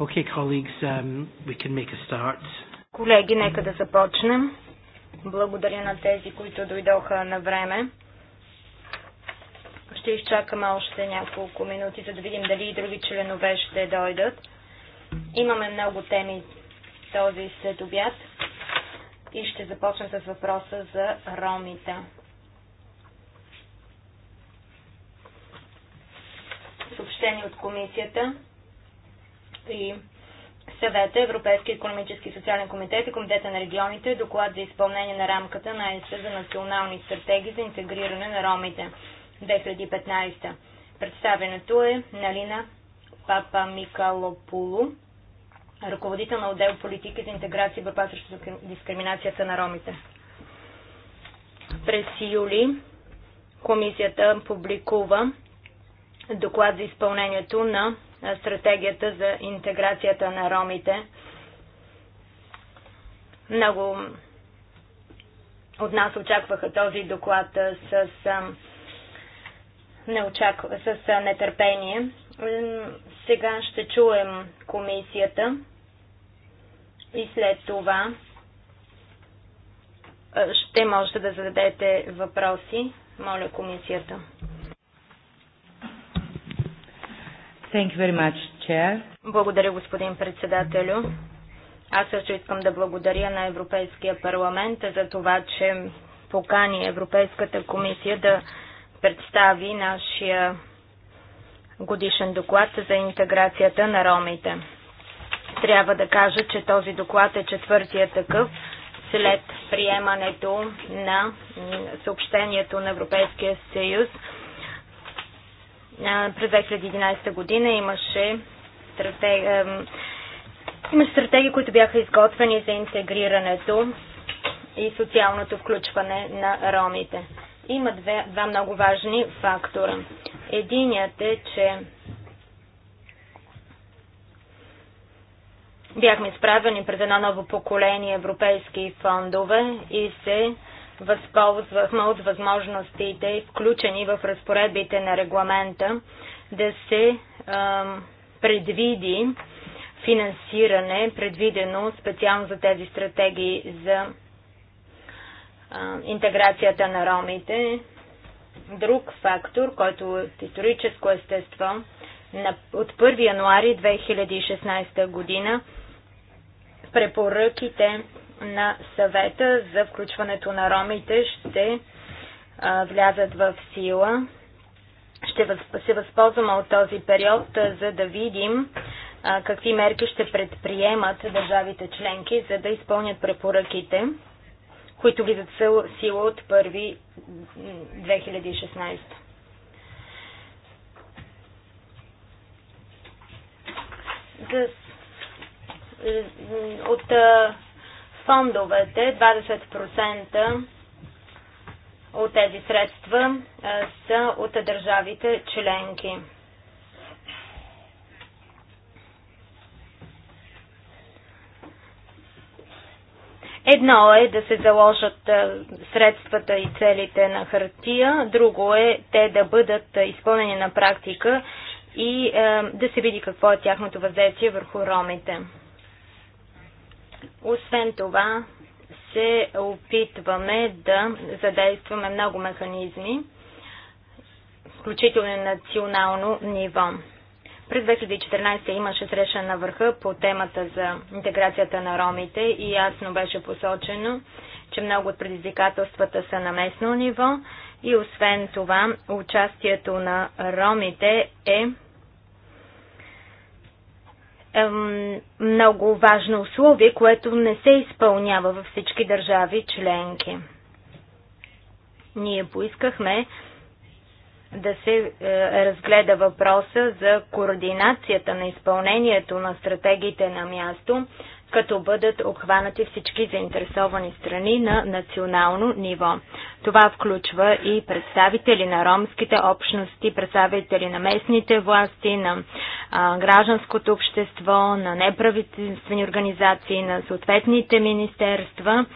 Okay, colleagues, um, we can make a start. Колеги, нека да започнем. Благодаря на тези, които дойдоха на време. Ще изчакаме още няколко минути, за да видим дали и други членове ще дойдат. Имаме много теми този след обяд и ще започнем с въпроса за ромите. Съобщение от комисията и съвета, Европейския економически и социален комитет и Комитета на регионите, доклад за изпълнение на рамката на ЕС за национални стратегии за интегриране на ромите 2015. Представенето е Налина Папа Микалопулу, ръководител на отдел политики за интеграция и борба срещу дискриминацията на ромите. През юли комисията публикува доклад за изпълнението на стратегията за интеграцията на ромите. Много от нас очакваха този доклад с, неочак... с нетърпение. Сега ще чуем комисията и след това ще можете да зададете въпроси. Моля комисията. Thank you very much, Chair. Благодаря, господин председателю. Аз също искам да благодаря на Европейския парламент за това, че покани Европейската комисия да представи нашия годишен доклад за интеграцията на ромите. Трябва да кажа, че този доклад е четвъртия такъв след приемането на съобщението на Европейския съюз през 2011 година имаше стратегии, имаше стратегии, които бяха изготвени за интегрирането и социалното включване на ромите. Има две, два много важни фактора. Единият е, че бяхме изправени пред едно ново поколение европейски фондове и се възползвахме от възможностите, включени в разпоредбите на регламента, да се предвиди финансиране, предвидено специално за тези стратегии за интеграцията на ромите. Друг фактор, който е от историческо естество, от 1 януари 2016 година препоръките на съвета за включването на ромите ще влязат в сила. Ще се възползваме от този период, за да видим какви мерки ще предприемат държавите членки, за да изпълнят препоръките, които влизат в сила от 1 2016. Е, от фондовете 20% от тези средства са от държавите членки. Едно е да се заложат средствата и целите на хартия, друго е те да бъдат изпълнени на практика и да се види какво е тяхното въздействие върху ромите. Освен това, се опитваме да задействаме много механизми, включително на национално ниво. През 2014 имаше среща на върха по темата за интеграцията на ромите и ясно беше посочено, че много от предизвикателствата са на местно ниво и освен това участието на ромите е много важно условие, което не се изпълнява във всички държави членки. Ние поискахме да се е, разгледа въпроса за координацията на изпълнението на стратегиите на място, като бъдат обхванати всички заинтересовани страни на национално ниво. Това включва и представители на ромските общности, представители на местните власти, на а, гражданското общество, на неправителствени организации, на съответните министерства,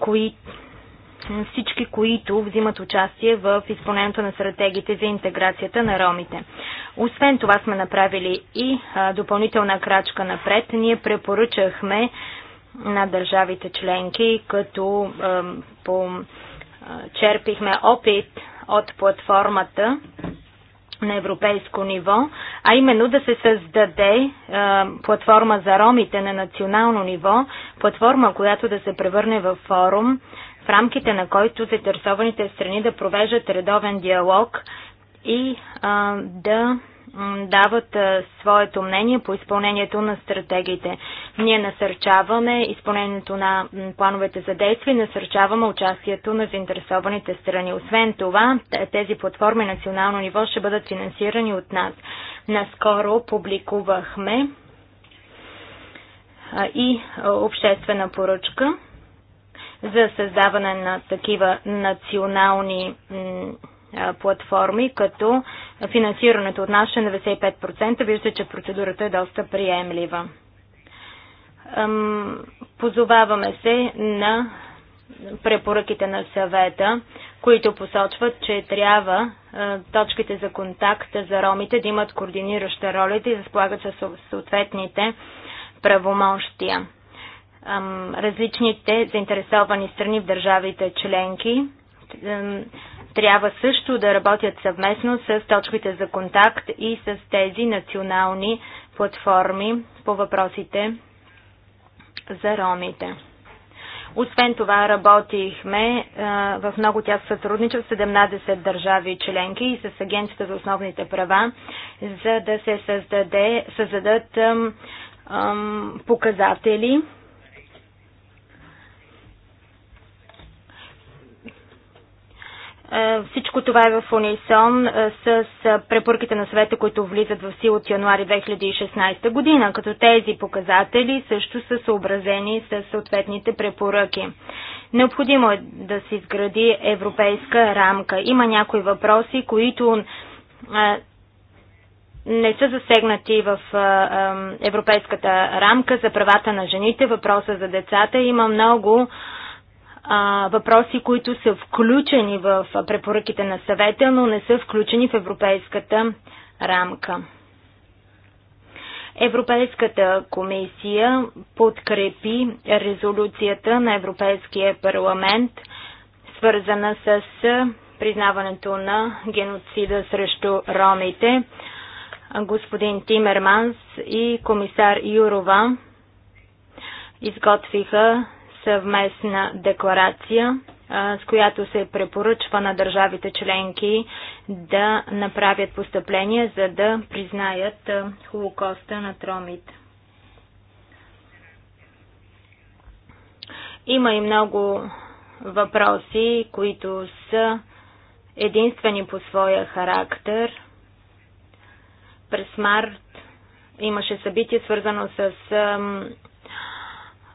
кои, всички, които взимат участие в изпълнението на стратегиите за интеграцията на ромите. Освен това сме направили и допълнителна крачка напред. Ние препоръчахме на държавите членки, като по, черпихме опит от платформата на европейско ниво, а именно да се създаде е, платформа за ромите на национално ниво, платформа, която да се превърне в форум, в рамките на който заинтересованите страни да провеждат редовен диалог и а, да дават а, своето мнение по изпълнението на стратегиите. Ние насърчаваме изпълнението на плановете за действие и насърчаваме участието на заинтересованите страни. Освен това, тези платформи национално ниво ще бъдат финансирани от нас. Наскоро публикувахме а, и обществена поръчка за създаване на такива национални платформи, като финансирането от нас е 95%. Вижда, че процедурата е доста приемлива. Позоваваме се на препоръките на съвета, които посочват, че трябва точките за контакт за ромите да имат координираща роля и да сплагат със съответните правомощия различните заинтересовани страни в държавите членки трябва също да работят съвместно с точките за контакт и с тези национални платформи по въпросите за ромите. Освен това работихме а, в много тях сътрудничество 17 държави членки и с Агенцията за основните права, за да се създаде, създадат ам, ам, показатели Е, всичко това е в унисон е, с е, препоръките на съвета, които влизат в сила от януари 2016 година, като тези показатели също са съобразени с съответните препоръки. Необходимо е да се изгради европейска рамка. Има някои въпроси, които не са засегнати в европейската рамка за правата на жените, въпроса за децата. Има много а, въпроси, които са включени в препоръките на съвета, но не са включени в европейската рамка. Европейската комисия подкрепи резолюцията на Европейския парламент, свързана с признаването на геноцида срещу ромите. Господин Тимерманс и комисар Юрова изготвиха съвместна декларация, с която се препоръчва на държавите членки да направят постъпление, за да признаят Холокоста на тромите. Има и много въпроси, които са единствени по своя характер. През март имаше събитие, свързано с ам,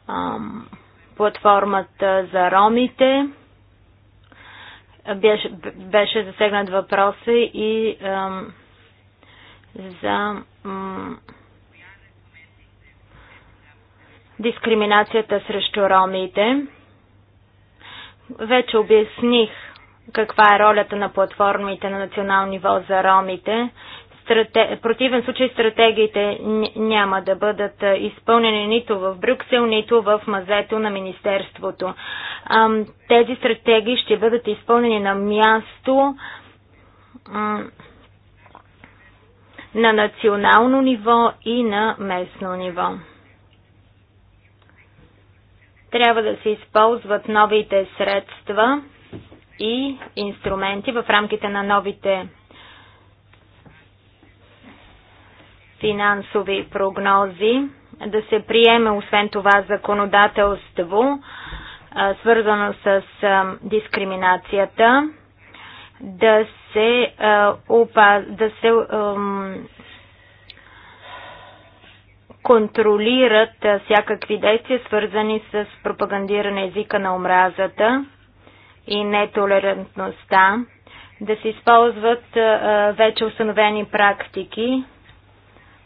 ам, платформата за ромите. Беше, беше засегнат въпроса и ам, за ам, дискриминацията срещу ромите. Вече обясних каква е ролята на платформите на национално ниво за ромите. Стратег... противен случай стратегиите няма да бъдат изпълнени нито в Брюксел, нито в мазето на Министерството. Тези стратегии ще бъдат изпълнени на място на национално ниво и на местно ниво. Трябва да се използват новите средства и инструменти в рамките на новите финансови прогнози, да се приеме освен това законодателство, свързано с дискриминацията, да се, да се контролират всякакви действия, свързани с пропагандиране езика на омразата и нетолерантността, да се използват вече установени практики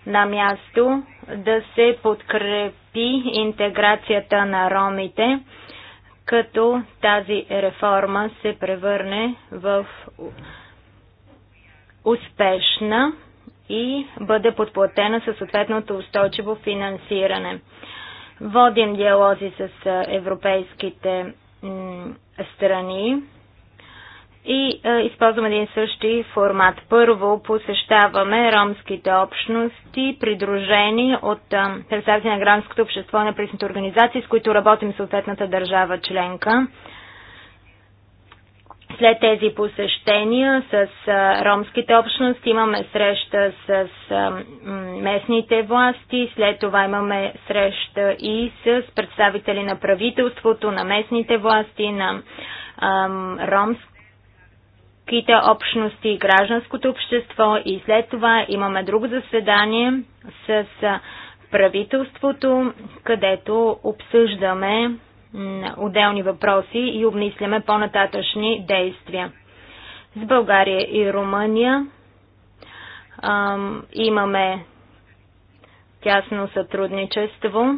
на място да се подкрепи интеграцията на ромите, като тази реформа се превърне в успешна и бъде подплатена със съответното устойчиво финансиране. Водим диалози с европейските страни и е, използвам един същи формат. Първо посещаваме ромските общности, придружени от е, представители на гражданското общество и на пресните организации, с които работим в съответната държава членка. След тези посещения с а, е, ромските общности имаме среща с а, е, местните власти, след това имаме среща и с представители на правителството, на местните власти, на ромски ромските общности и гражданското общество и след това имаме друго заседание с правителството, където обсъждаме отделни въпроси и обмисляме по-нататъчни действия. С България и Румъния имаме тясно сътрудничество.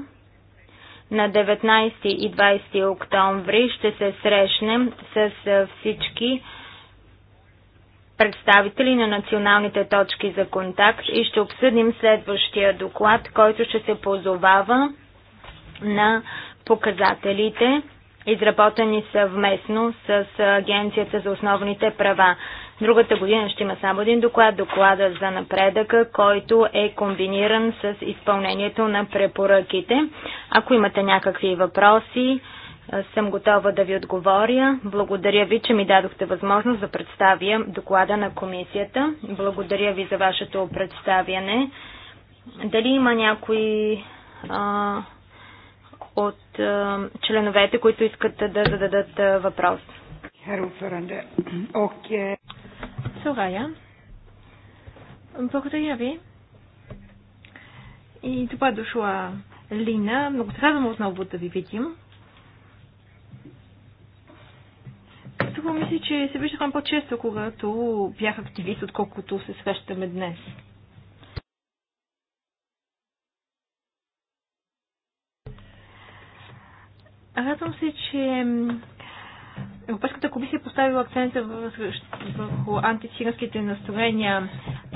На 19 и 20 октомври ще се срещнем с всички представители на националните точки за контакт и ще обсъдим следващия доклад, който ще се позовава на показателите, изработени съвместно с Агенцията за основните права. Другата година ще има само един доклад, доклада за напредъка, който е комбиниран с изпълнението на препоръките. Ако имате някакви въпроси, е, съм готова да ви отговоря. Благодаря ви, че ми дадохте възможност да представя доклада на комисията. Благодаря ви за вашето представяне. Дали има някои а, от а, членовете, които искат да зададат а, въпрос? Сурая, благодаря ви. И добре дошла Лина. Много се радвам отново да ви видим. Струва ми че се виждахме по-често, когато бях активист, отколкото се срещаме днес. Радвам се, че Европейската комисия поставила акцента върху антициганските настроения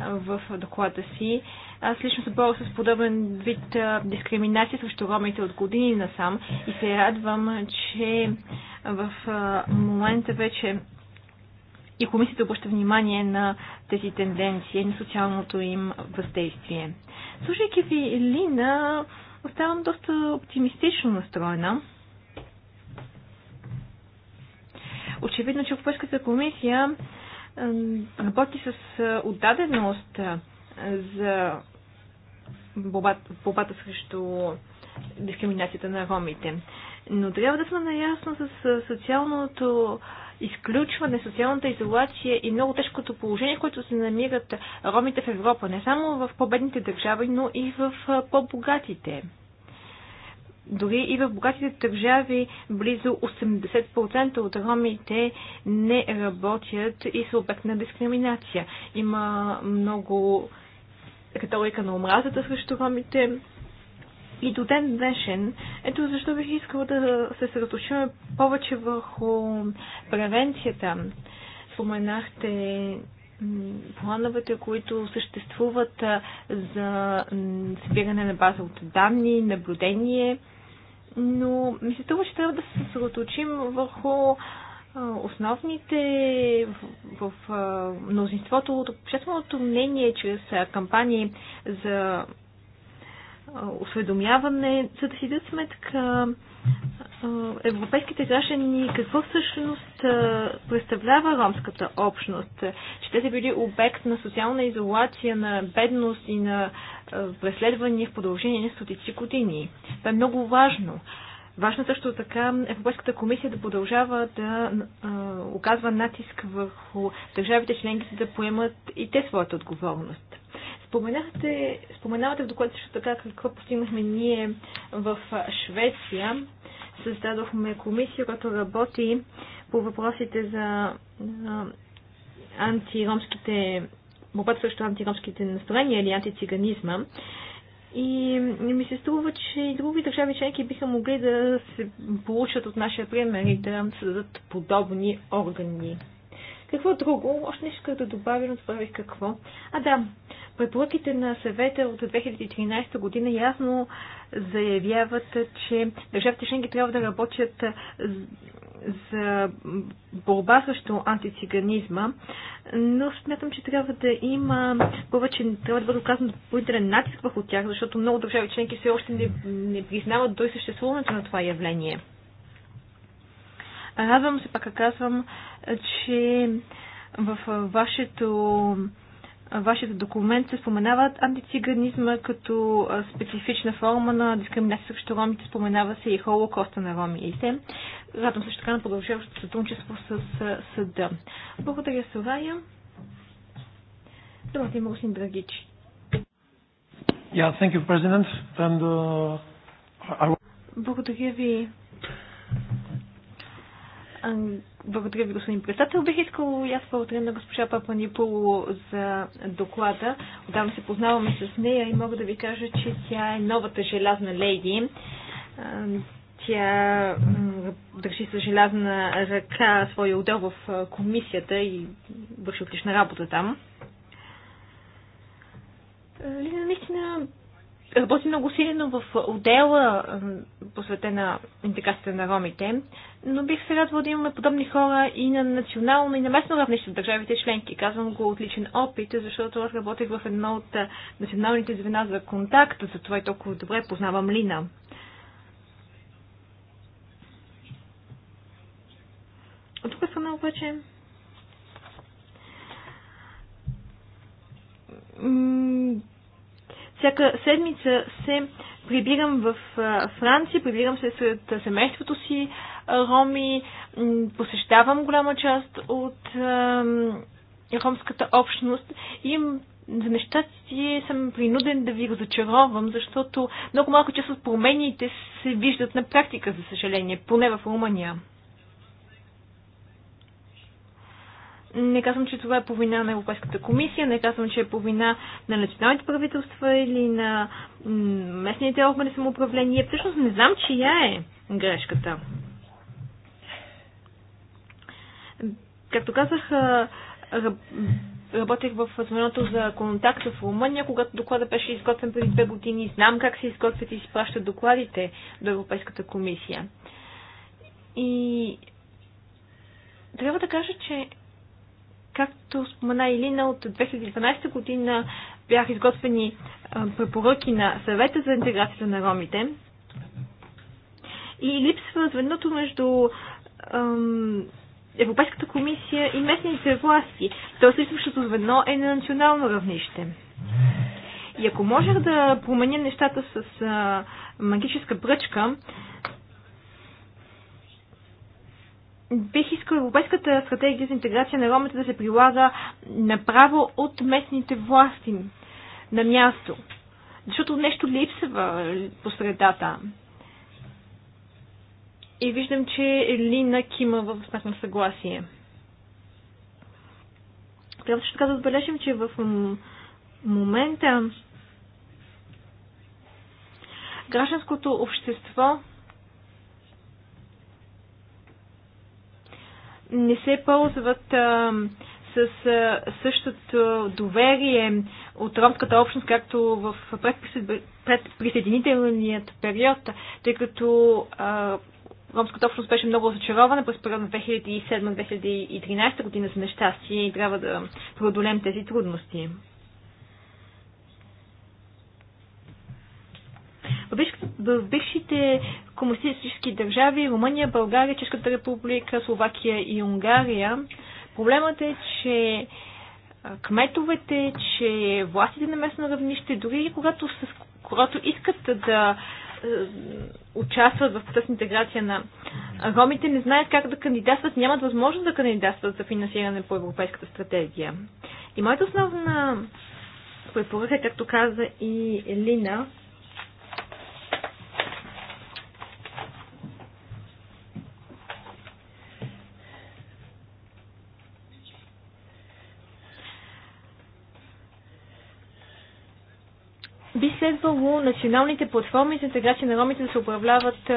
в доклада си аз лично се боря с подобен вид дискриминация срещу ромите от години насам и се радвам, че в момента вече и комисията обръща внимание на тези тенденции и на социалното им въздействие. Слушайки ви, Лина, оставам доста оптимистично настроена. Очевидно, че Европейската комисия работи с отдаденост за бобата бобата срещу дискриминацията на ромите. Но трябва да сме наясно с социалното изключване, социалната изолация и много тежкото положение, което се намират ромите в Европа, не само в победните държави, но и в по-богатите. Дори и в богатите държави близо 80% от ромите не работят и са обект на дискриминация. Има много риторика на омразата срещу ромите. И до ден днешен, ето защо бих искала да се съсредоточим повече върху превенцията. Споменахте плановете, които съществуват за събиране на база от данни, наблюдение, но мисля, че трябва да се съсредоточим върху основните в, в мнозинството от общественото мнение чрез кампании за осведомяване, за да си дадат сметка европейските граждани какво всъщност представлява ромската общност. Че те са били обект на социална изолация, на бедност и на преследвания в продължение на стотици години. Това е много важно. Важно също така Европейската комисия да продължава да а, оказва натиск върху държавите членки, да поемат и те своята отговорност. Споменавате, споменавате в доклада също така какво постигнахме ние в Швеция. Създадохме комисия, която работи по въпросите за а, антиромските, борбата срещу антиромските настроения или антициганизма. И ми се струва, че и други държави членки биха могли да се получат от нашия пример и да създадат подобни органи. Какво друго? Още нещо, като е добавя, но забравих какво. А да, препоръките на съвета от 2013 година ясно заявяват, че държавите членки трябва да работят за борба срещу антициганизма, но смятам, че трябва да има повече, трябва да бъде оказан допълнителен натиск върху тях, защото много държави членки все още не, не признават до съществуването на това явление. Радвам се, пак казвам, че в вашето вашето документ се споменават антициганизма като специфична форма на дискриминация срещу ромите, споменава се и холокоста на ромиите. Радвам се така на продължаващото сътрудничество с съда. Благодаря, Сорая. Думата има господин Драгичи. Yeah, thank you, President. And, uh, I... Благодаря ви, благодаря ви, господин председател. Бих искал и аз благодаря на госпожа Папа Ниполо за доклада. Отдавна се познаваме с нея и мога да ви кажа, че тя е новата желязна леди. Тя държи с желязна ръка своя отдел в комисията и върши отлична работа там. Лина, наистина работи много силно в отдела, посветен на интеграцията на ромите, но бих се радвала да имаме подобни хора и на национално и на местно равнище в държавите членки. Казвам го от личен опит, защото аз работех в едно от националните звена за контакт, затова и толкова добре познавам Лина. От друга страна обаче, всяка седмица се прибирам в Франция, прибирам се сред семейството си роми, посещавам голяма част от ромската общност и за нещастие съм принуден да ви го зачаровам, защото много малко част от промените се виждат на практика, за съжаление, поне в Румъния. Не казвам, че това е повина на Европейската комисия, не казвам, че е повина на националните правителства или на местните органи самоуправление. Всъщност не знам, чия е грешката. Както казах, работех в звеното за контакт в Румъния, когато доклада беше изготвен преди две години. Знам как се изготвят и изпращат докладите до Европейската комисия. И трябва да кажа, че Както спомена Илина, от 2012 година бяха изготвени препоръки на съвета за интеграцията на ромите. И липсва звеното между ем, Европейската комисия и местните власти. Тоест липсващото звено е на национално равнище. И ако можех да променя нещата с а, магическа бръчка, бих искал Европейската стратегия за интеграция на ромите да се прилага направо от местните власти на място. Защото нещо липсва по средата. И виждам, че Лина кима в знак на съгласие. Трябва също така да отбележим, че в момента гражданското общество не се ползват а, с а, същото доверие от ромската общност, както в предприсъединителният период, тъй като а, ромската общност беше много разочарована през период на 2007-2013 година за нещастие и трябва да преодолем тези трудности. В бившите комунистически държави Румъния, България, Чешката република, Словакия и Унгария проблемът е, че кметовете, че властите на местно равнище, дори когато, с, когато искат да участват в процес интеграция на ромите, не знаят как да кандидатстват, нямат възможност да кандидатстват за финансиране по Европейската стратегия. И моята основна препоръка, е, както каза и Елина, би следвало националните платформи за интеграция на ромите да се управляват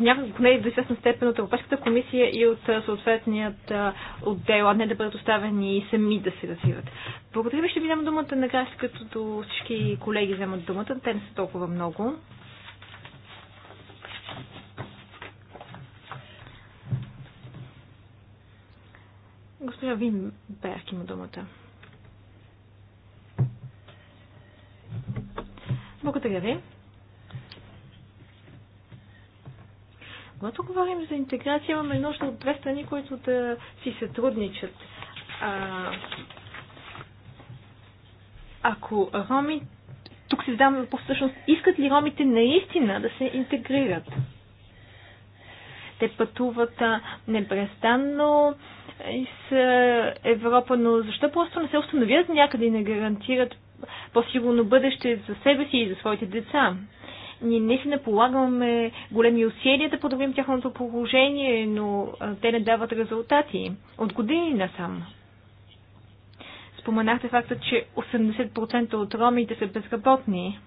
някакъв, поне до известна степен от Европейската комисия и от съответният отдел, а не да бъдат оставени и сами да се развиват. Благодаря ви, ще ви дам думата на след като всички колеги вземат думата. Те не са толкова много. Госпожа Вин Берк има думата. Благодаря ви. Когато говорим за интеграция, имаме нужда от две страни, които да си сътрудничат. А, ако роми, тук си задавам въпрос всъщност, искат ли ромите наистина да се интегрират? Те пътуват непрестанно из Европа, но защо просто не се установят някъде и не гарантират по-сигурно бъдеще за себе си и за своите деца. Ние не си наполагаме големи усилия да подобрим тяхното положение, но те не дават резултати. От години насам. Споменахте факта, че 80% от ромите са безработни.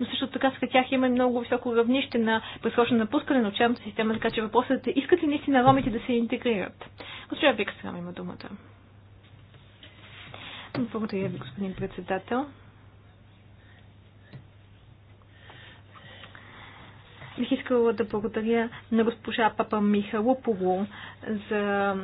но също така с тях има много високо равнище на предсрочно напускане на учебната система, така че въпросът е искат ли наистина ромите да се интегрират. Госпожа Викстрам има думата. Благодаря ви, господин председател. Бих искала да благодаря на госпожа Папа Михалопово за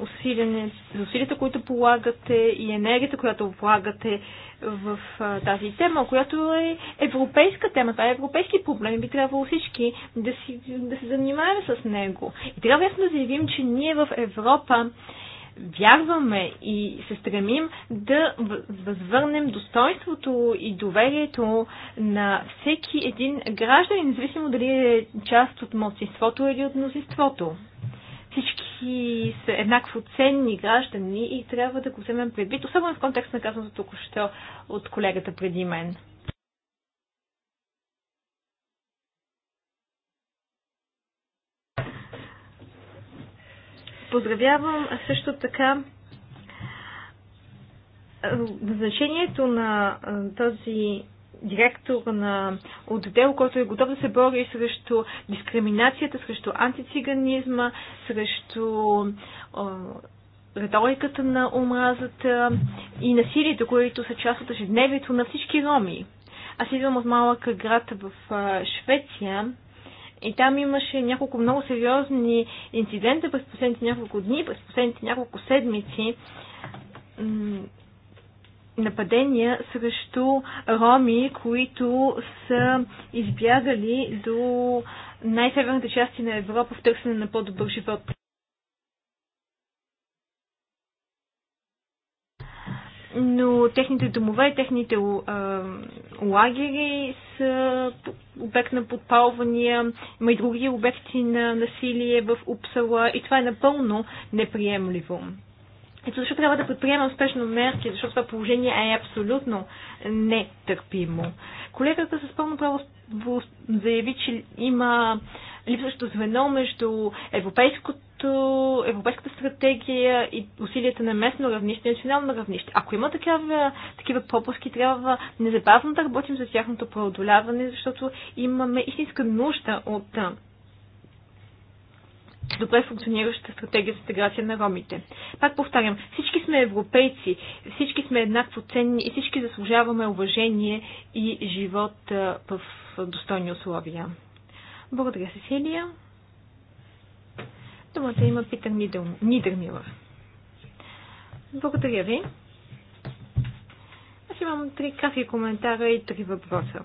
усилене, за усилията, които полагате и енергията, която влагате в тази тема, която е европейска тема. Това е европейски проблем и би трябвало всички да, си, да се занимаваме с него. И трябва ясно да заявим, че ние в Европа вярваме и се стремим да възвърнем достоинството и доверието на всеки един гражданин, независимо дали е част от младсинството или от мнозинството. Всички са еднакво ценни граждани и трябва да го вземем предвид, особено в контекст на казаното току-що от колегата преди мен. Поздравявам също така значението на този директор на отдел, който е готов да се бори срещу дискриминацията, срещу антициганизма, срещу риториката на омразата и насилието, които са част от ежедневието на всички роми. Аз идвам от малък град в Швеция, и там имаше няколко много сериозни инцидента през последните няколко дни, през последните няколко седмици нападения срещу роми, които са избягали до най-северните части на Европа в търсене на по-добър живот. но техните домове, техните а, лагери са обект на подпалвания, има и други обекти на насилие в Упсала и това е напълно неприемливо. Ето защо трябва да предприемам спешно мерки, защото това положение е абсолютно нетърпимо. Колегата с пълно право заяви, че има липсващо звено между европейското защото Европейската стратегия и усилията на местно равнище и национално равнище. Ако има такива, такива пропуски, трябва незабавно да работим за тяхното преодоляване, защото имаме истинска нужда от добре функционираща стратегия за интеграция на ромите. Пак повтарям, всички сме европейци, всички сме еднакво ценни и всички заслужаваме уважение и живот в достойни условия. Благодаря, Сесилия. Думата има Питър Нидермилър. Благодаря ви. Аз имам три кратки коментара и три въпроса.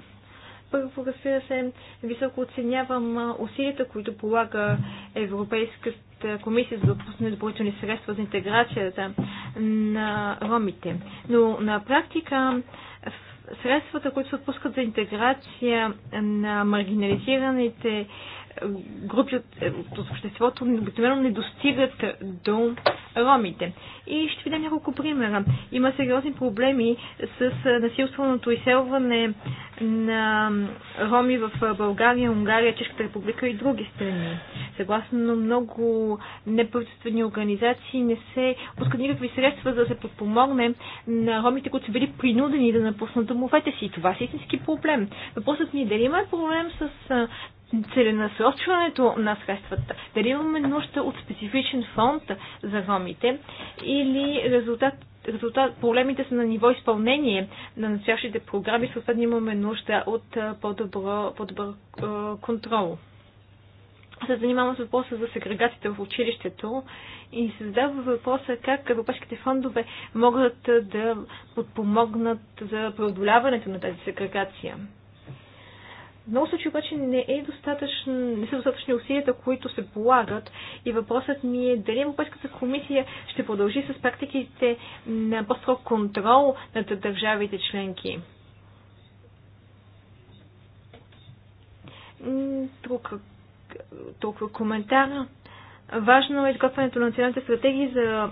Първо, разбира се, високо оценявам усилията, които полага Европейската комисия за да отпусне допълнителни средства за интеграцията на ромите. Но на практика средствата, които се отпускат за интеграция на маргинализираните групи е, от, от обществото обикновено не достигат до ромите. И ще ви дам няколко примера. Има сериозни проблеми с е, насилственото изселване на роми в е, България, Унгария, Чешката република и други страни. Съгласно много неправителствени организации не се пускат никакви средства за да се подпомогне на ромите, които са били принудени да напуснат домовете си. Това е истински проблем. Въпросът ми е дали има проблем с целенасочването на средствата, дали имаме нужда от специфичен фонд за ромите или резултат, резултат проблемите са на ниво изпълнение на настоящите програми, съответно имаме нужда от по-добро, по-добър контрол. Се занимавам с въпроса за сегрегацията в училището и се задава въпроса как европейските фондове могат да подпомогнат за преодоляването на тази сегрегация много случаи обаче не, е не са достатъчни усилията, които се полагат и въпросът ми е дали Европейската комисия ще продължи с практиките на по-строг контрол над държавите членки. Друг, толкова коментар. Важно е изготвянето на националните стратегии за а,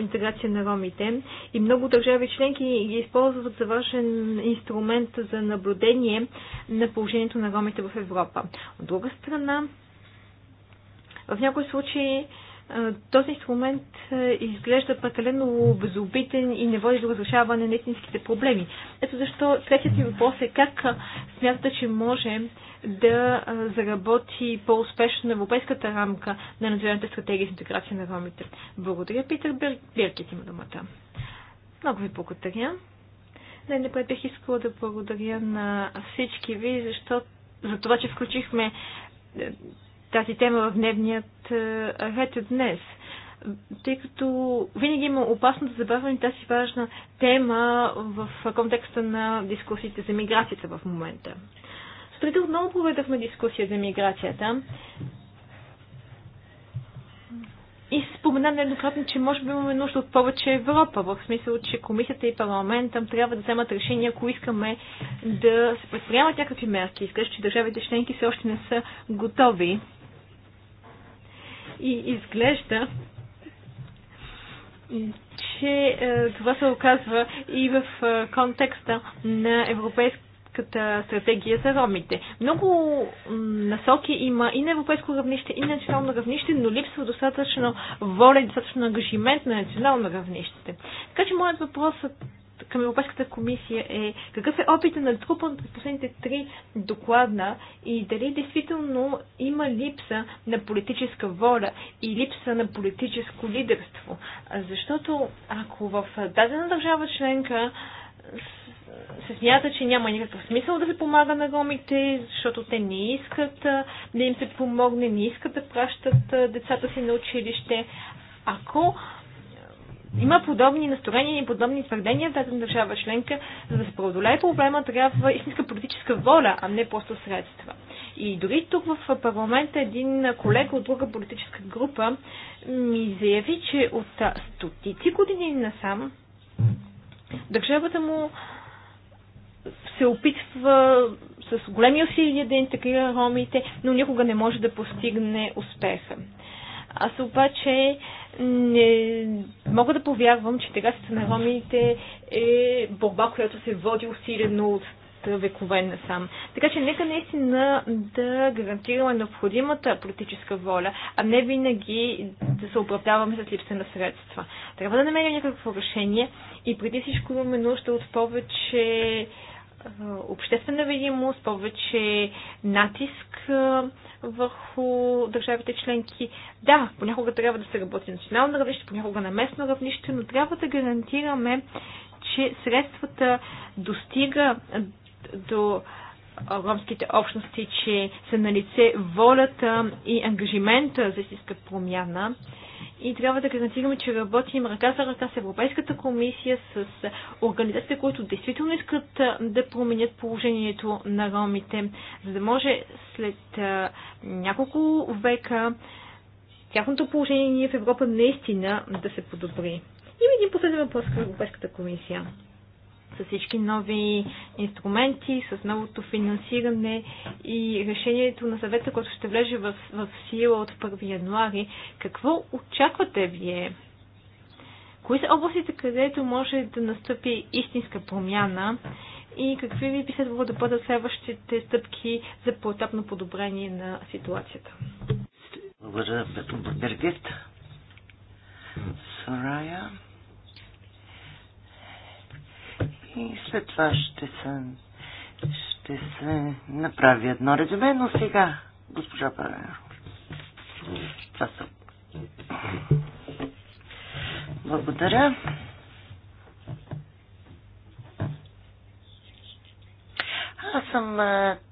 интеграция на ромите и много държави членки ги използват за важен инструмент за наблюдение на положението на ромите в Европа. От друга страна, в някои случаи този инструмент изглежда прекалено безобитен и не води до разрешаване на истинските проблеми. Ето защо третият ми въпрос е как смятате, че може да заработи по-успешно европейската рамка на националната стратегия за интеграция на ромите. Благодаря, Питър Бир... Биркет има думата. Много ви благодаря. Най-напред бих искала да благодаря на всички ви, защото за това, че включихме тази тема в дневният е, ред днес. Тъй като винаги има опасност да забравяме тази важна тема в контекста на дискусиите за миграцията в момента. Сутринта отново проведахме дискусия за миграцията. И се спомена нееднократно, че може би имаме нужда от повече Европа, в смисъл, че комисията и парламентът трябва да вземат решение, ако искаме да се предприемат някакви мерки. Изглежда, че държавите членки все още не са готови и изглежда, че е, това се оказва и в е, контекста на Европейската стратегия за ромите. Много насоки има и на европейско равнище, и на национално равнище, но липсва достатъчно воля и достатъчно ангажимент на национално равнище. Така че моят въпрос е към Европейската комисия е какъв е опитът на трупан през последните три докладна и дали действително има липса на политическа воля и липса на политическо лидерство. Защото ако в дадена държава членка се смята, че няма никакъв смисъл да се помага на ромите, защото те не искат да им се помогне, не искат да пращат децата си на училище. Ако има подобни настроения и подобни твърдения в тази държава членка, за да се преодолее проблема, трябва истинска политическа воля, а не просто средства. И дори тук в парламента един колега от друга политическа група ми заяви, че от стотици години насам държавата му се опитва с големи усилия да интегрира ромите, но никога не може да постигне успеха. Аз обаче не мога да повярвам, че сега на ромите е борба, която се води усилено от векове насам. Така че нека наистина да гарантираме необходимата политическа воля, а не винаги да се оправдаваме с липса на средства. Трябва да намерим някакво решение и преди всичко имаме нужда от повече е, обществена видимост, повече натиск е, върху държавите членки. Да, понякога трябва да се работи на национално равнище, понякога на местно равнище, но трябва да гарантираме, че средствата достига до ромските общности, че са на лице волята и ангажимента за истинска промяна и трябва да гарантираме, че работим ръка за ръка с Европейската комисия, с организациите, които действително искат да променят положението на ромите, за да може след няколко века тяхното положение в Европа наистина да се подобри. Има един последен въпрос към Европейската комисия с всички нови инструменти, с новото финансиране и решението на съвета, което ще влезе в, в сила от 1 януари. Какво очаквате вие? Кои са областите, където може да настъпи истинска промяна и какви ви би следвало да бъдат следващите стъпки за поетапно подобрение на ситуацията? Петро Бергет, Сарая. И след това ще се, ще се направи едно резюме, но сега, госпожа Паранер. Това са. Благодаря. Аз съм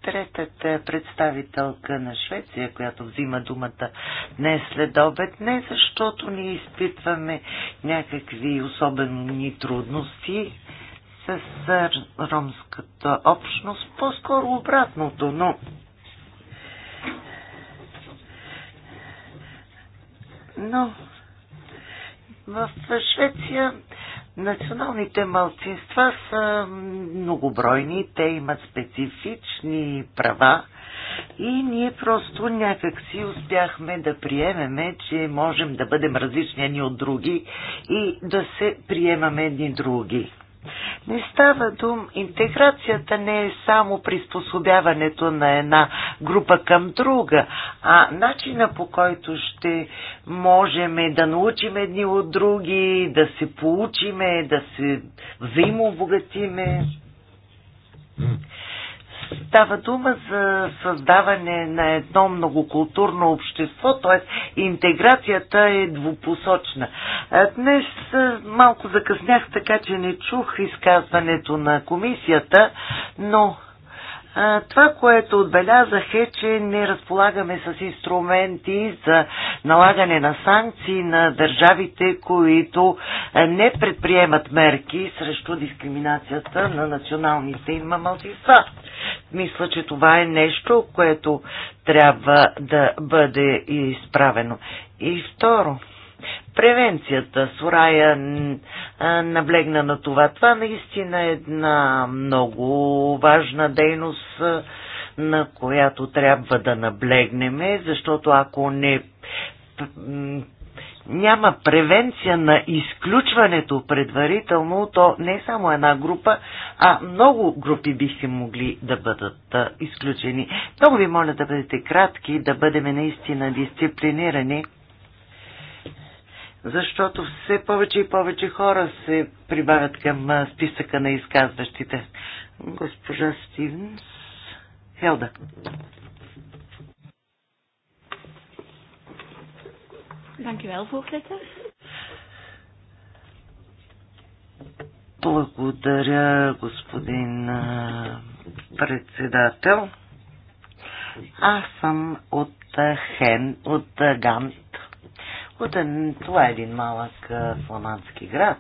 третата представителка на Швеция, която взима думата днес след обед. Не защото ние изпитваме някакви особени трудности, с ромската общност, по-скоро обратното, но но в Швеция националните малцинства са многобройни, те имат специфични права и ние просто някак си успяхме да приемеме, че можем да бъдем различни едни от други и да се приемаме едни други. Не става дум. Интеграцията не е само приспособяването на една група към друга, а начина по който ще можем да научим едни от други, да се получиме, да се взаимообогатиме. Става дума за създаване на едно многокултурно общество, т.е. интеграцията е двупосочна. Днес малко закъснях, така че не чух изказването на комисията, но това, което отбелязах е, че не разполагаме с инструменти за налагане на санкции на държавите, които не предприемат мерки срещу дискриминацията на националните им малцинства. Мисля, че това е нещо, което трябва да бъде изправено. И второ, Превенцията. Сурая наблегна на това. Това наистина е една много важна дейност, на която трябва да наблегнеме, защото ако не няма превенция на изключването предварително, то не само една група, а много групи биха могли да бъдат а, изключени. Много ви моля да бъдете кратки, да бъдем наистина дисциплинирани защото все повече и повече хора се прибавят към списъка на изказващите. Госпожа Стивенс, Хелда. Благодаря, господин председател. Аз съм от Хен, от Ган от това е един малък а, фламандски град.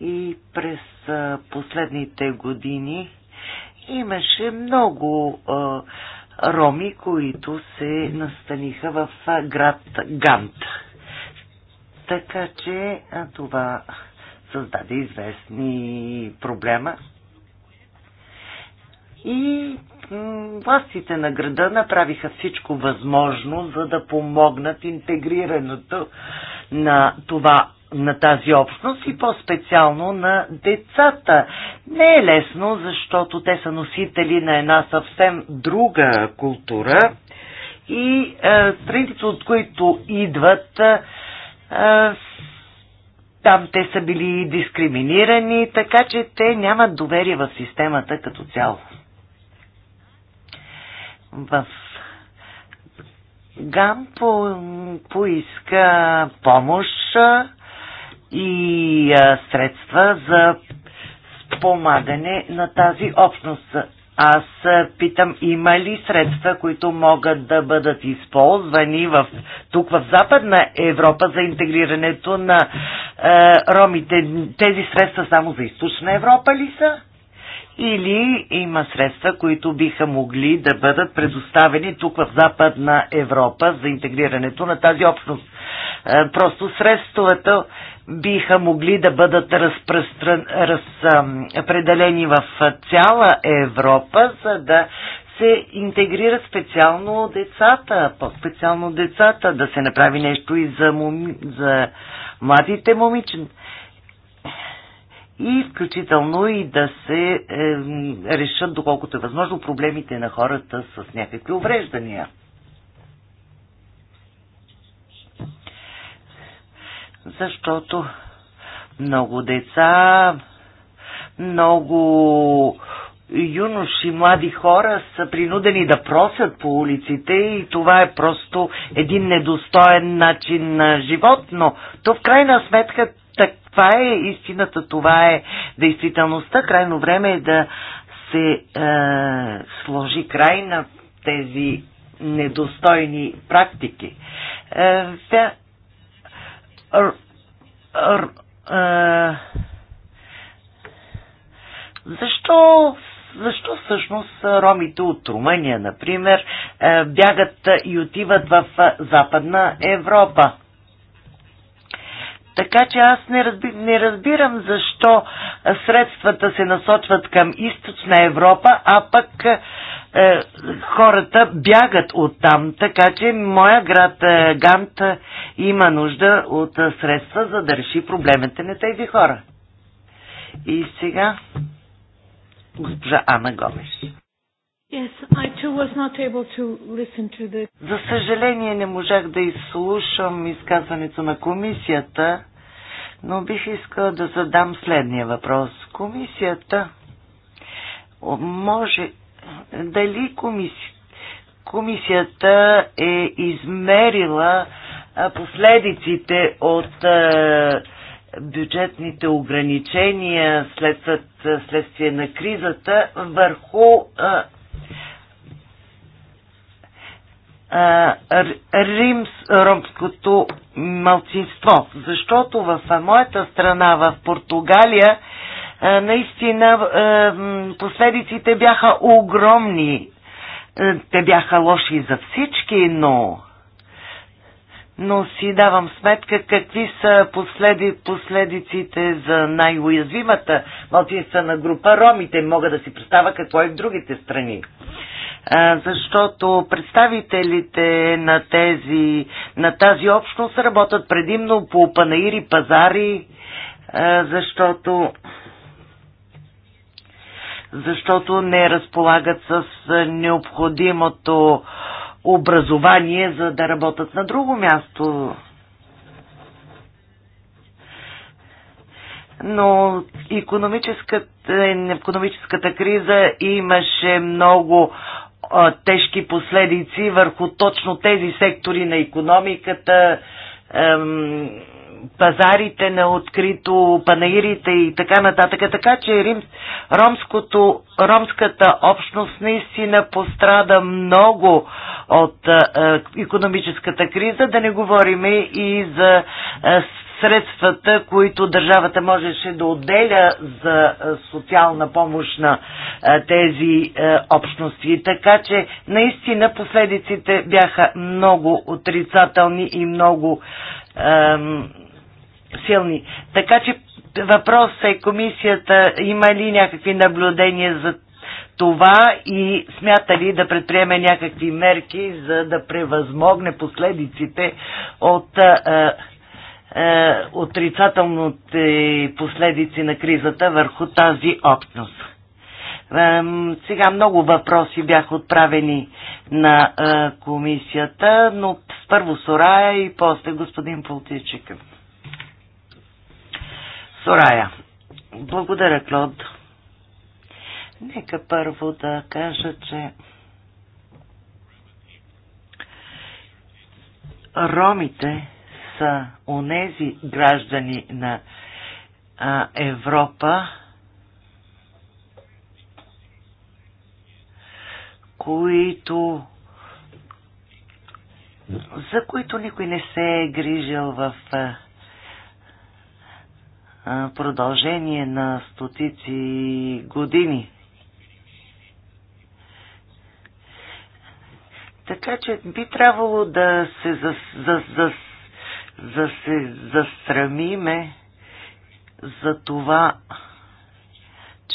И през а, последните години имаше много а, роми, които се настаниха в а, град Гант. Така че а, това създаде известни проблема. И властите на града направиха всичко възможно, за да помогнат интегрирането на това на тази общност и по-специално на децата. Не е лесно, защото те са носители на една съвсем друга култура и е, страните, от които идват, е, там те са били дискриминирани, така че те нямат доверие в системата като цяло в Гам по, поиска помощ и а, средства за спомагане на тази общност. Аз питам, има ли средства, които могат да бъдат използвани в, тук в Западна Европа за интегрирането на а, ромите? Тези средства само за Източна Европа ли са? или има средства, които биха могли да бъдат предоставени тук в Западна Европа за интегрирането на тази общност. Е, просто средствата биха могли да бъдат разпределени в цяла Европа, за да се интегрират специално децата, по-специално децата, да се направи нещо и за, моми, за младите момичета и включително и да се е, решат доколкото е възможно проблемите на хората с някакви увреждания. Защото много деца, много юноши, млади хора са принудени да просят по улиците и това е просто един недостоен начин на живот, но то в крайна сметка так, това е истината, това е действителността. Крайно време е да се е, сложи край на тези недостойни практики. Е, р, р, е, защо защо всъщност ромите от Румъния, например, е, бягат и отиват в е, Западна Европа? Така че аз не, разби, не разбирам защо средствата се насочват към източна Европа, а пък е, хората бягат от там. Така че моя град е, Гант е, има нужда от е, средства, за да реши проблемите на тези хора. И сега госпожа Ана Гомеш. Yes, I too was not able to listen to the... За съжаление не можах да изслушам изказването на комисията, но бих искала да задам следния въпрос. Комисията може... Дали комисията комисията е измерила последиците от бюджетните ограничения след, следствие на кризата върху Римс, ромското малцинство. Защото в моята страна, в Португалия, наистина последиците бяха огромни. Те бяха лоши за всички, но но си давам сметка какви са последи, последиците за най-уязвимата малцинствена група ромите. Мога да си представя какво е в другите страни защото представителите на, тези, на тази общност работят предимно по панаири, пазари, защото защото не разполагат с необходимото образование, за да работят на друго място. но економическата, економическата криза имаше много тежки последици върху точно тези сектори на економиката, пазарите на открито, панаирите и така нататък. Така че Рим, ромското, ромската общност наистина пострада много от економическата е, криза, да не говорим и за е, средствата, които държавата можеше да отделя за социална помощ на тези общности. Така че наистина последиците бяха много отрицателни и много ем, силни. Така че въпросът е комисията има ли някакви наблюдения за това и смята ли да предприеме някакви мерки, за да превъзмогне последиците от е, отрицателните последици на кризата върху тази общност. Сега много въпроси бяха отправени на е, комисията, но първо Сорая и после господин Полтичик. Сорая. Благодаря, Клод. Нека първо да кажа, че ромите са онези граждани на а, Европа, които за които никой не се е грижил в а, продължение на стотици години. Така че би трябвало да се зас, зас, зас, за се застрамиме за това,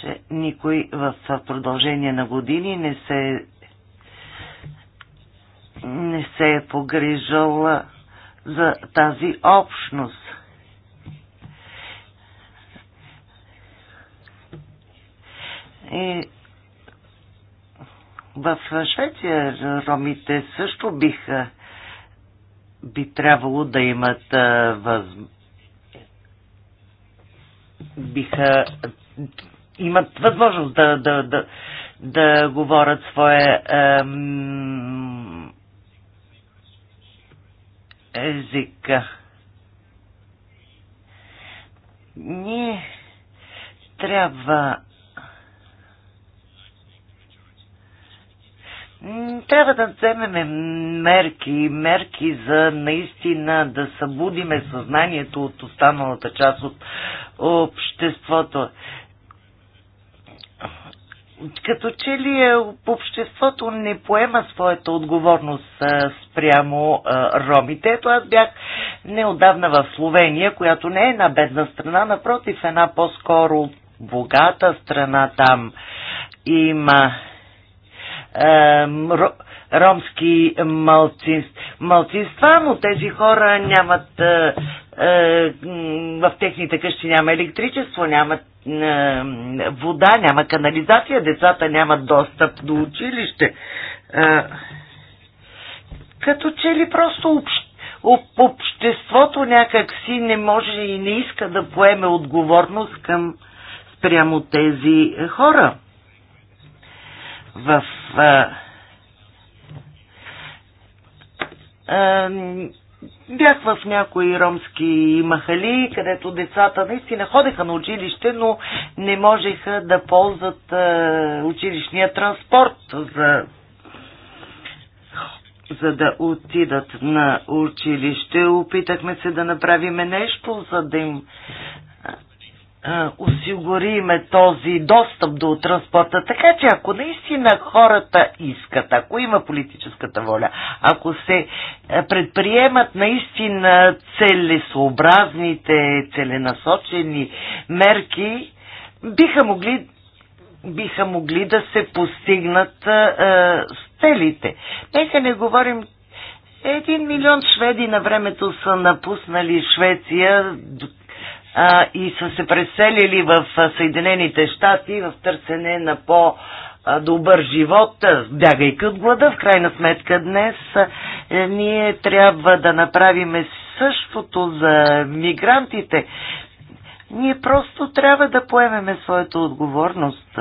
че никой в продължение на години не се не се е погрижал за тази общност. И в Швеция ромите също биха би трябвало да имат въз... биха имат възможност да, да, да, да говорят свое език. Ние трябва трябва да вземем мерки, мерки за наистина да събудиме съзнанието от останалата част от обществото. Като че ли е, обществото не поема своята отговорност спрямо ромите. Ето аз бях неодавна в Словения, която не е една бедна страна, напротив, една по-скоро богата страна там има ро ромски малцинства, но тези хора нямат е, е, в техните къщи няма електричество, нямат е, вода, няма канализация, децата нямат достъп до училище. Като че ли просто общ, об, обществото си не може и не иска да поеме отговорност към спрямо тези хора. В а, Бях в някои ромски махали, където децата наистина ходеха на училище, но не можеха да ползват а, училищния транспорт за, за да отидат на училище. Опитахме се да направиме нещо, за да им осигуриме този достъп до транспорта. Така че ако наистина хората искат, ако има политическата воля, ако се е, предприемат наистина целесообразните, целенасочени мерки, биха могли, биха могли да се постигнат е, е, с целите. Нека не говорим един милион шведи на времето са напуснали Швеция а, и са се преселили в Съединените щати в търсене на по- добър живот, бягайки от глада. В крайна сметка днес е, ние трябва да направим същото за мигрантите. Ние просто трябва да поемеме своята отговорност.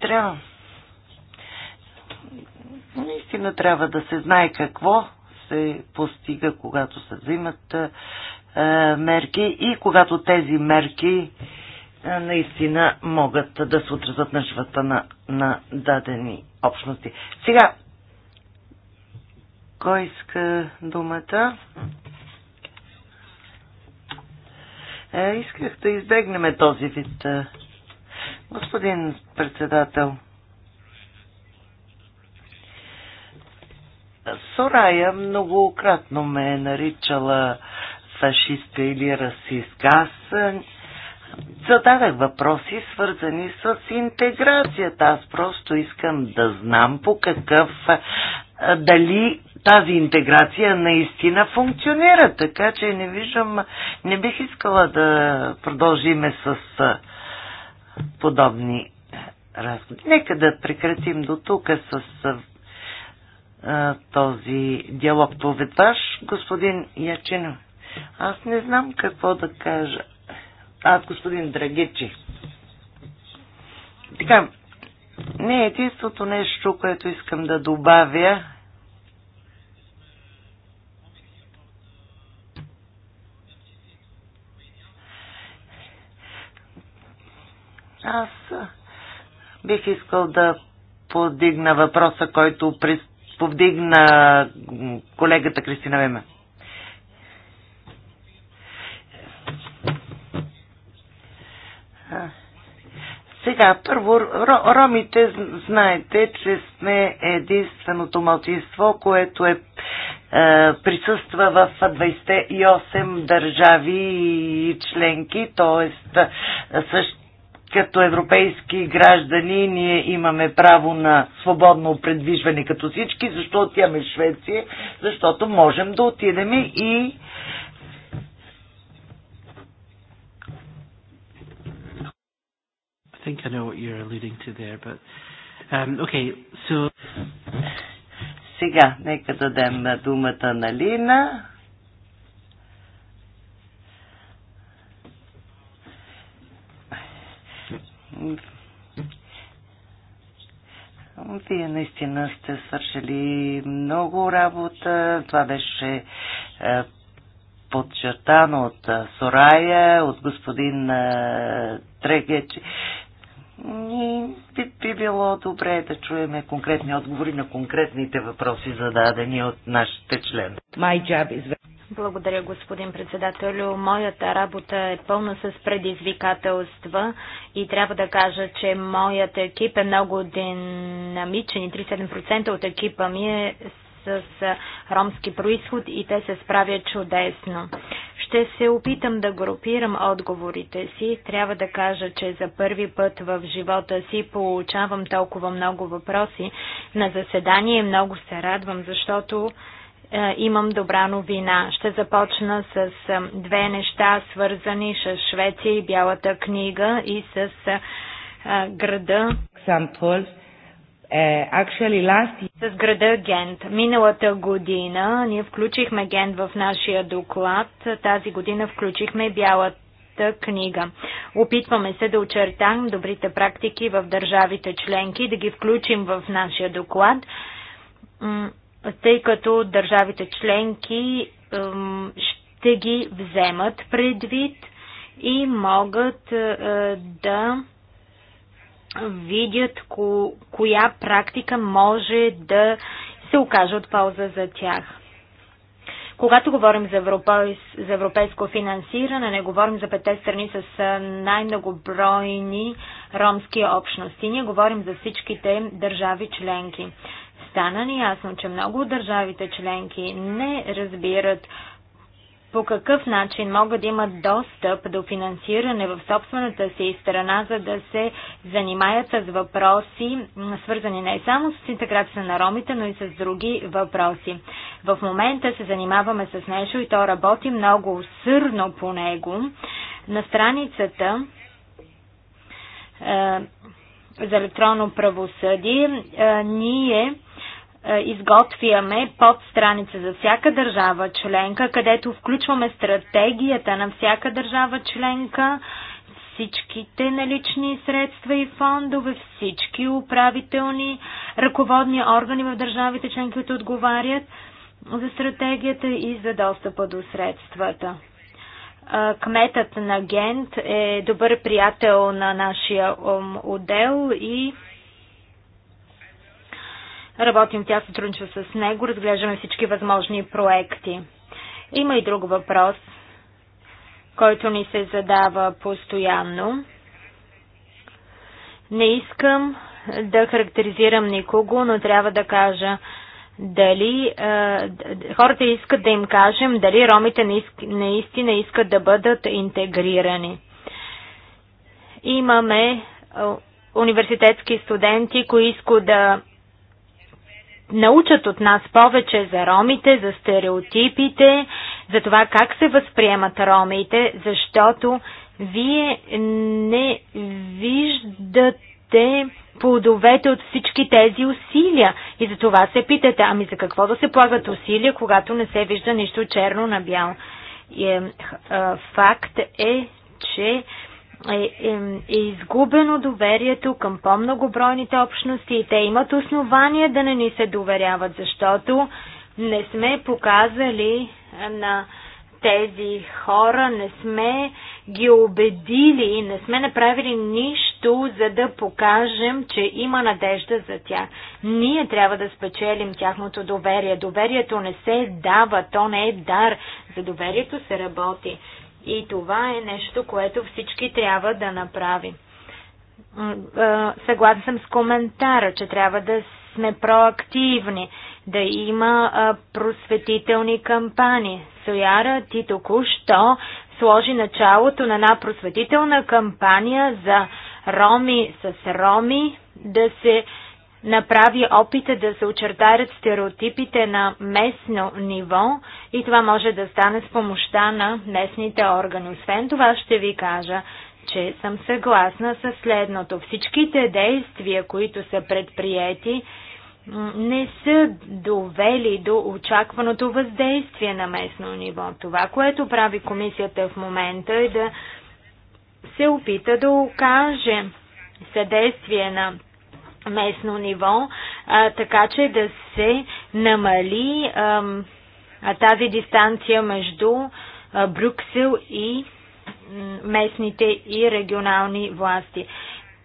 Трябва наистина трябва да се знае какво се постига, когато се взимат е, мерки и когато тези мерки е, наистина могат да се отразят на живота на, на дадени общности. Сега, кой иска думата? Е, исках да избегнем този вид. Е, господин председател, Сорая многократно ме е наричала фашистка или расистка. Аз зададах въпроси, свързани с интеграцията. Аз просто искам да знам по какъв дали тази интеграция наистина функционира. Така че не виждам, не бих искала да продължиме с подобни разговори. Нека да прекратим до тук с този диалог поведваш, господин Ячинов. Аз не знам какво да кажа. Аз, господин Драгичи. Така, не е единството нещо, което искам да добавя. Аз бих искал да подигна въпроса, който пред повдигна колегата Кристина Веме. Сега, първо, ромите, знаете, че сме единственото мълчинство, което е, е присъства в 28 държави и членки, т.е. също като европейски граждани ние имаме право на свободно предвижване като всички, защо отиваме в Швеция, защото можем да отидем и I think I know what you're alluding to there, but um, okay, so сега нека дадем думата на Лина. Вие наистина сте свършили много работа. Това беше е, подчертано от е, Сорая, от господин е, Трегеч. И би, би било добре да чуем конкретни отговори на конкретните въпроси, зададени от нашите члени. My job is... Благодаря, господин председателю. Моята работа е пълна с предизвикателства и трябва да кажа, че моят екип е много динамичен и 37% от екипа ми е с ромски происход и те се справят чудесно. Ще се опитам да групирам отговорите си. Трябва да кажа, че за първи път в живота си получавам толкова много въпроси на заседание. Много се радвам, защото е, имам добра новина. Ще започна с две неща, свързани с Швеция и Бялата книга и с е, е, града. Actually, last... С града Гент. Миналата година ние включихме Гент в нашия доклад. Тази година включихме Бялата книга. Опитваме се да очертаем добрите практики в държавите членки, да ги включим в нашия доклад тъй като държавите членки ще ги вземат предвид и могат е, да видят коя практика може да се окаже от полза за тях. Когато говорим за, европейс, за европейско финансиране, не говорим за пете страни с е, най-многобройни ромски общности. Ние говорим за всичките държави членки стана ни ясно, че много от държавите членки не разбират по какъв начин могат да имат достъп до финансиране в собствената си страна, за да се занимаят с въпроси, свързани не само с интеграция на ромите, но и с други въпроси. В момента се занимаваме с нещо и то работи много усърно по него. На страницата е, за електронно правосъдие е, ние е, изготвяме подстраница за всяка държава членка, където включваме стратегията на всяка държава членка, всичките налични средства и фондове, всички управителни ръководни органи в държавите членки, които отговарят за стратегията и за достъпа до средствата. Е, кметът на Гент е добър приятел на нашия отдел и Работим тя сътрудничество с него, разглеждаме всички възможни проекти. Има и друг въпрос, който ни се задава постоянно. Не искам да характеризирам никого, но трябва да кажа дали е, хората искат да им кажем дали ромите наистина искат да бъдат интегрирани. Имаме университетски студенти, кои искат да научат от нас повече за ромите, за стереотипите, за това как се възприемат ромите, защото вие не виждате плодовете от всички тези усилия. И за това се питате, ами за какво да се полагат усилия, когато не се вижда нищо черно на бяло. И, е, а, факт е, че е, е, е изгубено доверието към по-многобройните общности и те имат основания да не ни се доверяват, защото не сме показали е, на тези хора, не сме ги убедили, не сме направили нищо, за да покажем, че има надежда за тях. Ние трябва да спечелим тяхното доверие. Доверието не се дава, то не е дар. За доверието се работи. И това е нещо, което всички трябва да направим. Съгласен съм с коментара, че трябва да сме проактивни, да има просветителни кампании. Сояра ти току-що сложи началото на една просветителна кампания за роми с роми, да се направи опита да се очертаят стереотипите на местно ниво и това може да стане с помощта на местните органи. Освен това ще ви кажа, че съм съгласна с следното. Всичките действия, които са предприяти, не са довели до очакваното въздействие на местно ниво. Това, което прави комисията в момента е да се опита да окаже съдействие на местно ниво, а, така че да се намали а, тази дистанция между а, Брюксел и местните и регионални власти.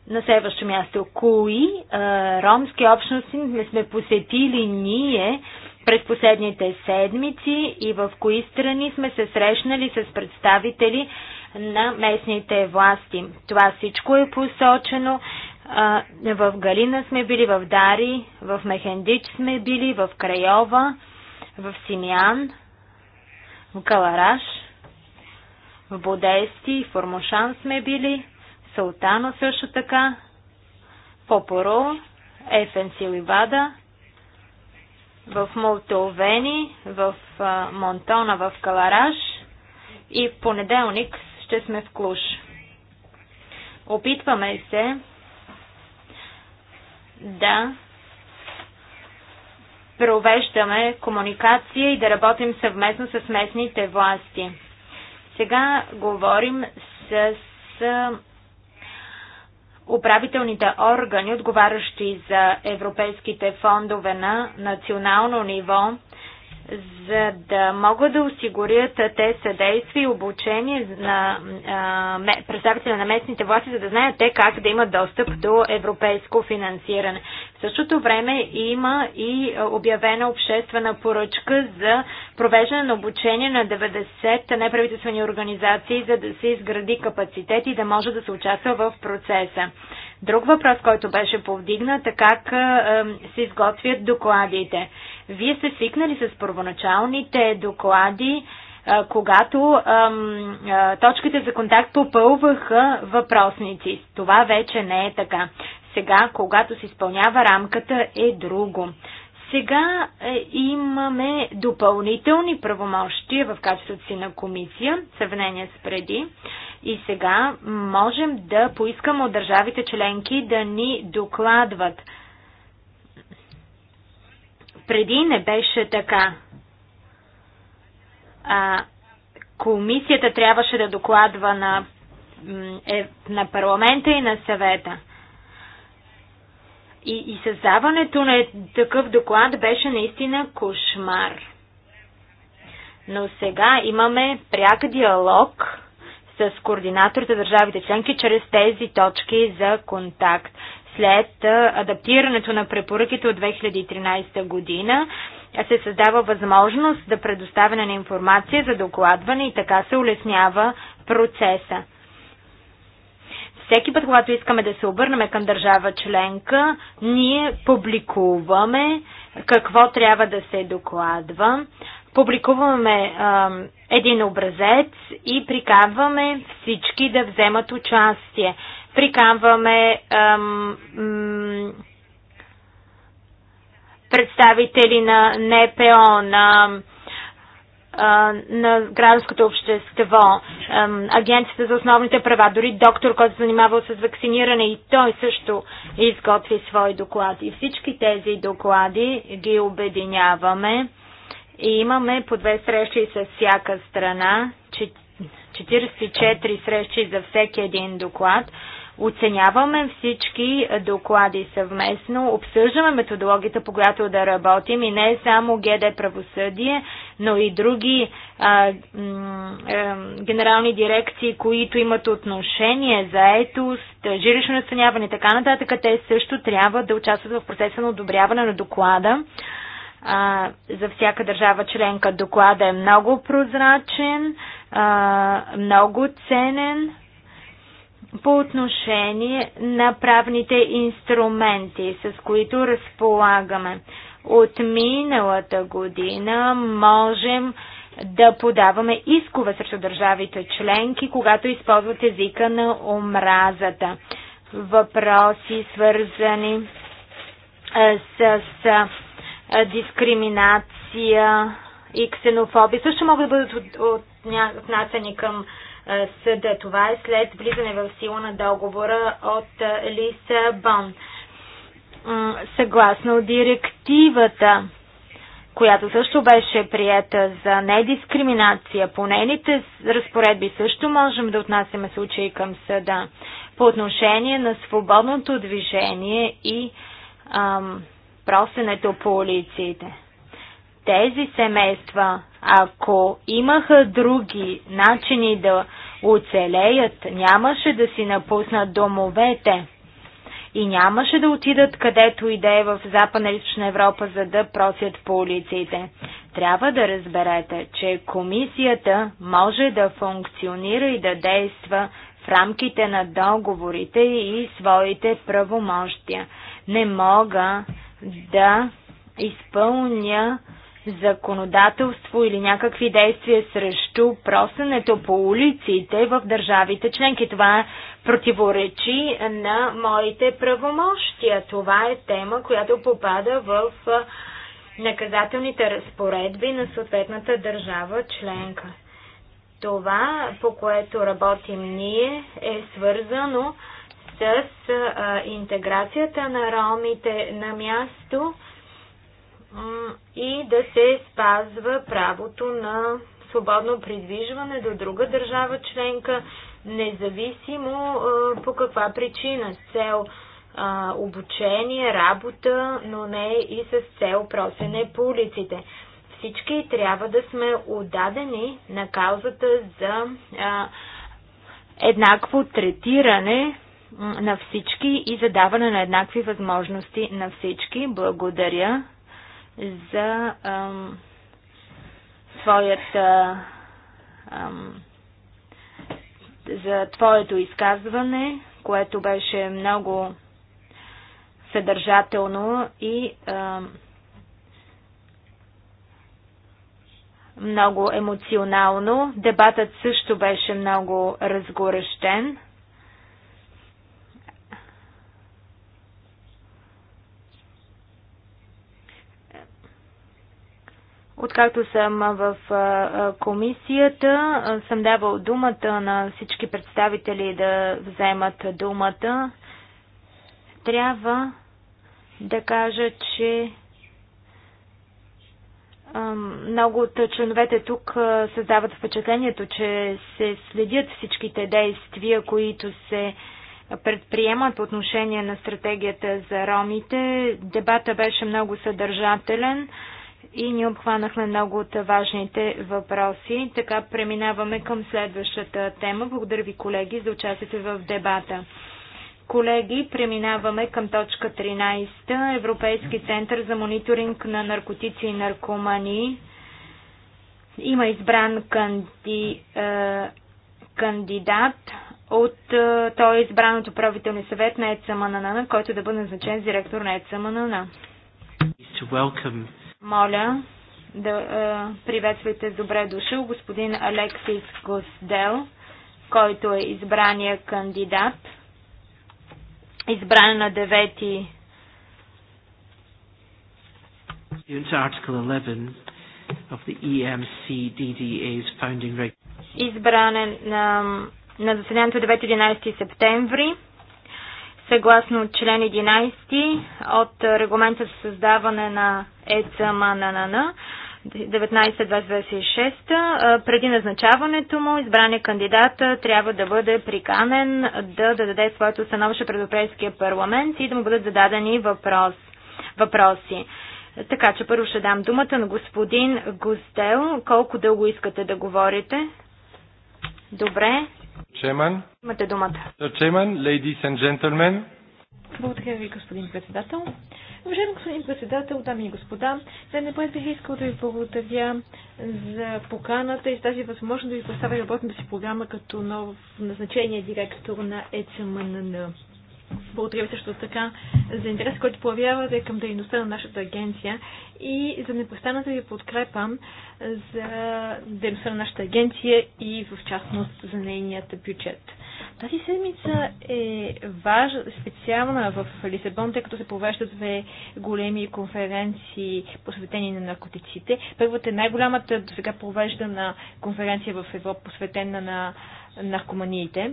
На следващо място, кои а, ромски общности не сме посетили ние през последните седмици и в кои страни сме се срещнали с представители на местните власти. Това всичко е посочено в Галина сме били, в Дари, в Мехендич сме били, в Крайова, в Симеан, в Калараш, в Бодести, в Формошан сме били, в Султано също така, Попоро, Ефен Силивада, в Молтовени, в Монтона, в Калараш и в понеделник ще сме в Клуш. Опитваме се да провеждаме комуникация и да работим съвместно с местните власти. Сега говорим с управителните органи, отговарящи за европейските фондове на национално ниво, за да могат да осигурят те съдействие и обучение на представители на местните власти, за да знаят те как да имат достъп до европейско финансиране. В същото време има и обявена обществена поръчка за провеждане на обучение на 90 неправителствени организации, за да се изгради капацитет и да може да се участва в процеса. Друг въпрос, който беше повдигнат е как е, се изготвят докладите. Вие сте свикнали с първоначалните доклади, е, когато е, точките за контакт попълваха въпросници. Това вече не е така. Сега, когато се изпълнява рамката, е друго. Сега е, имаме допълнителни правомощия в качеството си на комисия, в сравнение с преди. И сега можем да поискаме от държавите членки да ни докладват. Преди не беше така. А, комисията трябваше да докладва на, е, на парламента и на съвета. И, и създаването на такъв доклад беше наистина кошмар. Но сега имаме пряк диалог с координаторите държавите членки чрез тези точки за контакт. След адаптирането на препоръките от 2013 година се създава възможност за предоставяне на информация за докладване и така се улеснява процеса всеки път, когато искаме да се обърнем към държава членка, ние публикуваме какво трябва да се докладва. Публикуваме а, един образец и приканваме всички да вземат участие. Приканваме представители на НПО, на на гражданското общество, Агенцията за основните права, дори доктор, който се занимавал с вакциниране и той също изготви свой доклад. И всички тези доклади ги обединяваме и имаме по две срещи с всяка страна, 44 срещи за всеки един доклад. Оценяваме всички доклади съвместно, обсъждаме методологията, по която да работим и не е само ГД правосъдие, но и други а, е, генерални дирекции, които имат отношение за етост, жилищно оценяване и така нататък, те също трябва да участват в процеса на одобряване на доклада а, за всяка държава членка. Доклада е много прозрачен, а, много ценен по отношение на правните инструменти, с които разполагаме от миналата година можем да подаваме искове срещу държавите членки, когато използват езика на омразата. Въпроси свързани с, с дискриминация и ксенофобия също могат да бъдат отнасяни към съда. Това е след влизане в сила на договора от Лисабон съгласно директивата, която също беше приета за недискриминация. По нейните разпоредби също можем да отнасяме случаи към съда. По отношение на свободното движение и ам, просенето по улиците. Тези семейства, ако имаха други начини да оцелеят, нямаше да си напуснат домовете и нямаше да отидат където и да е в Западна Източна Европа, за да просят по улиците. Трябва да разберете, че комисията може да функционира и да действа в рамките на договорите и своите правомощия. Не мога да изпълня законодателство или някакви действия срещу просенето по улиците в държавите членки. Това противоречи на моите правомощия. Това е тема, която попада в наказателните разпоредби на съответната държава членка. Това, по което работим ние, е свързано с интеграцията на ромите на място – и да се спазва правото на свободно придвижване до друга държава членка, независимо по каква причина, с цел обучение, работа, но не и с цел просене по улиците. Всички трябва да сме отдадени на каузата за а, еднакво третиране на всички и за даване на еднакви възможности на всички. Благодаря за ам, твоята ам, за твоето изказване, което беше много съдържателно и ам, много емоционално. Дебатът също беше много разгорещен. Откакто съм в комисията, съм давал думата на всички представители да вземат думата. Трябва да кажа, че много от членовете тук създават впечатлението, че се следят всичките действия, които се предприемат по отношение на стратегията за ромите. Дебата беше много съдържателен и ни обхванахме много от важните въпроси. Така преминаваме към следващата тема. Благодаря ви, колеги, за участието в дебата. Колеги, преминаваме към точка 13. Европейски център за мониторинг на наркотици и наркомани. Има избран канди, е, кандидат от е, той е избран от управителния съвет на ЕЦМНН, който да бъде назначен директор на ЕЦМНН. Моля да е, приветствайте с добре дошъл господин Алексис Госдел, който е избрания кандидат, избран на 9 e избран е на, на заседанието 9-11 септември Съгласно член 11 от регламента за създаване на ЕЦМАНАНАН 19-26, преди назначаването му избране кандидат трябва да бъде приканен да, да даде своето становище пред Европейския парламент и да му бъдат зададени въпрос, въпроси. Така че първо ще дам думата на господин Гостел. Колко дълго искате да говорите? Добре, Чеман. Имате думата. Чеман, ladies and gentlemen. Благодаря ви, господин председател. Уважаеми господин председател, дами и господа, не напред бих искал да ви благодаря за поканата и тази възможност да ви представя работната си програма като нов назначение директор на ЕЦМНН. Благодаря ви също така за интерес, който проявявате към дейността на нашата агенция и за непрестаната ви подкрепа за дейността на нашата агенция и в частност за нейният бюджет. Тази седмица е важна, специална в Лисабон, тъй като се провеждат две големи конференции, посветени на наркотиците. Първата е най-голямата до сега провеждана конференция в Европа, посветена на наркоманиите.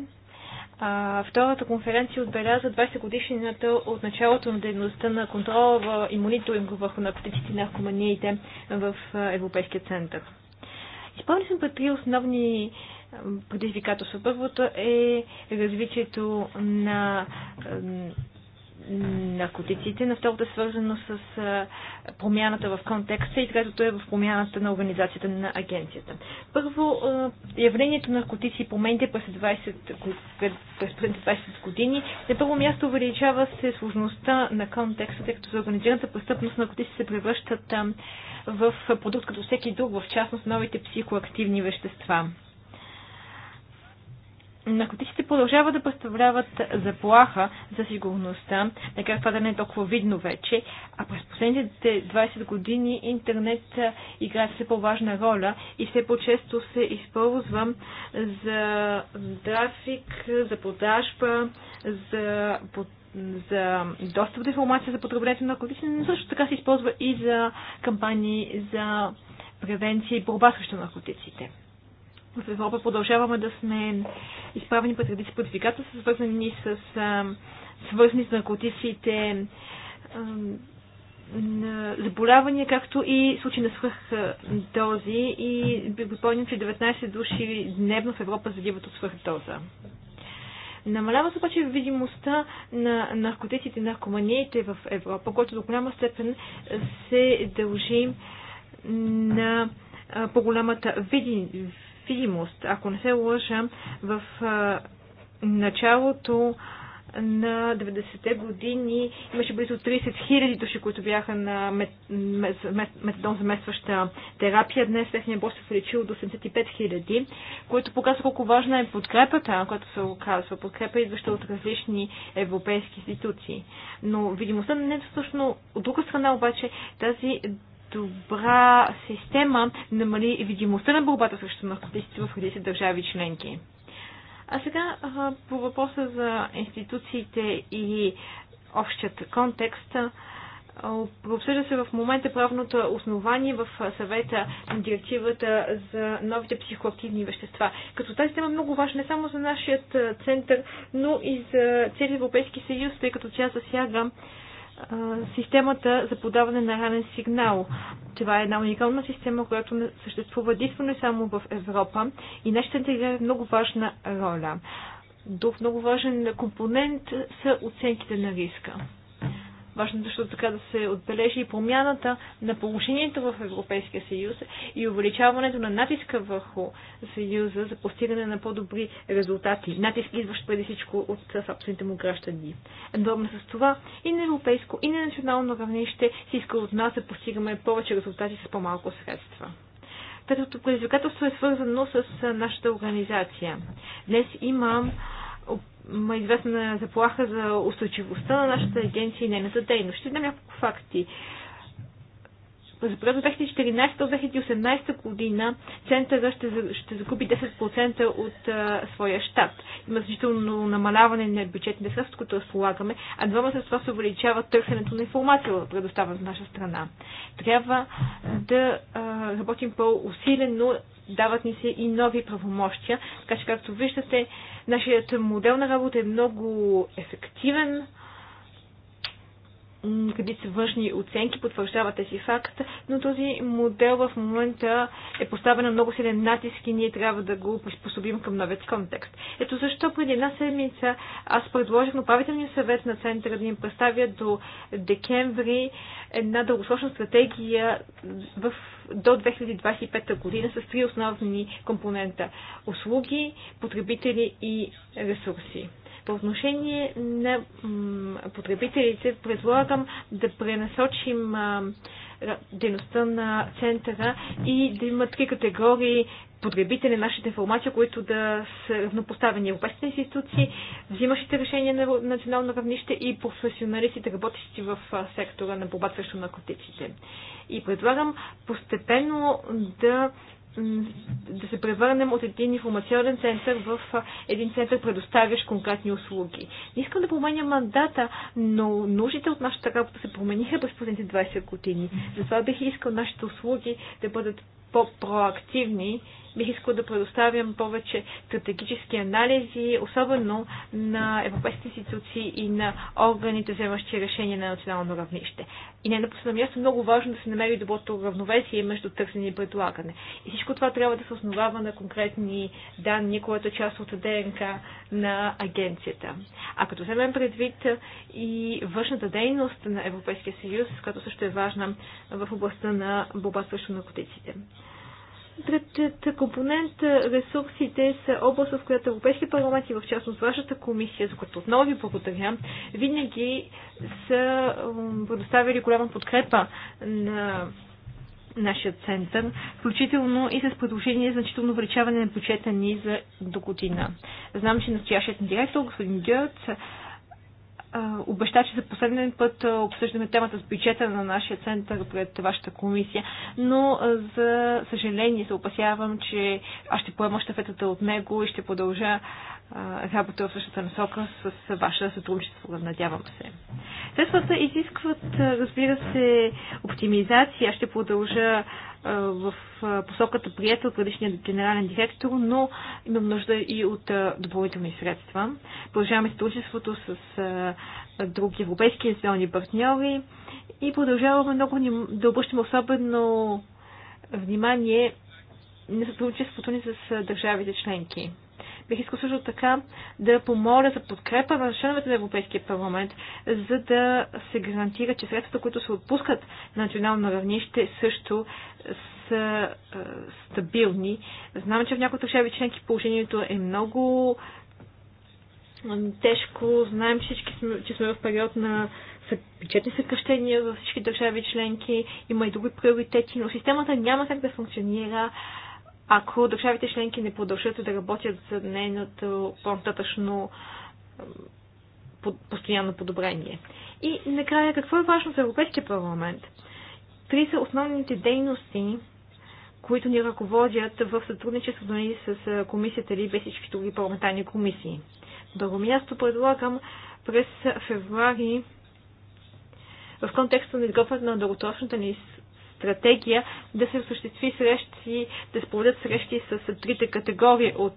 А, втората конференция отбеляза 20 годишнината от началото на дейността на контрола и мониторинга върху наркотиците на наркоманиите в Европейския център. Изпълни съм пред три основни предизвикателства. Първото е развитието на наркотиците, на второто е свързано с промяната в контекста и третото е в промяната на организацията на агенцията. Първо, явлението на наркотици и промените през 20, през 20 години. На първо място увеличава се сложността на контекста, тъй като за организираната престъпност наркотици се превръщат в продукт като всеки друг, в частност новите психоактивни вещества. Наркотиците продължават да представляват заплаха за сигурността, така това да не е толкова видно вече, а през последните 20 години интернет играе все по-важна роля и все по-често се използва за трафик, за продажба, за, за достъп до информация за потреблението на наркотици, но също така се използва и за кампании за превенция и борба срещу наркотиците в Европа продължаваме да сме изправени пред редици предизвикателства, свързани с свързани с наркотиците, заболявания, както и случаи на дози. и би че 19 души дневно в Европа загиват от доза. Намалява се обаче видимостта на наркотиците и наркоманиите в Европа, което до голяма степен се дължи на по-голямата видимост видимост. Ако не се лъжа, в началото на 90-те години имаше близо 30 хиляди души, които бяха на методон заместваща терапия. Днес техният бос се увеличил до 75 хиляди, което показва колко важна е подкрепата, която се оказва. Подкрепа идваща от различни европейски институции. Но видимостта не е достатъчно. От друга страна обаче тази добра система намали видимостта на борбата срещу наркотиците в редица държави членки. А сега по въпроса за институциите и общият контекст. Обсъжда се в момента правното основание в съвета на директивата за новите психоактивни вещества. Като тази тема е много важна не само за нашият център, но и за целия Европейски съюз, тъй като тя засяга системата за подаване на ранен сигнал. Това е една уникална система, която съществува единствено само в Европа и нашата играе много важна роля. Друг много важен компонент са оценките на риска. Важно също така да се отбележи и промяната на положението в Европейския съюз и увеличаването на натиска върху съюза за постигане на по-добри резултати. Натиск идващ преди всичко от собствените му граждани. Едновременно с това и на европейско, и на национално равнище се иска от нас да постигаме повече резултати с по-малко средства. Третото предизвикателство е свързано с нашата организация. Днес имам има известна заплаха за устойчивостта на нашата агенция и нейната дейност. Ще дам няколко факти. За период 2014-2018 година центъра ще, ще закупи 10% от а, своя щат. Има значително намаляване на бюджетните средства, които разполагаме, а двама с това се увеличава търсенето на информация, предоставена от наша страна. Трябва да а, работим по-усилено дават ни се и нови правомощия. Така че, както виждате, нашият модел на работа е много ефективен, редица външни оценки потвърждават тези факт, но този модел в момента е поставен на много силен натиск и ние трябва да го приспособим към новият контекст. Ето защо преди една седмица аз предложих на управителния съвет на центъра да им представя до декември една дългосрочна стратегия в, до 2025 година с три основни компонента – услуги, потребители и ресурси. По отношение на потребителите предлагам да пренасочим дейността на центъра и да има три категории потребители на нашата информация, които да са равнопоставени европейските институции, взимащите решения на национално равнище и професионалистите, работещи в сектора на борба срещу наркотиците. И предлагам постепенно да да се превърнем от един информационен център в един център, предоставящ конкретни услуги. Не искам да променя мандата, но нуждите от нашата работа се промениха през последните 20 години. Затова бих искал нашите услуги да бъдат по-проактивни. Бих искал да предоставям повече стратегически анализи, особено на европейските институции и на органите, вземащи решения на национално равнище. И не на последно място, много важно да се намери доброто равновесие между търсене и предлагане. И всичко това трябва да се основава на конкретни данни, което е част от ДНК на агенцията. А като вземем предвид и външната дейност на Европейския съюз, която също е важна в областта на борба срещу наркотиците. Третият компонент е, ресурсите са област, в която Европейския парламент и в частност вашата комисия, за която отново ви благодаря, винаги са предоставили голяма подкрепа на нашия център, включително и с предложение значително увеличаване на бюджета ни за до година. Знам, че настоящият директор, господин Гьоц, обеща, че за последен път обсъждаме темата с бюджета на нашия център пред вашата комисия, но за съжаление се опасявам, че аз ще поема щафетата от него и ще продължа работа в същата насока с ваше сътрудничество, надявам се. Средствата изискват, разбира се, оптимизация. Аз ще продължа в посоката прията от предишния генерален директор, но имам нужда и от допълнителни средства. Продължаваме сътрудничеството с други европейски национални партньори и продължаваме много да обръщаме особено внимание на сътрудничеството ни с държавите членки. Бих искал също така да помоля за подкрепа на членовете на Европейския парламент, за да се гарантира, че средствата, които се отпускат на национално равнище, също са е, стабилни. Знам, че в някои държави членки положението е много тежко. Знаем всички, че сме в период на бюджетни съкръщения във всички държави членки. Има и други приоритети, но системата няма как да функционира, ако държавите членки не продължат да работят за нейното по-нататъчно постоянно подобрение. И накрая, какво е важно за Европейския парламент? Три са основните дейности, които ни ръководят в сътрудничеството ни с комисията или без всички други парламентарни комисии. Друго място предлагам през февруари в контекста на изготвянето на дългосрочната ни стратегия да се осъществи срещи, да се проведат срещи с трите категории от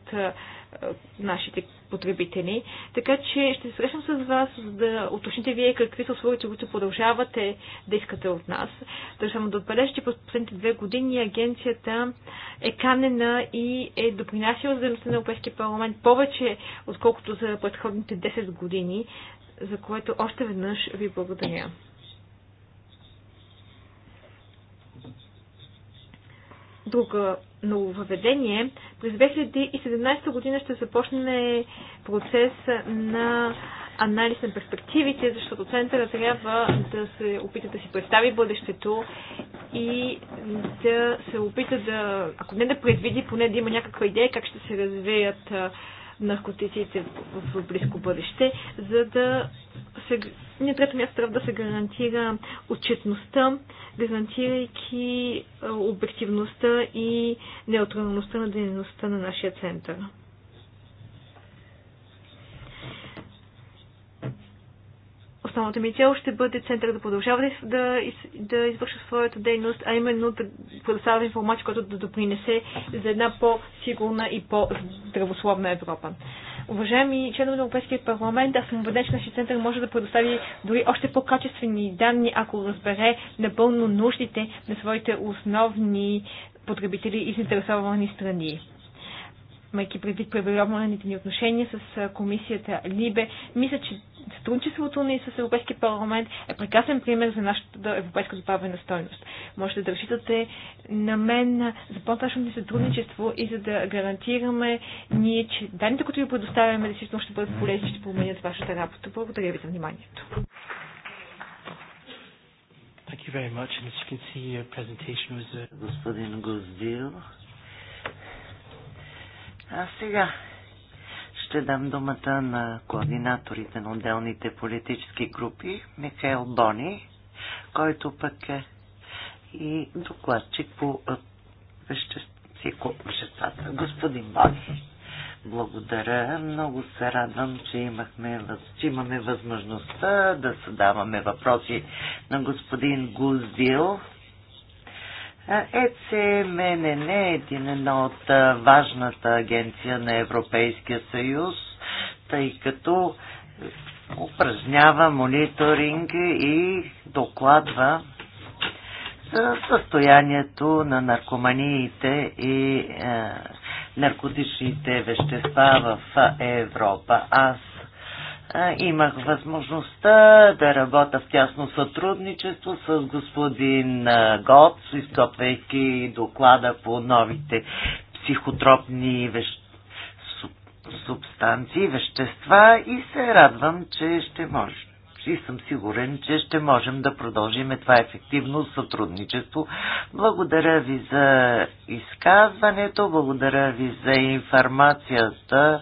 нашите потребители. Така че ще се срещам с вас, за да уточните вие какви са услугите, които продължавате да искате от нас. Само да отбележа, че през последните две години агенцията е канена и е допринасяла за дейността на Европейския парламент повече, отколкото за предходните 10 години, за което още веднъж ви благодаря. друга нововъведение. През 2017 година ще започне процес на анализ на перспективите, защото центъра трябва да се опита да си представи бъдещето и да се опита да, ако не да предвиди, поне да има някаква идея как ще се развеят наркотиците в близко бъдеще, за да се и на трето място трябва да се гарантира отчетността, гарантирайки обективността и неутралността на дейността на нашия център. основната ми цел ще бъде център да продължава да, да, да извършва своята дейност, а именно да предоставя информация, която да допринесе за една по-сигурна и по-здравословна Европа. Уважаеми членове на Европейския парламент, аз съм убеден, че нашия център може да предостави дори още по-качествени данни, ако разбере напълно нуждите на своите основни потребители и заинтересовани страни имайки предвид привилегированите ни отношения с комисията Либе. Мисля, че сътрудничеството ни с Европейския парламент е прекрасен пример за нашата европейска добавена стойност. Можете да разчитате на мен за по-нататъчно ни сътрудничество и за да гарантираме ние, че данните, които ви предоставяме, действително ще бъдат полезни и ще променят вашата работа. Благодаря ви за вниманието. Thank you very much. And as you can see, your presentation was uh, Господин а сега ще дам думата на координаторите на отделните политически групи, Михаил Бони, който пък е и докладчик по веществата, господин Бони. Благодаря. Много се радвам, че, имахме, че имаме възможността да задаваме въпроси на господин Гуздил. ЕЦМН е, е една от важната агенция на Европейския съюз, тъй като упражнява мониторинг и докладва за състоянието на наркоманиите и е, наркотичните вещества в Европа. Аз Имах възможността да работя в тясно сътрудничество с господин Гоц, изготвяйки доклада по новите психотропни вещества субстанции, вещества и се радвам, че ще може. И съм сигурен, че ще можем да продължим това ефективно сътрудничество. Благодаря ви за изказването, благодаря ви за информацията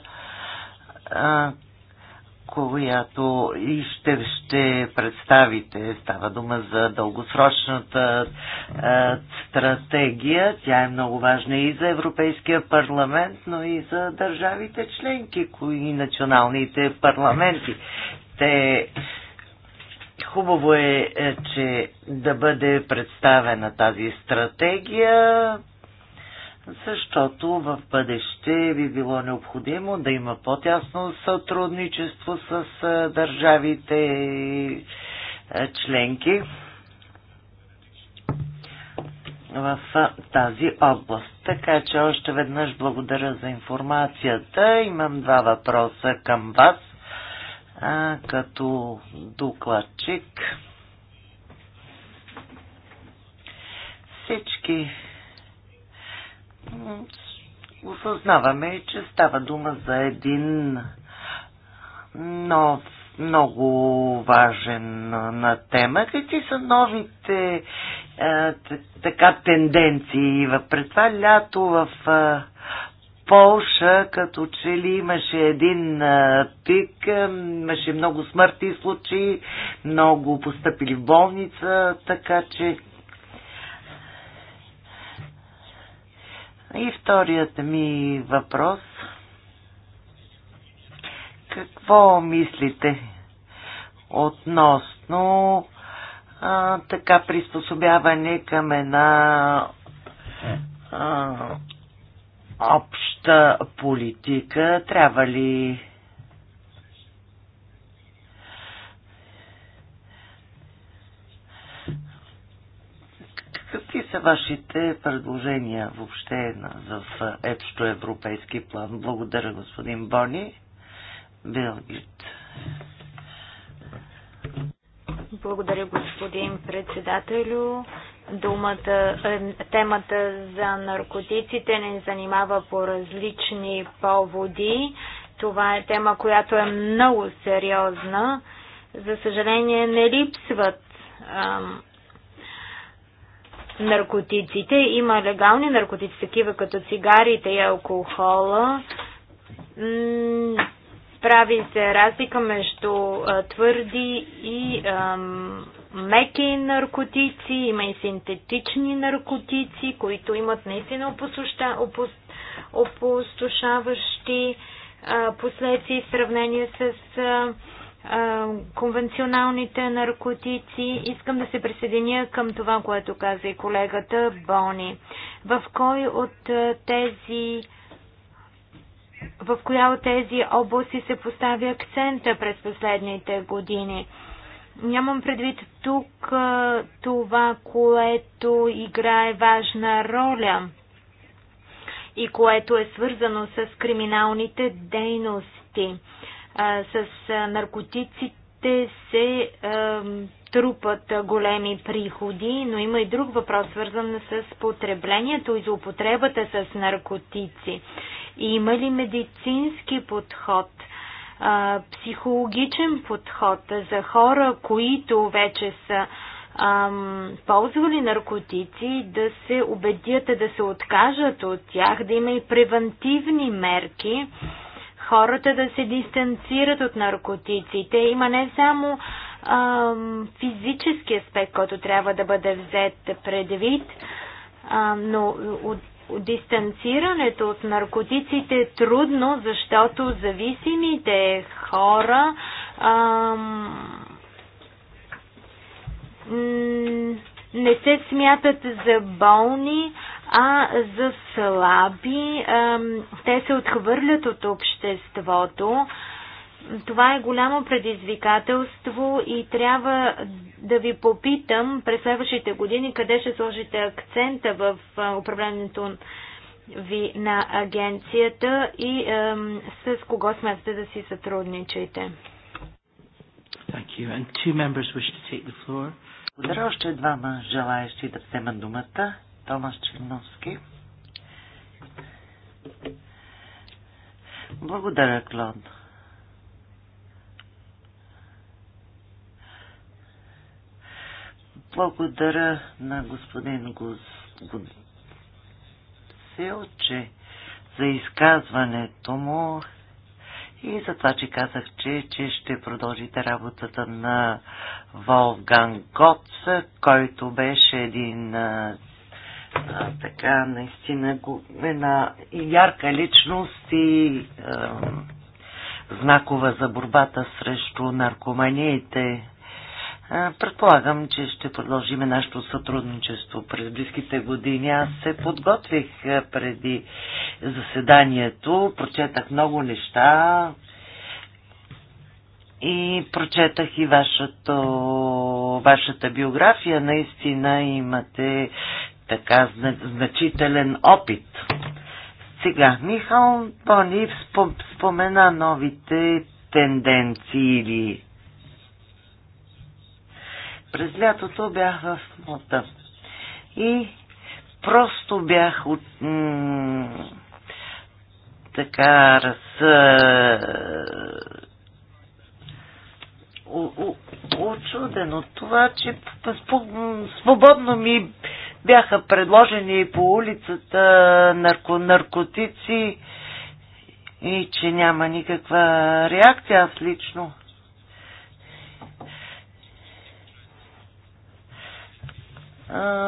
която и ще, ще представите. Става дума за дългосрочната а, стратегия. Тя е много важна и за Европейския парламент, но и за държавите членки, кои националните парламенти. Те Хубаво е, е, че да бъде представена тази стратегия защото в бъдеще би било необходимо да има по-тясно сътрудничество с държавите членки в тази област. Така че още веднъж благодаря за информацията. Имам два въпроса към вас а, като докладчик. Всички осъзнаваме, че става дума за един нов, много важен на тема. Какви са новите е, така тенденции? Пред това лято в е, Полша, като че ли имаше един е, пик, имаше много смъртни случаи, много постъпили в болница, така че И вторият ми въпрос. Какво мислите относно а, така приспособяване към една а, обща политика? Трябва ли Какви са вашите предложения въобще в европейски план? Благодаря, господин Бони. Белгит. Благодаря, господин председателю. Думата, е, темата за наркотиците не занимава по различни поводи. Това е тема, която е много сериозна. За съжаление, не липсват наркотиците. Има легални наркотици, такива като цигарите и алкохола. Прави се разлика между твърди и меки наркотици, има и синтетични наркотици, които имат наистина опустошаващи последствия в сравнение с а, конвенционалните наркотици. Искам да се присъединя към това, което каза и колегата Бони. В кой от тези в коя от тези области се поставя акцента през последните години? Нямам предвид тук това, което играе важна роля и което е свързано с криминалните дейности с наркотиците се трупат големи приходи, но има и друг въпрос, свързан с потреблението и злоупотребата с наркотици. Има ли медицински подход, психологичен подход за хора, които вече са ползвали наркотици, да се убедят да се откажат от тях, да има и превентивни мерки? хората да се дистанцират от наркотиците. Има не само ам, физически аспект, който трябва да бъде взет предвид, но от дистанцирането от наркотиците е трудно, защото зависимите хора не се смятат за болни, а за слаби те се отхвърлят от обществото. Това е голямо предизвикателство и трябва да ви попитам през следващите години къде ще сложите акцента в управлението ви на агенцията и е, с кого смятате да си сътрудничите. Благодаря още двама желаящи да вземат думата. Томас Чиновски. Благодаря, Клод. Благодаря на господин Гусел, че за изказването му и за това, че казах, че, че ще продължите работата на Волган Готс, който беше един а, така наистина го, една ярка личност и а, знакова за борбата срещу наркоманиите. предполагам, че ще продължиме нашето сътрудничество през близките години. Аз се подготвих преди заседанието, прочетах много неща, и прочетах и вашата, вашата биография. Наистина имате така значителен опит. Сега, Михал Бонив спомена новите тенденции или... През лятото бях в Мота и просто бях от... така раз... учуден от това, че свободно ми бяха предложени по улицата нарко, наркотици и че няма никаква реакция. Аз лично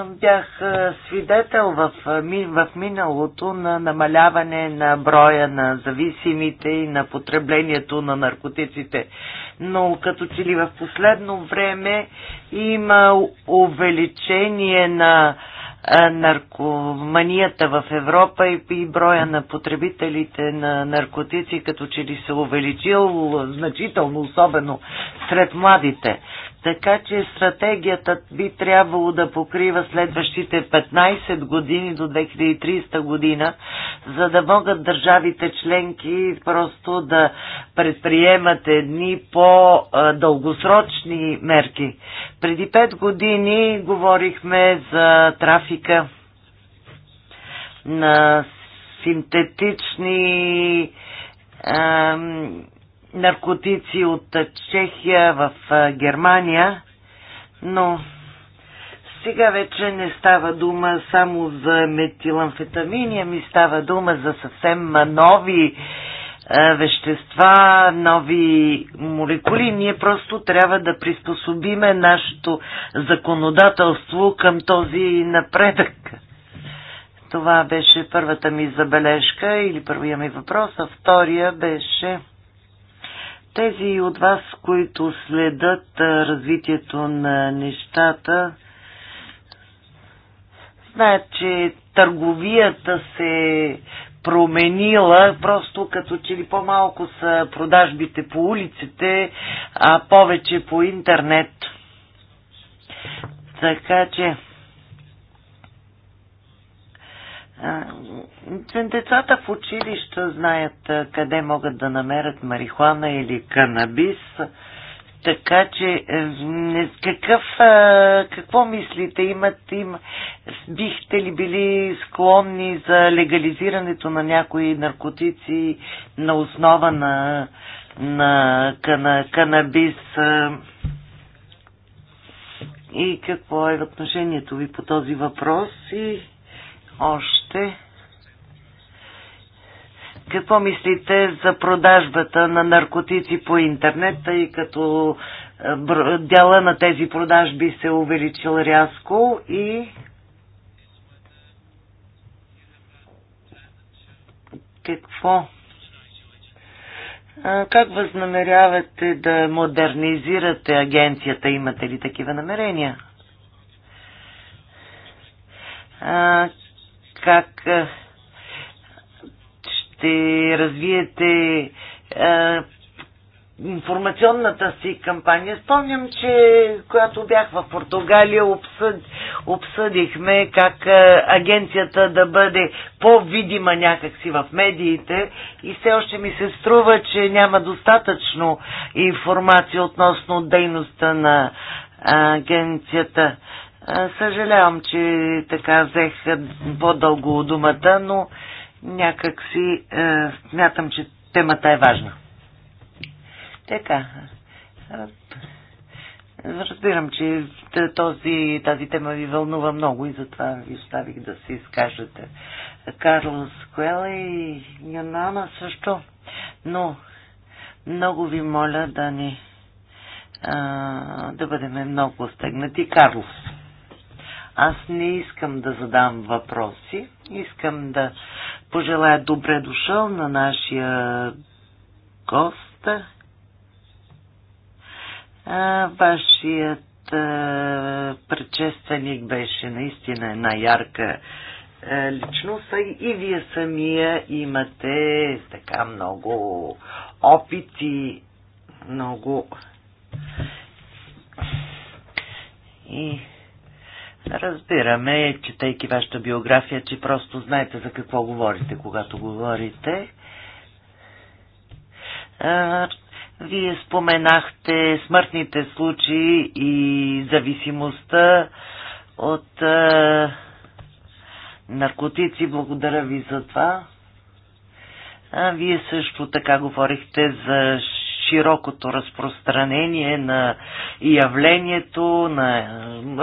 бях свидетел в, в миналото на намаляване на броя на зависимите и на потреблението на наркотиците но като че ли в последно време има увеличение на наркоманията в Европа и, и броя на потребителите на наркотици като че ли се увеличил значително, особено сред младите. Така че стратегията би трябвало да покрива следващите 15 години до 2030 година, за да могат държавите членки просто да предприемат едни по-дългосрочни мерки. Преди 5 години говорихме за трафика на синтетични ам, наркотици от Чехия в Германия, но сега вече не става дума само за метиламфетамини, ами става дума за съвсем нови вещества, нови молекули. Ние просто трябва да приспособиме нашето законодателство към този напредък. Това беше първата ми забележка или първия ми въпрос, а втория беше тези от вас, които следят развитието на нещата, знаят, че търговията се променила, просто като че ли по-малко са продажбите по улиците, а повече по интернет. Така че Децата в училища знаят къде могат да намерят марихуана или канабис, така че е, какъв, какво мислите? Имат, им, бихте ли били склонни за легализирането на някои наркотици на основа на, на кана, канабис? И какво е отношението ви по този въпрос? И още. Какво мислите за продажбата на наркотици по интернет, тъй като е, дяла на тези продажби се е увеличил рязко и какво? Как възнамерявате да модернизирате агенцията? Имате ли такива намерения? как ще развиете информационната си кампания. Спомням, че когато бях в Португалия, обсъд, обсъдихме как агенцията да бъде по-видима някакси в медиите и все още ми се струва, че няма достатъчно информация относно дейността на агенцията. Съжалявам, че така взех по-дълго думата, но някак си е, смятам, че темата е важна. Така. Разбирам, че този, тази тема ви вълнува много и затова ви оставих да се изкажете. Карлос Куела и Янана също. Но много ви моля да ни а, да бъдем много стегнати. Карлос. Аз не искам да задам въпроси. Искам да пожелая добре дошъл на нашия гост. А, вашият а, предшественик беше наистина една ярка а, личност и вие самия имате така много опити, много и Разбираме, четейки вашата биография, че просто знаете за какво говорите, когато говорите. вие споменахте смъртните случаи и зависимостта от наркотици. Благодаря ви за това. вие също така говорихте за широкото разпространение на явлението, на е,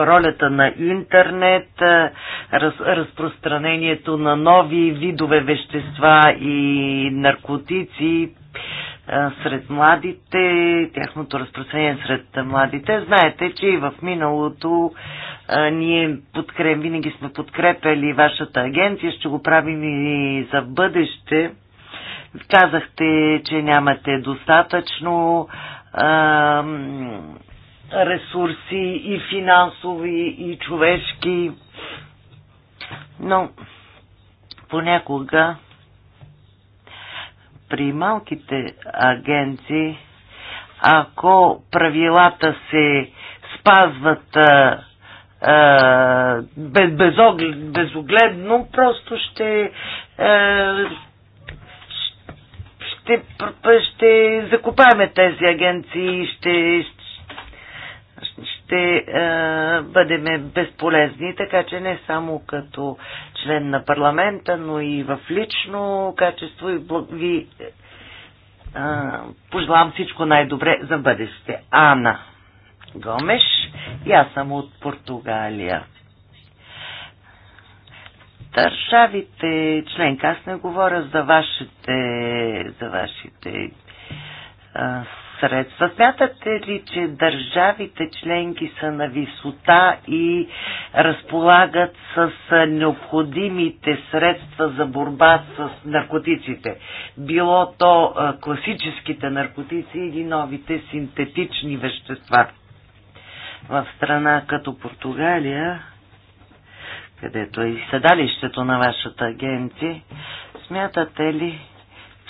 ролята на интернет, е, раз, разпространението на нови видове вещества и наркотици е, сред младите, тяхното разпространение сред младите. Знаете, че и в миналото а, ние подкрем, винаги сме подкрепили вашата агенция, ще го правим и за бъдеще. Казахте, че нямате достатъчно а, ресурси и финансови, и човешки, но понякога при малките агенции, ако правилата се спазват а, без, безогледно, просто ще ще, ще закупаме тези агенции и ще, ще а, е, бъдеме безполезни, така че не само като член на парламента, но и в лично качество и благ... ви а, е, пожелавам всичко най-добре за бъдеще. Ана Гомеш и аз съм от Португалия държавите членка. Аз не говоря за вашите, за вашите а, средства. Смятате ли, че държавите членки са на висота и разполагат с необходимите средства за борба с наркотиците? Било то класическите наркотици или новите синтетични вещества. В страна като Португалия където е и седалището на вашата агенция, смятате ли,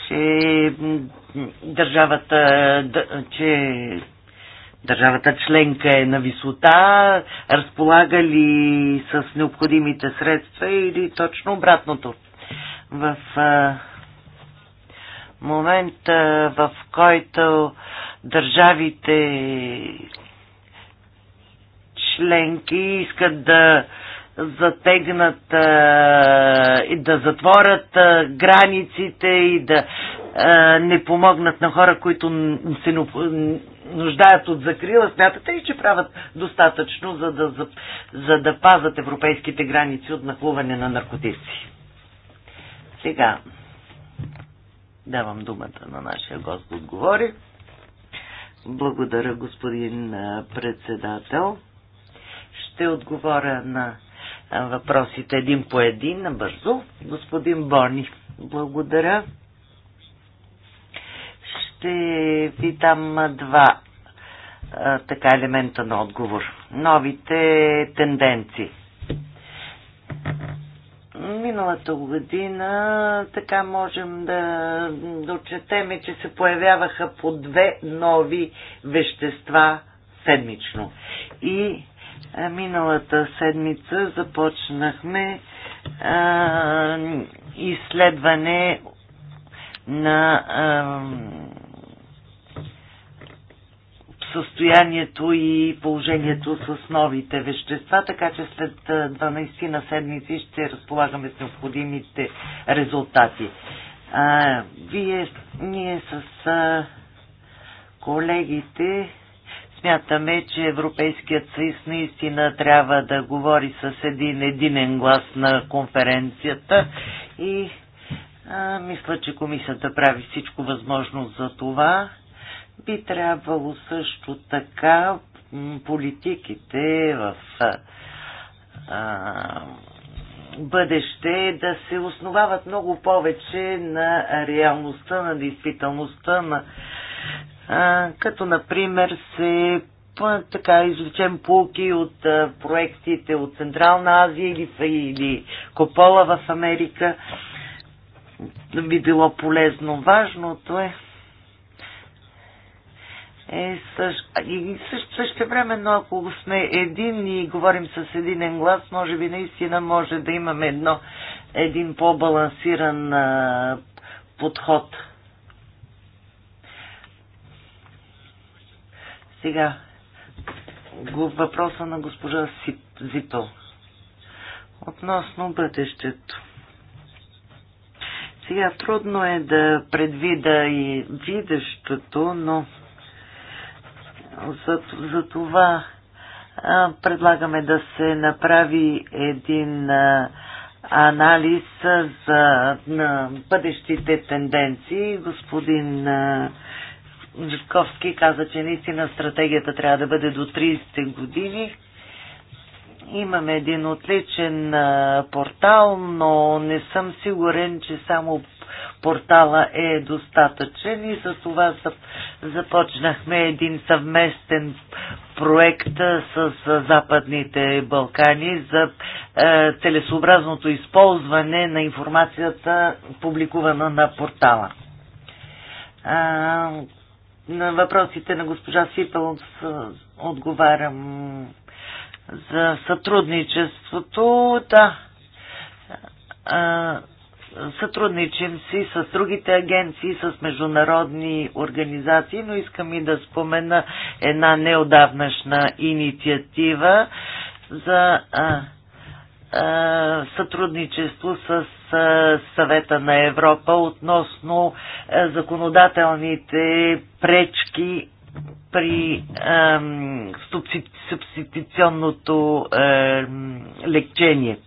че държавата, че държавата членка е на висота, разполага ли с необходимите средства или точно обратното? В момента, в който държавите членки искат да затегнат а, и да затворят а, границите и да а, не помогнат на хора, които се нуждаят от закрила. Смятате ли, че правят достатъчно, за да, за, за да пазат европейските граници от нахлуване на наркотици? Сега давам думата на нашия гост да отговори. Благодаря, господин председател. Ще отговоря на въпросите един по един, набързо. Господин Бони, благодаря. Ще ви дам два така елемента на отговор. Новите тенденции. Миналата година така можем да, да отчетеме, че се появяваха по две нови вещества седмично. И Миналата седмица започнахме а, изследване на а, състоянието и положението с новите вещества, така че след 12 на седмици ще разполагаме с необходимите резултати. А, вие, ние с а, колегите Смятаме, че Европейският съюз наистина трябва да говори с един единен глас на конференцията и а, мисля, че комисията прави всичко възможно за това. Би трябвало също така политиките в а, бъдеще да се основават много повече на реалността, на действителността, на като например се така извлечем полки от а, проектите от Централна Азия или, или Копола в Америка. Би било полезно. Важното е е също, и също, също време, но ако сме един и говорим с един глас, може би наистина може да имаме едно, един по-балансиран подход. Сега, въпроса на госпожа Зипъл. Относно бъдещето. Сега трудно е да предвида и видещото, но за, за това а, предлагаме да се направи един а, анализ за на бъдещите тенденции. Господин а, Житковски каза, че наистина стратегията трябва да бъде до 30 години. Имаме един отличен портал, но не съм сигурен, че само портала е достатъчен и за това започнахме един съвместен проект с Западните Балкани за целесообразното използване на информацията, публикувана на портала на въпросите на госпожа Сипел отговарям за сътрудничеството. Да. Сътрудничим си с другите агенции, с международни организации, но искам и да спомена една неодавнашна инициатива за а, сътрудничество с съвета на Европа относно законодателните пречки при субституционното лечение.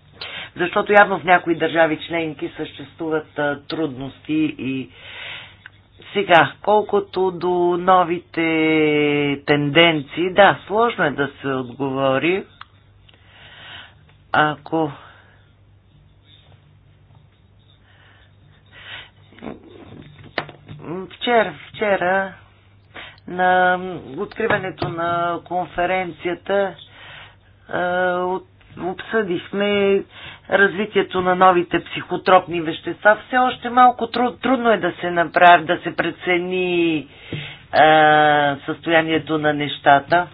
Защото явно в някои държави членки съществуват трудности и сега, колкото до новите тенденции, да, сложно е да се отговори, ако вчера, вчера на откриването на конференцията от обсъдихме развитието на новите психотропни вещества. Все още малко труд, трудно е да се направи, да се прецени е, състоянието на нещата.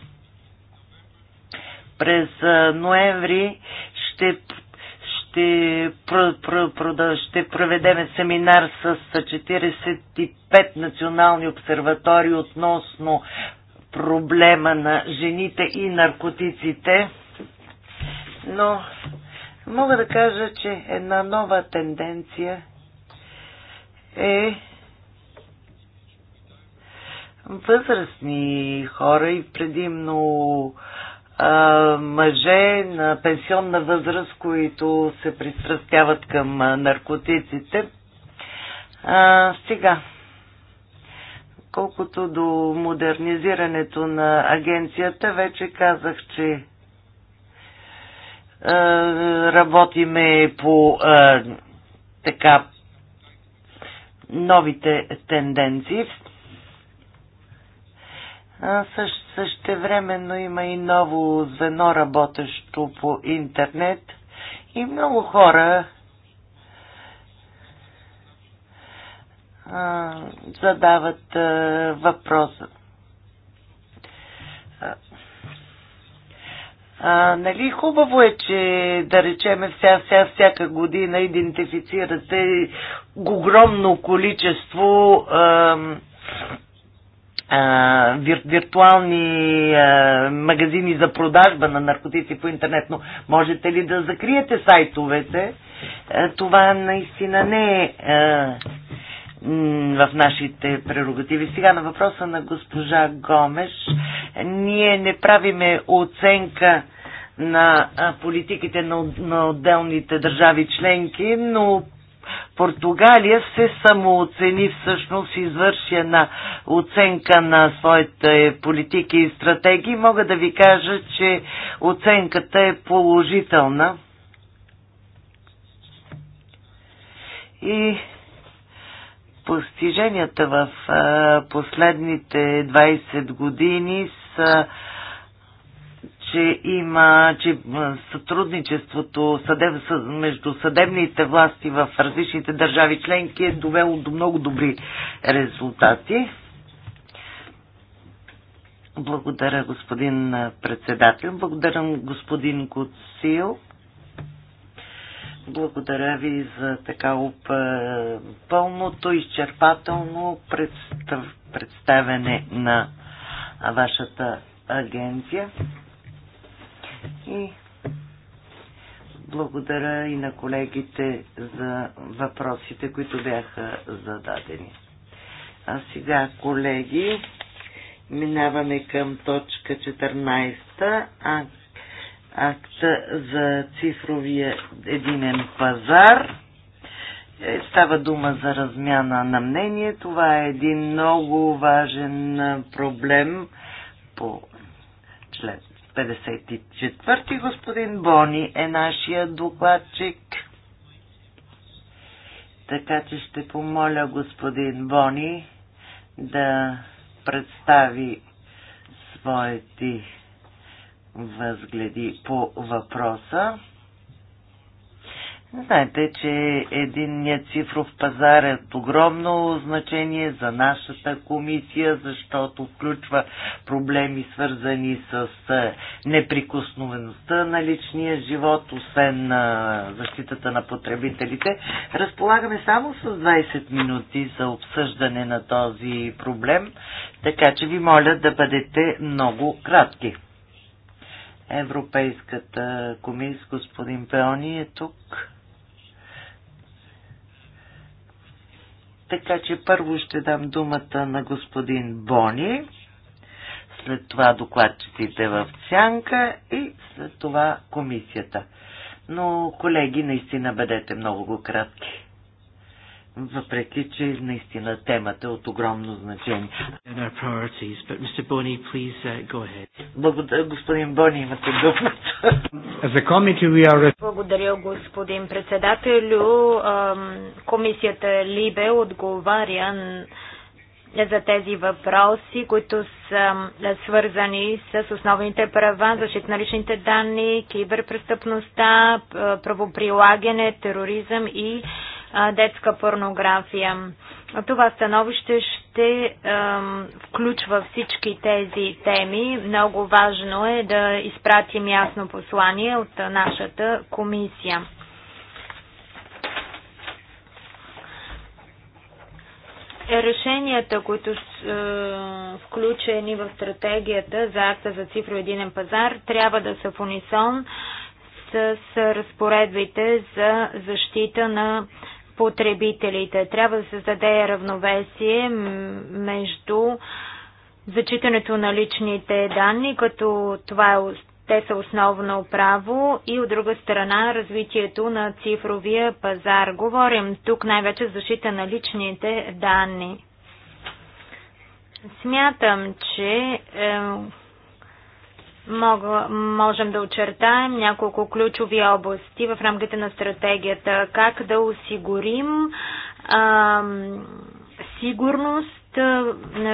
През ноември ще ще, ще проведеме семинар с 45 национални обсерватории относно проблема на жените и наркотиците. Но мога да кажа, че една нова тенденция е възрастни хора и предимно мъже на пенсионна възраст, които се пристрастяват към наркотиците. А, сега, колкото до модернизирането на агенцията, вече казах, че а, работиме по а, така новите тенденции. А, също Същевременно има и ново звено работещо по интернет и много хора а, задават а, въпроса. А, нали хубаво е, че да речеме вся, вся, всяка година идентифицирате огромно количество а, вир, виртуални а, магазини за продажба на наркотици по интернет, но можете ли да закриете сайтовете? А, това наистина не е а, в нашите прерогативи. Сега на въпроса на госпожа Гомеш. Ние не правиме оценка на политиките на отделните държави членки, но Португалия се самооцени всъщност, извърши една оценка на своите политики и стратегии. Мога да ви кажа, че оценката е положителна. И постиженията в последните 20 години са че има, че сътрудничеството съдеб, между съдебните власти в различните държави членки е довело до много добри резултати. Благодаря, господин председател. Благодаря, господин Гуцил. Благодаря ви за така пълното, изчерпателно представ, представяне на вашата агенция. И благодаря и на колегите за въпросите, които бяха зададени. А сега, колеги, минаваме към точка 14, а, акта за цифровия единен пазар. Е, става дума за размяна на мнение. Това е един много важен проблем по член 54. Господин Бони е нашия докладчик. Така че ще помоля господин Бони да представи своите възгледи по въпроса. Знаете, че единният цифров пазар е от огромно значение за нашата комисия, защото включва проблеми свързани с е, неприкосновеността на личния живот, освен на защитата на потребителите. Разполагаме само с 20 минути за обсъждане на този проблем, така че ви моля да бъдете много кратки. Европейската комисия, господин Пеони е тук. Така че първо ще дам думата на господин Бони, след това докладчиците в Сянка и след това комисията. Но, колеги, наистина бъдете много кратки въпреки че наистина темата е от огромно значение. Uh, Благодаря, господин Бони, имате думата. Благодаря, господин председателю. Комисията Либе отговаря за тези въпроси, които са свързани с основните права, защита на личните данни, киберпрестъпността, правоприлагане, тероризъм и детска порнография. Това становище ще ем, включва всички тези теми. Много важно е да изпратим ясно послание от нашата комисия. решенията, които са е, включени в стратегията за акта за цифро единен пазар, трябва да са в унисон с, с разпоредбите за защита на потребителите. Трябва да се създаде равновесие между зачитането на личните данни, като това е, те са основно право и от друга страна развитието на цифровия пазар. Говорим тук най-вече защита на личните данни. Смятам, че е, мога, можем да очертаем няколко ключови области в рамките на стратегията. Как да осигурим а, сигурност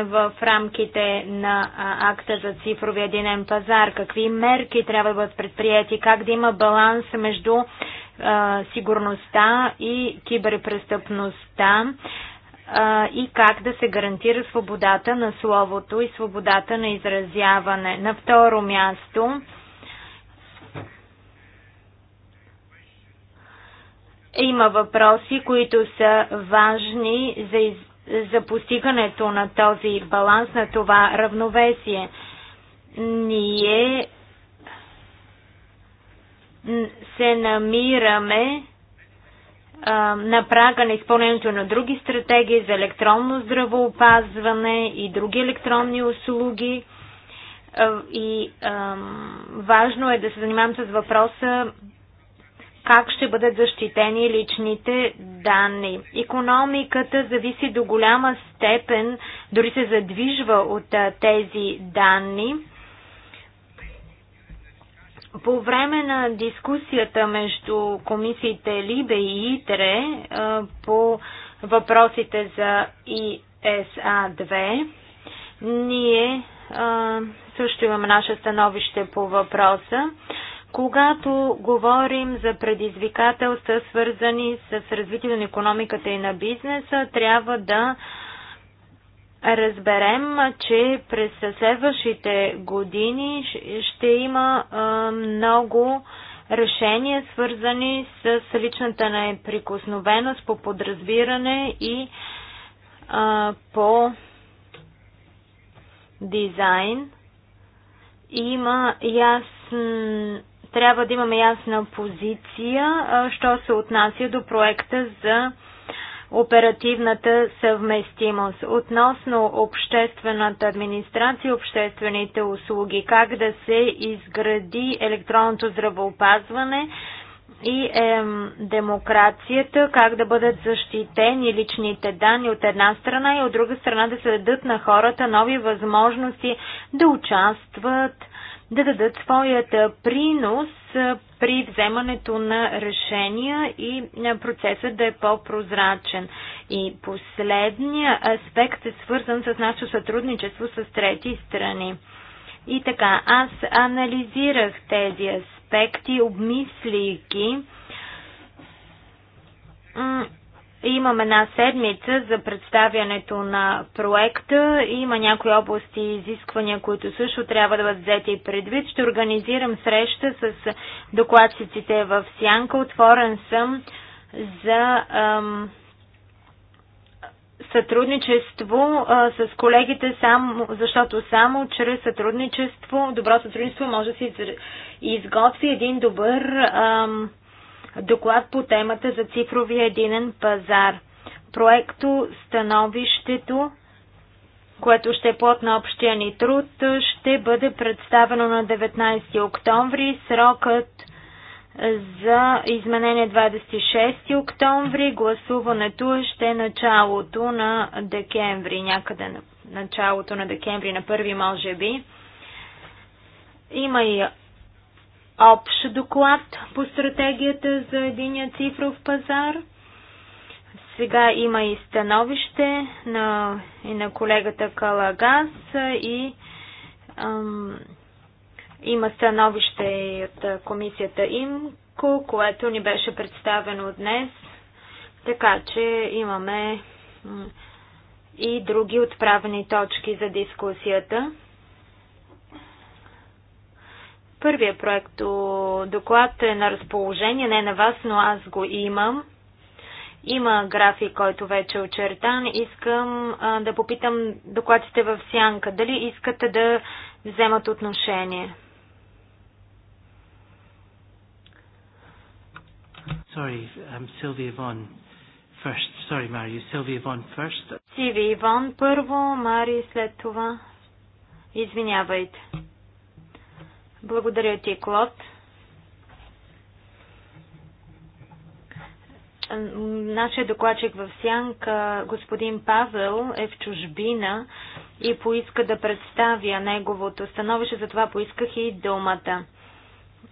в рамките на акта за цифрови единен пазар? Какви мерки трябва да бъдат предприяти? Как да има баланс между а, сигурността и киберпрестъпността? а, и как да се гарантира свободата на словото и свободата на изразяване. На второ място има въпроси, които са важни за, из... за постигането на този баланс, на това равновесие. Ние се намираме на прага на изпълнението на други стратегии за електронно здравоопазване и други електронни услуги. И важно е да се занимавам с въпроса как ще бъдат защитени личните данни. Економиката зависи до голяма степен, дори се задвижва от тези данни по време на дискусията между комисиите Либе и ИТРЕ по въпросите за ИСА-2, ние също имаме наше становище по въпроса. Когато говорим за предизвикателства, свързани с развитието на економиката и на бизнеса, трябва да а, разберем, че през следващите години ще има много решения, свързани с личната неприкосновеност по подразбиране и по дизайн. Има ясен трябва да имаме ясна позиция, що се отнася до проекта за оперативната съвместимост. Относно обществената администрация, обществените услуги, как да се изгради електронното здравеопазване и е, демокрацията, как да бъдат защитени личните данни от една страна и от друга страна да се дадат на хората нови възможности да участват, да дадат своята принос при вземането на решения и процесът да е по-прозрачен. И последния аспект е свързан с нашето сътрудничество с трети страни. И така, аз анализирах тези аспекти, обмислих ги Имам една седмица за представянето на проекта. Има някои области и изисквания, които също трябва да бъдат взети и предвид. Ще организирам среща с докладчиците в Сянка. Отворен съм за ам, сътрудничество а, с колегите, сам, защото само чрез сътрудничество, добро сътрудничество може да се изготви един добър ам, доклад по темата за цифровия единен пазар. Проекто становището, което ще е плод на общия ни труд, ще бъде представено на 19 октомври. Срокът за изменение 26 е октомври. Гласуването ще е началото на декември, някъде на началото на декември, на първи може би. Има и общ доклад по стратегията за единия цифров пазар. Сега има и становище на, и на колегата Калагас и ам, има становище и от комисията ИМКО, което ни беше представено днес. Така че имаме и други отправени точки за дискусията. Първия проект доклад е на разположение, не на вас, но аз го имам. Има график, който вече е очертан. Искам а, да попитам докладите в сянка. Дали искате да вземат отношение? Sorry, I'm Sylvia Vaughan first. Sorry, Mario. Sylvia Vaughan first. Сиви Иван първо, Мари след това. Извинявайте. Благодаря ти, Клод. Нашия докладчик в Сянка, господин Павел, е в чужбина и поиска да представя неговото становище, затова поисках и думата.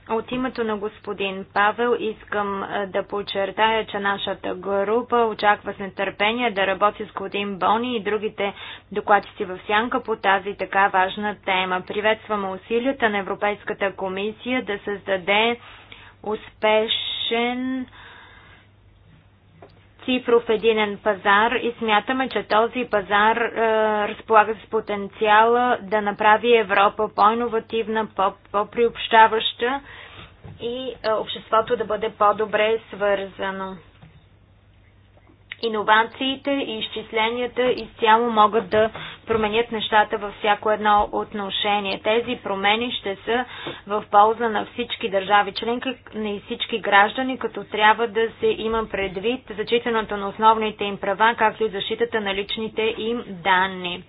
От името на господин Павел искам е, да подчертая, че нашата група очаква с нетърпение да работи с господин Бони и другите докладчици в сянка по тази така важна тема. Приветстваме усилията на Европейската комисия да създаде успешен цифров единен пазар и смятаме, че този пазар е, разполага с потенциала да направи Европа по-инновативна, по-приобщаваща и е, обществото да бъде по-добре свързано иновациите и изчисленията изцяло могат да променят нещата във всяко едно отношение. Тези промени ще са в полза на всички държави членки, и всички граждани, като трябва да се има предвид зачитането на основните им права, както и защитата на личните им данни.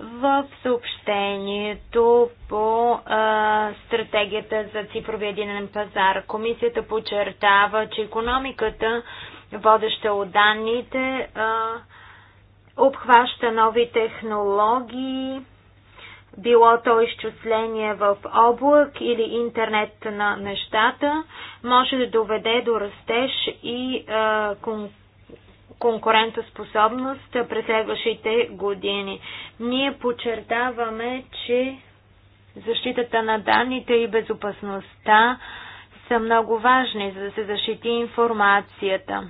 В съобщението по а, стратегията за цифровия единен пазар комисията подчертава, че економиката водеща от данните, обхваща нови технологии, било то изчисление в облак или интернет на нещата, може да доведе до растеж и конкурентоспособност през следващите години. Ние подчертаваме, че защитата на данните и безопасността са много важни, за да се защити информацията.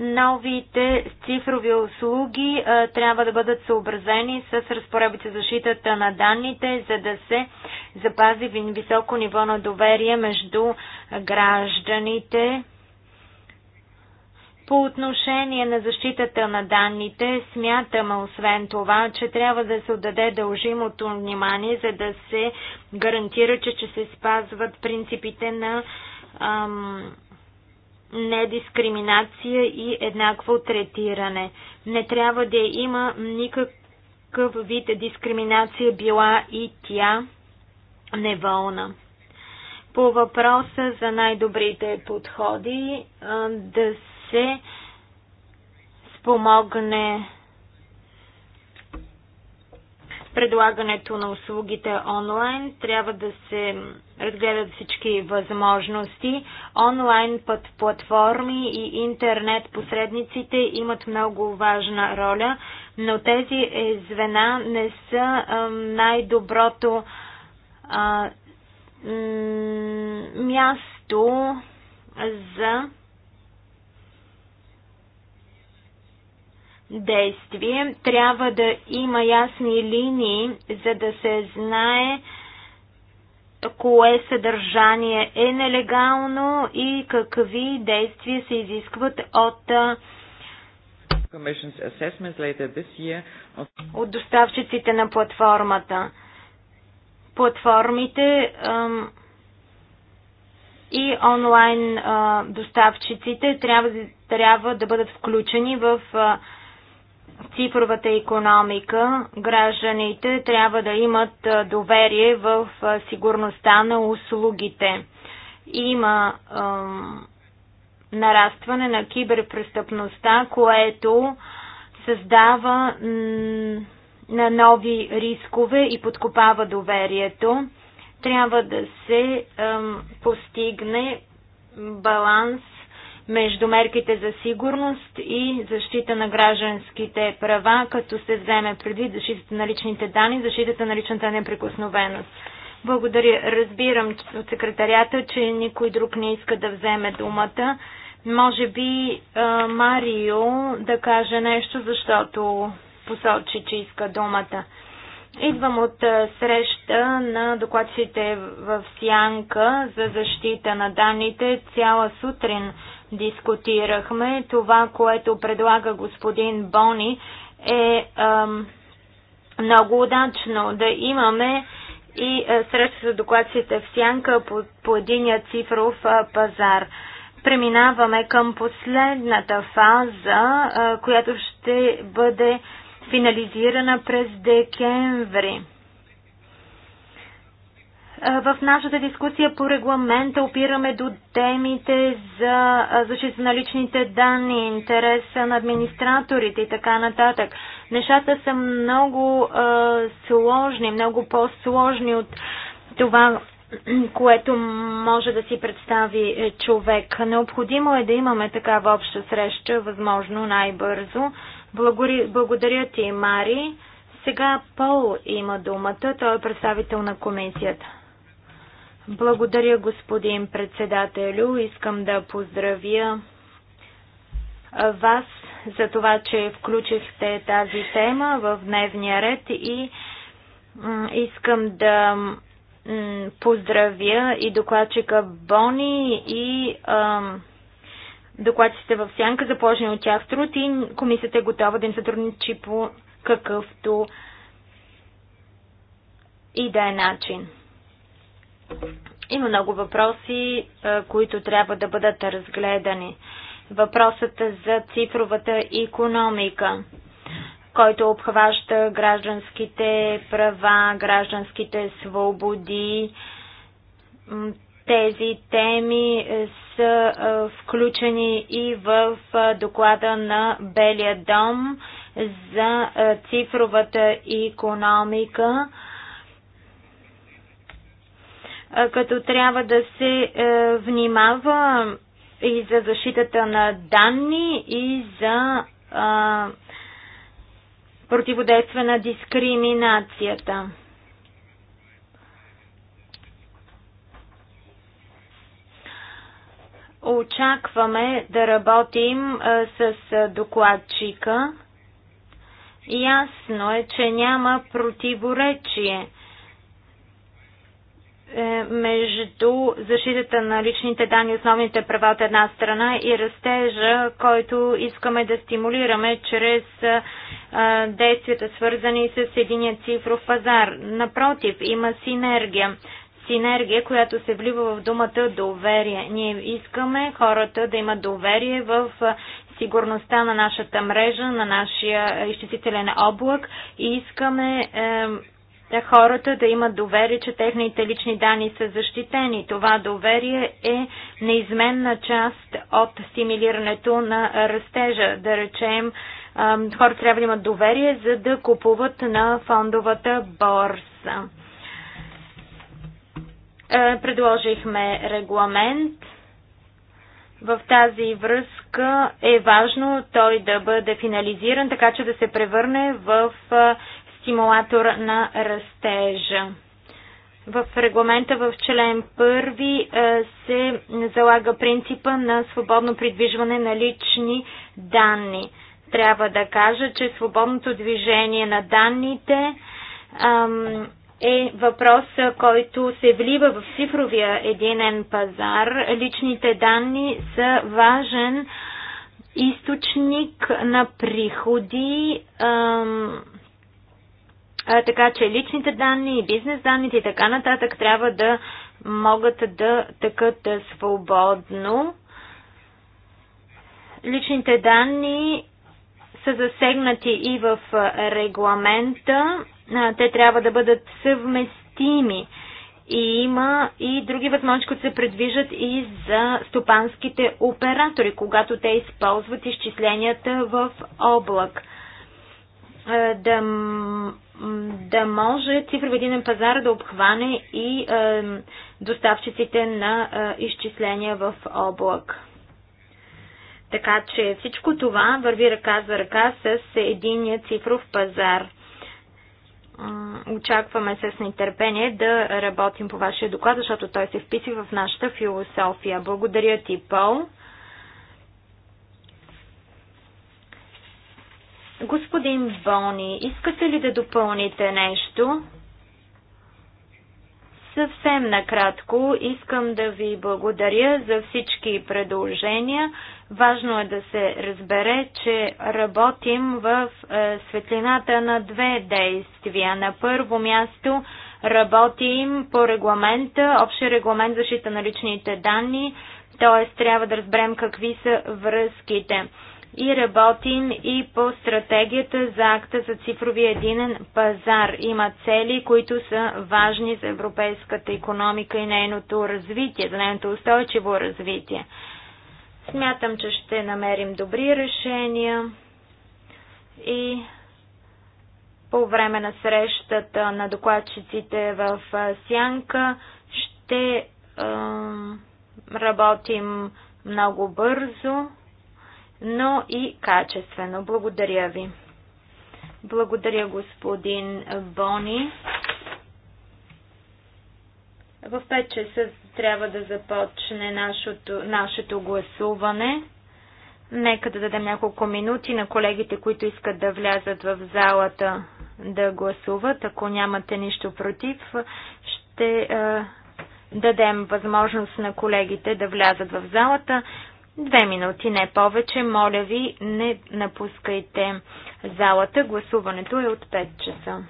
Новите цифрови услуги а, трябва да бъдат съобразени с разпоредбите за защитата на данните, за да се запази високо ниво на доверие между гражданите. По отношение на защитата на данните, смятаме освен това, че трябва да се отдаде дължимото внимание, за да се гарантира, че, че се спазват принципите на ам, недискриминация и еднакво третиране. Не трябва да има никакъв вид дискриминация, била и тя неволна. По въпроса за най-добрите подходи да се спомогне предлагането на услугите онлайн. Трябва да се разгледат всички възможности. Онлайн път платформи и интернет посредниците имат много важна роля, но тези звена не са най-доброто място за действие. Трябва да има ясни линии, за да се знае кое съдържание е нелегално и какви действия се изискват от от доставчиците на платформата. Платформите ам, и онлайн а, доставчиците трябва, трябва да бъдат включени в а, цифровата економика, гражданите трябва да имат доверие в сигурността на услугите. Има е, нарастване на киберпрестъпността, което създава на нови рискове и подкопава доверието. Трябва да се е, постигне баланс между мерките за сигурност и защита на гражданските права, като се вземе предвид защитата на личните данни, защитата на личната неприкосновеност. Благодаря. Разбирам от секретарията, че никой друг не иска да вземе думата. Може би Марио да каже нещо, защото посочи, че иска думата. Идвам от среща на докладчите в Сянка за защита на данните. Цяла сутрин дискутирахме. Това, което предлага господин Бони е ам, много удачно да имаме и е, среща за докладците в сянка по, по единия цифров а, пазар. Преминаваме към последната фаза, а, която ще бъде финализирана през декември. Е, в нашата дискусия по регламента опираме до темите е, за защита на личните данни, интереса на администраторите и така нататък. Нещата са много а, е, сложни, много по-сложни от това, което може да си представи човек. Необходимо е да имаме такава обща среща, възможно най-бързо. Благодаря ти, Мари. Сега Пол има думата. Той е представител на комисията. Благодаря, господин председателю. Искам да поздравя вас за това, че включихте тази тема в дневния ред и искам да поздравя и докладчика Бони и докладчите в сянка, положение от тях труд и комисията е готова да им сътрудничи по какъвто и да е начин. Има много въпроси, които трябва да бъдат разгледани. Въпросът е за цифровата економика, който обхваща гражданските права, гражданските свободи. Тези теми е, са е, включени и в доклада на Белия дом за цифровата економика като трябва да се е, внимава и за защитата на данни и за противодейства на дискриминацията. Очакваме да работим с докладчика. Ясно е, че няма противоречие – е, между защитата на личните данни основните права от една страна и растежа, който искаме да стимулираме чрез е, действията свързани с единия цифров пазар. Напротив, има синергия. Синергия, която се влива в думата доверие. Ние искаме хората да имат доверие в е, сигурността на нашата мрежа, на нашия изчислителен облак и искаме хората да имат доверие, че техните лични данни са защитени. Това доверие е неизменна част от стимулирането на растежа. Да речем, хората трябва да имат доверие, за да купуват на фондовата борса. Е, предложихме регламент. В тази връзка е важно той да бъде финализиран, така че да се превърне в е, стимулатор на растежа. В регламента в член 1 е, се залага принципа на свободно придвижване на лични данни. Трябва да кажа, че свободното движение на данните е въпрос, който се влива в цифровия единен пазар. Личните данни са важен източник на приходи. Ам, така че личните данни и бизнес данните и така нататък трябва да могат да тъкат свободно. Личните данни са засегнати и в регламента. Те трябва да бъдат съвместими. И има и други възможности, които се предвижат и за стопанските оператори, когато те използват изчисленията в облак. Е, да, да може цифров единен пазар да обхване и е, доставчиците на е, изчисления в облак. Така че всичко това върви ръка за ръка с единия цифров пазар. Очакваме се с нетърпение да работим по вашия доклад, защото той се вписва в нашата философия. Благодаря ти, Пол. Господин Бони, искате ли да допълните нещо? Съвсем накратко искам да ви благодаря за всички предложения. Важно е да се разбере, че работим в е, светлината на две действия. На първо място работим по регламента, общия регламент за защита на личните данни, т.е. трябва да разберем какви са връзките и работим и по стратегията за акта за цифрови единен пазар. Има цели, които са важни за европейската економика и нейното развитие, за нейното устойчиво развитие. Смятам, че ще намерим добри решения и по време на срещата на докладчиците в Сянка ще е, работим много бързо но и качествено. Благодаря ви. Благодаря господин Бони. В 5 часа трябва да започне нашето, нашето гласуване. Нека да дадем няколко минути на колегите, които искат да влязат в залата да гласуват. Ако нямате нищо против, ще е, дадем възможност на колегите да влязат в залата. Две минути, не повече. Моля ви, не напускайте залата. Гласуването е от 5 часа.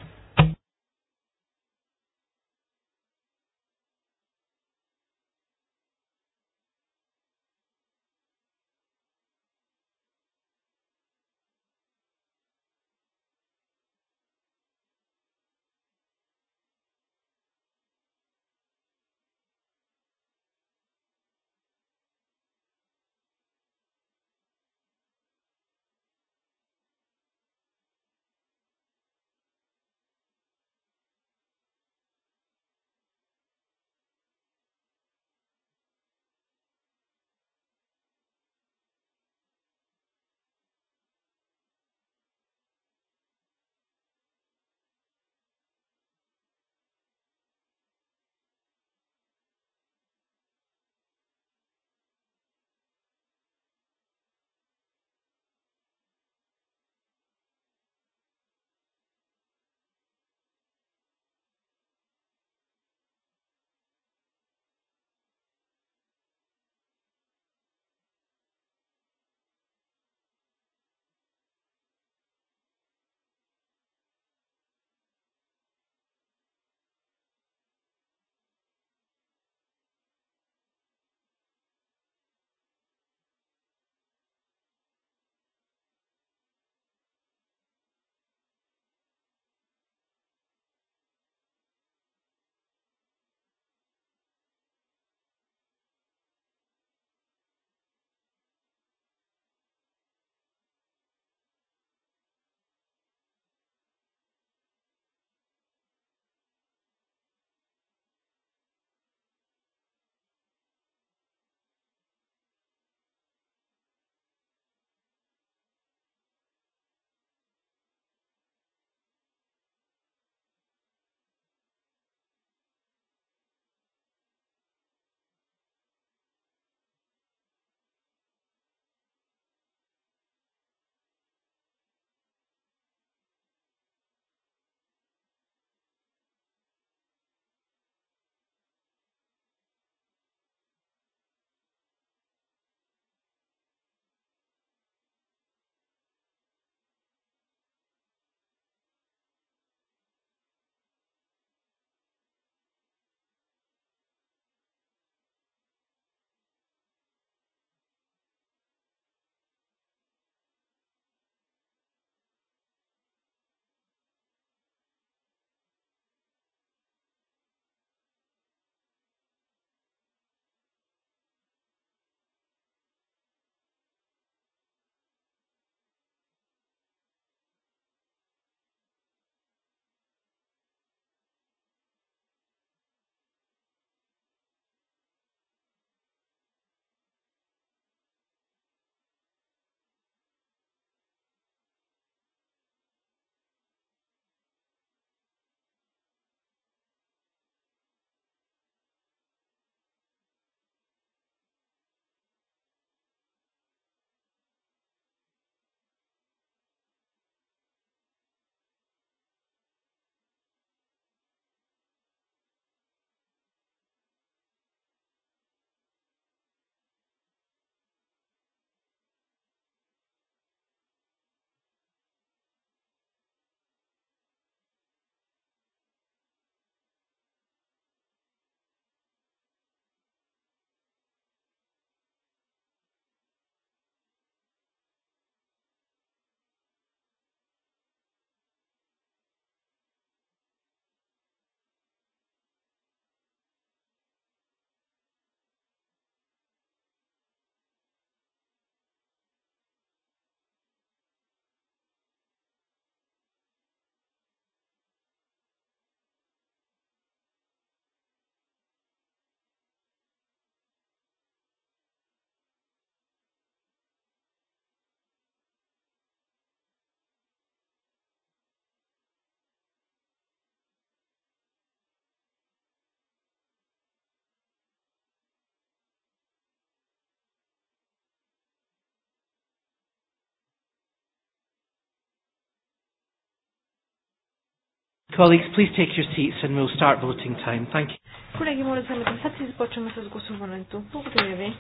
Colleagues, please take your seats and we'll start voting time. Thank you. Колеги, моля да вземете местата и започваме с гласуването. Благодаря ви.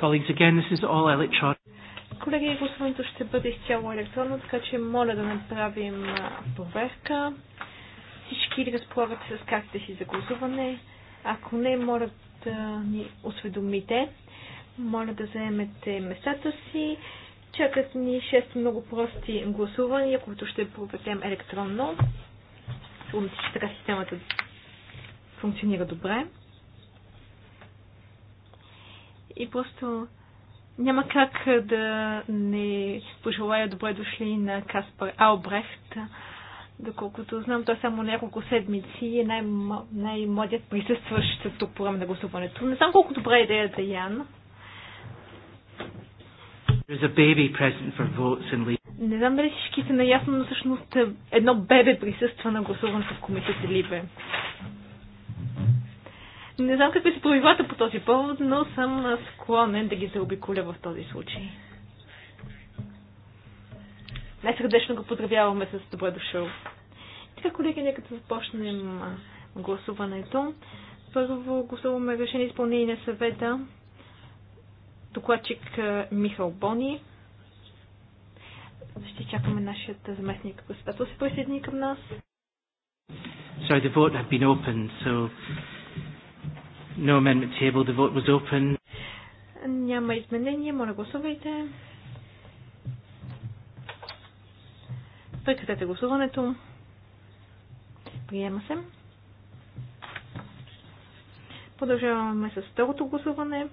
Colleagues, again, this is all electronic. Колеги, гласуването ще бъде изцяло електронно, така че моля да направим проверка. Всички ли разполагат с картите си за гласуване? Ако не, моля да ни осведомите. Моля да заемете местата си. Чакат ни 6 много прости гласувания, които ще проведем електронно. Сигурно че така системата функционира добре. И просто няма как да не пожелая добре дошли на Каспар Албрехт. Доколкото знам, той само няколко седмици е най-младият най присъстващ тук по време на гласуването. Не знам колко добра е идея за Ян. Не знам дали всички са наясно, но всъщност едно бебе присъства на гласуването в комисията Либе. Не знам какви са правилата по този повод, но съм склонен да ги заобиколя в този случай. Най-сърдечно го поздравяваме с добре дошъл. Така, колеги, нека да започнем гласуването. Първо гласуваме решение изпълнение на съвета докладчик е, Михал Бони. Ще чакаме нашият заместник председател се присъедини към нас. So the vote had been open, so no amendment table, the vote was open. Няма изменение, моля гласувайте. Прекратете гласуването. Приема се. Продължаваме с второто гласуване.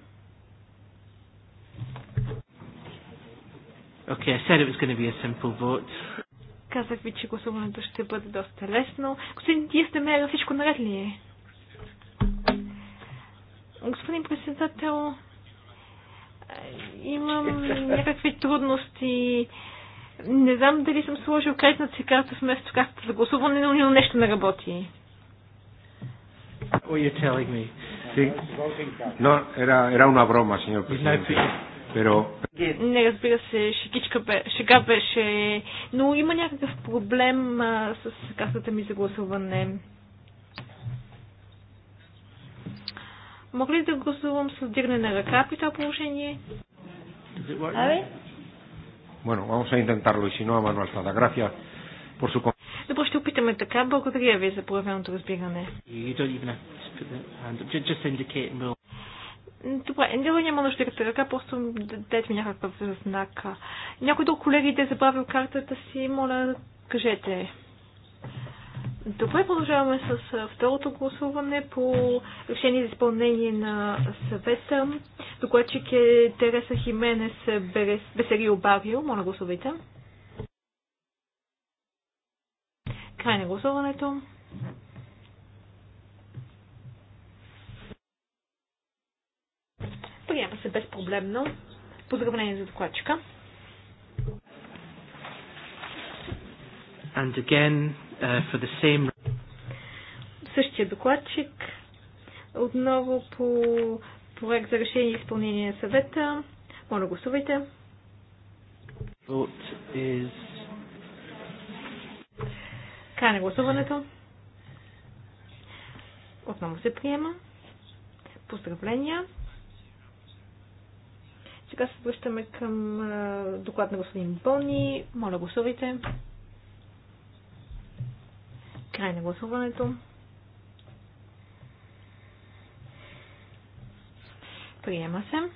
Okay, I said it was going to be a simple vote. Казах ви, че гласуването ще бъде доста лесно. Господин Диестемера, всичко наред ли е? Господин председател, имам някакви трудности. Не знам дали съм сложил кредитната си карта вместо картата за гласуване, но нещо не работи. What are you telling me? Sí. No, era, era una broma, señor presidente. Pero... Не, разбира се, шегичка бе, шега беше, но има някакъв проблем а, с картата ми за гласуване. Мога ли да гласувам с дигне на ръка при това положение? Абе? Bueno, vamos a intentarlo y si no, a mano alzada. Gracias por su... Добре, ще опитаме така. Благодаря ви за проявеното разбиране. Добре, Ендела няма нужда да ръка, просто дайте ми някакъв знак. Някой друг колегите е забравил картата си, моля, кажете. Добре, продължаваме с второто гласуване по решение за изпълнение на съвета. Докладчик е Тереса Хименес Бесерио Барио. Моля, гласувайте. Край на гласуването. Приема се безпроблемно. Поздравление за докладчика. And again, uh, for the same... Същия докладчик. Отново по проект за решение и изпълнение на съвета. Моля, гласувайте. is... Край на гласуването. Отново се приема. Поздравления. Сега се връщаме към доклад на господин Бони. Моля, гласувайте. Край на гласуването. Приема се.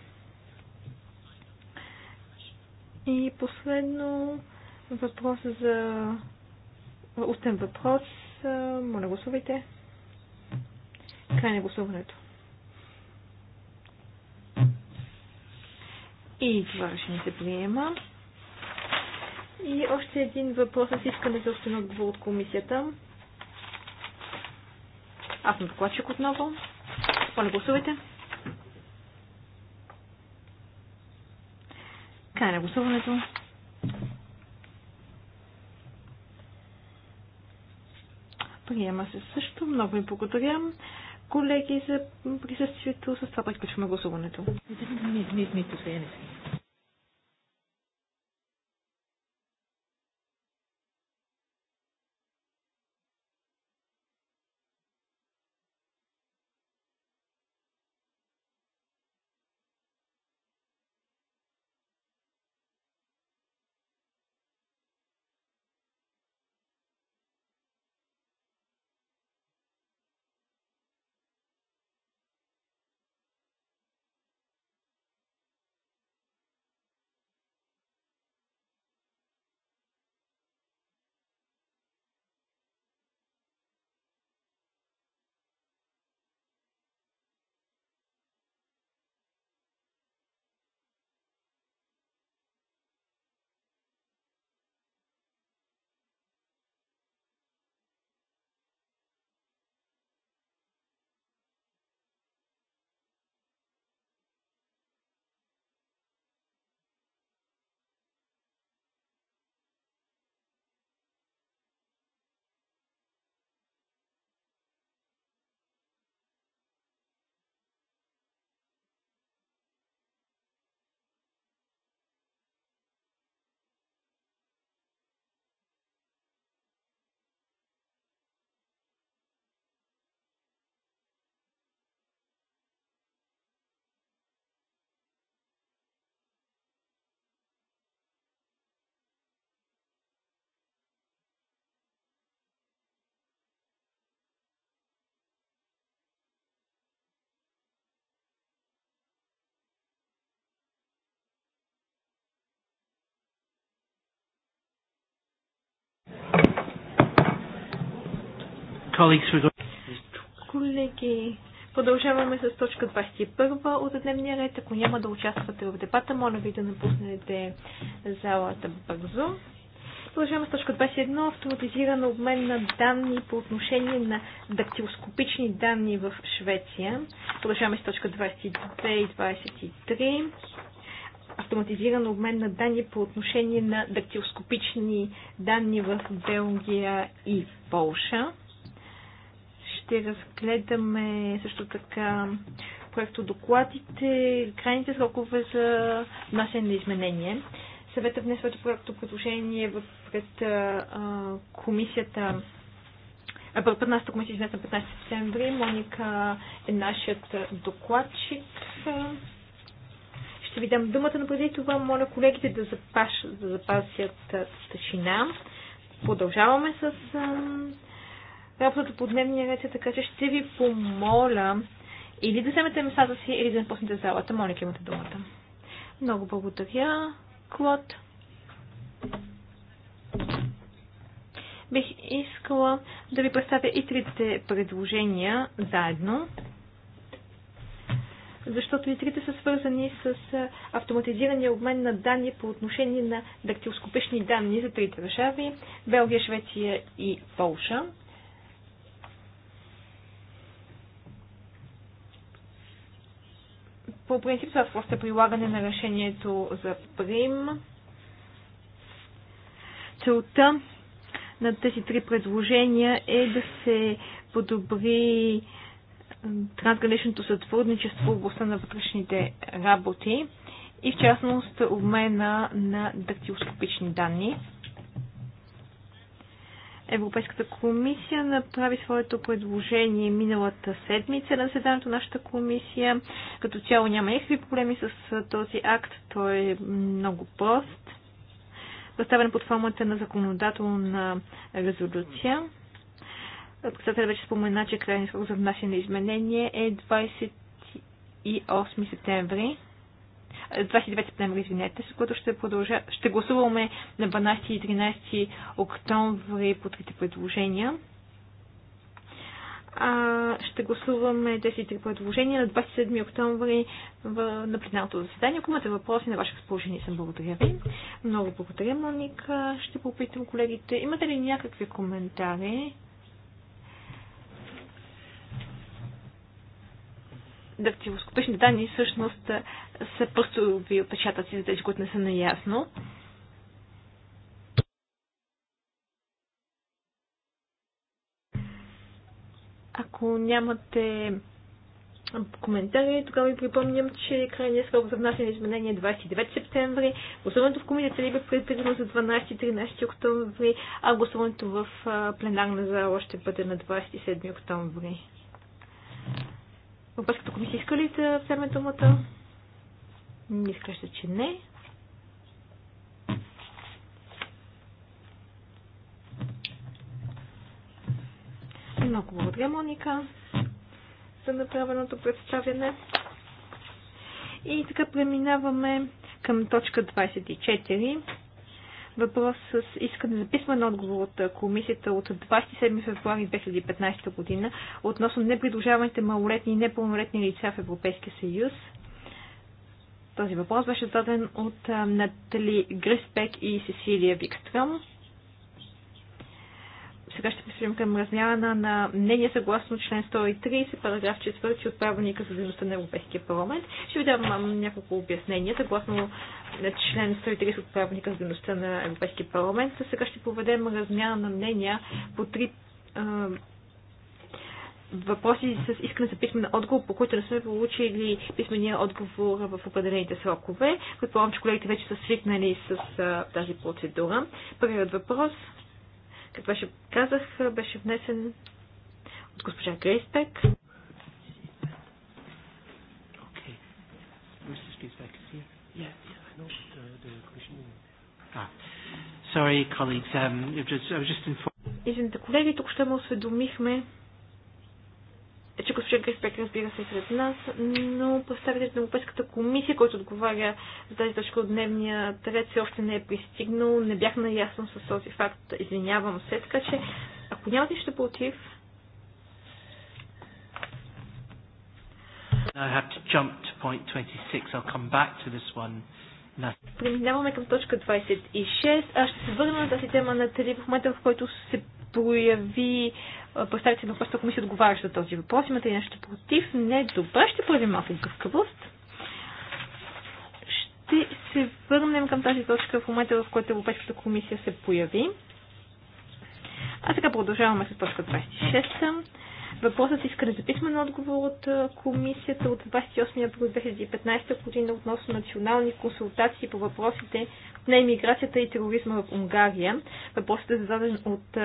И последно въпрос за устен въпрос. Моля, гласувайте. Край на гласуването. и външни се приема. И още един въпрос с искане за още отговор от комисията. Аз съм докладчик отново. Моля, гласувайте. Край на гласуването. Приема се също. Много ви благодаря колеги за присъствието. С това приключваме гласуването. Колеги, продължаваме с точка 21 от дневния ред. Ако няма да участвате в дебата, моля ви да напуснете залата бързо. Продължаваме с точка 21. Автоматизиран обмен на данни по отношение на дактилоскопични данни в Швеция. Продължаваме с точка 22 и 23 автоматизиран обмен на данни по отношение на дактилоскопични данни в Белгия и Полша ще разгледаме също така проектодокладите, крайните срокове за внасяне на изменение. Съвета внес своето проекто предложение в пред а, комисията а, пред нашата комисия изнесе на 15 септември. Моника е нашият докладчик. Ще ви дам думата, на преди това моля колегите да, запаш, да запасят тъщина. Продължаваме с а, работата по дневния ред, е така че ще ви помоля или да вземете местата си, или да напуснете залата. Моника, имате думата. Много благодаря, Клод. Бих искала да ви представя и трите предложения заедно, защото и трите са свързани с автоматизирания обмен на данни по отношение на дактилоскопични данни за трите държави – Белгия, Швеция и Полша. по принцип това е просто е прилагане на решението за прим. Целта на тези три предложения е да се подобри трансграничното сътрудничество в областта на вътрешните работи и в частност обмена на дактилоскопични данни. Европейската комисия направи своето предложение миналата седмица на заседанието на нашата комисия. Като цяло няма никакви проблеми с този акт. Той е много прост. Представен под формата на законодателна резолюция. Председателят вече спомена, че крайният срок за внасяне на изменение е 28 септември 29 септември, извинете, с което ще, продължа, ще гласуваме на 12 и 13 октомври по трите предложения. А, ще гласуваме тези 3 предложения на 27 октомври в, на пленарното заседание. Ако имате въпроси, на ваше разположение съм. Благодаря ви. Много благодаря, Моника. Ще попитам колегите. Имате ли някакви коментари? дактилоскопични данни всъщност е, са ви отпечатъци за тези, които не са наясно. Ако нямате коментари, тогава ви припомням, че крайният срок за внасяне на изменение е 29 септември. Гласуването в комитета ли бе предвидено за 12-13 октомври, а гласуването в пленарна зала ще бъде на 27 октомври. Европейската комисия иска ли да вземе думата? Изглежда, че не. Много благодаря, Моника, за направеното представяне. И така преминаваме към точка 24 въпрос с искане за писмен отговор от комисията от 27 февруари 2015 година относно непридружаваните малолетни и непълнолетни лица в Европейския съюз. Този въпрос беше зададен от Натали Гриспек и Сесилия Викстрам. Сега ще пристъпим към размяна на мнение съгласно член 130, параграф 4 от правилника за дейността на Европейския парламент. Ще ви дам няколко обяснения съгласно е, член 130 от правилника за дейността на Европейския парламент. Сега ще проведем размяна на мнения по три въпроси с искане за писмен отговор, по които не сме получили писмения отговор в определените срокове. Предполагам, че колегите вече са свикнали с а, тази процедура. Първият въпрос – как беше, казах, беше внесен от госпожа Грейспек. Okay. Uh, ah, um, Извинете, колеги, тук ще му осведомихме, е, че госпожа Гриспек разбира се е сред нас, но представителят на Европейската комисия, който отговаря за тази точка от дневния ред, все още не е пристигнал. Не бях наясно с този факт. Извинявам се, така че ако нямате нищо против, Преминаваме към точка 26. Аз ще се върна на тази тема на Тели в момента, в който се прояви представите на Въпросната комисия отговарящ за този въпрос. Имате ли нещо против? Не, добре, ще проявим малко гъвкавост. Ще се върнем към тази точка в момента, в който Европейската комисия се появи. А сега продължаваме с точка 26. Въпросът иска за записмен отговор от комисията от 28 април 2015 година относно национални консултации по въпросите на иммиграцията и тероризма в Унгария. Въпросът е зададен от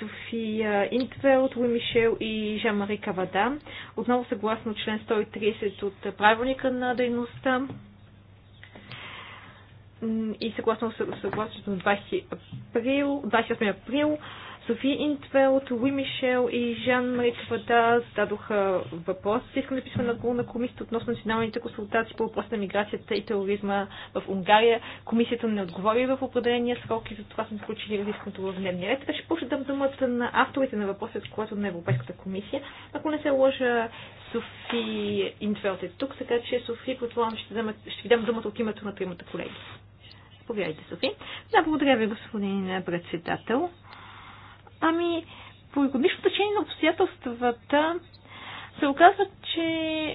София Интвел, Луи Мишел и Жан-Мари Кавада. Отново съгласно член 130 от правилника на дейността и съгласно, съгласно 20 април, 28 април Софи Интвелт, Уи Мишел и Жан Мари Квада зададоха въпрос. Искам да писма на на комисията относно националните консултации по въпроса на миграцията и тероризма в Унгария. Комисията не отговори в определения срок и затова сме включили разискването в дневния ред. ще пощадам думата на авторите на въпроса, което на Европейската комисия. Ако не се лъжа, Софи Интвелт е тук, така че Софи, предполагам, ще, дам, ще ви дам думата от името на тримата колеги. Заповядайте, Софи. Да, благодаря ви, господин председател. Ами, по годишното течение на обстоятелствата се оказва, че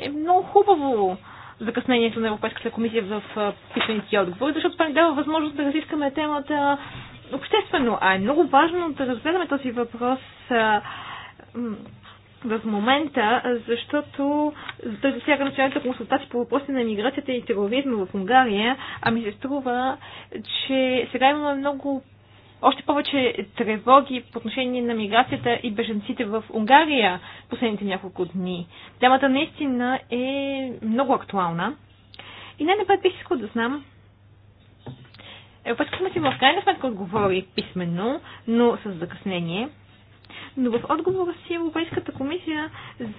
е много хубаво закъснението на Европейската комисия в писаните отговори, защото това ни дава възможност да разискаме темата обществено, а е много важно да разгледаме този въпрос в момента, защото той засяга националните консултации по въпроси на миграцията и тероризма в Унгария, а ми се струва, че сега имаме много още повече тревоги по отношение на миграцията и беженците в Унгария последните няколко дни. Темата наистина е много актуална. И най-напред бих искал да знам Европейската комисия в крайна сметка отговори писменно, но с закъснение но в отговора си Европейската комисия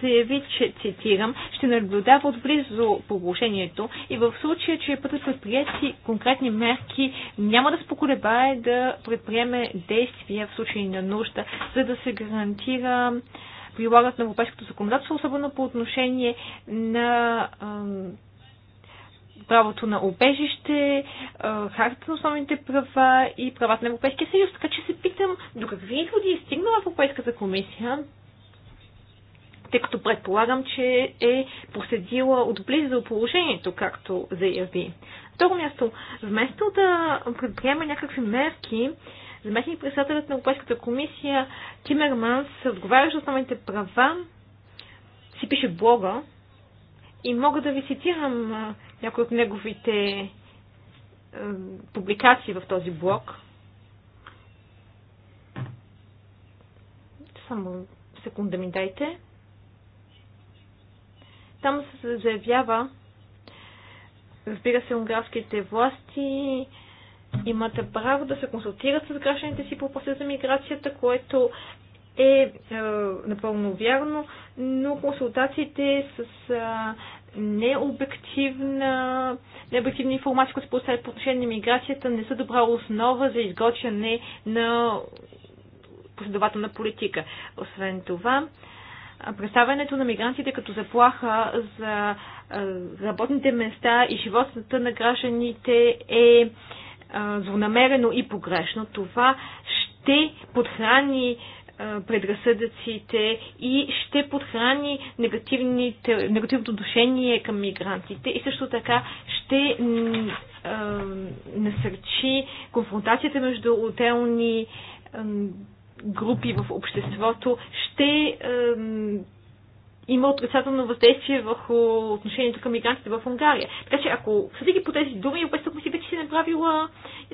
заяви, че, цитирам, ще наблюдава отблизо положението и в случая, че пътят предприяти конкретни мерки, няма да споколебае да предприеме действия в случай на нужда, за да се гарантира прилагат на европейското законодателство, особено по отношение на правото на убежище, харта на основните права и правата на Европейския съюз. Така че се питам до какви изводи е стигнала Европейската комисия, тъй като предполагам, че е проследила отблизо положението, както заяви. Второ място, вместо да предприема някакви мерки, заместник председателят на Европейската комисия Тимерманс, отговарящ за основните права, си пише блога и мога да ви цитирам някои от неговите е, публикации в този блог. Само секунда ми дайте. Там се заявява, разбира се, унгарските власти имат право да се консултират с гражданите си по въпроса за миграцията, което е, е напълно вярно, но консултациите с е, необективна, необективна информация, която се по отношение на миграцията, не са добра основа за изготвяне на последователна политика. Освен това, представянето на мигрантите като заплаха за работните места и животната на гражданите е злонамерено и погрешно. Това ще подхрани предразсъдъците и ще подхрани негативното душение към мигрантите и също така ще насърчи конфронтацията между отделни групи в обществото, ще има отрицателно въздействие върху отношението към мигрантите в Унгария. Така че ако съдиги по тези думи, Европейската си вече си е направила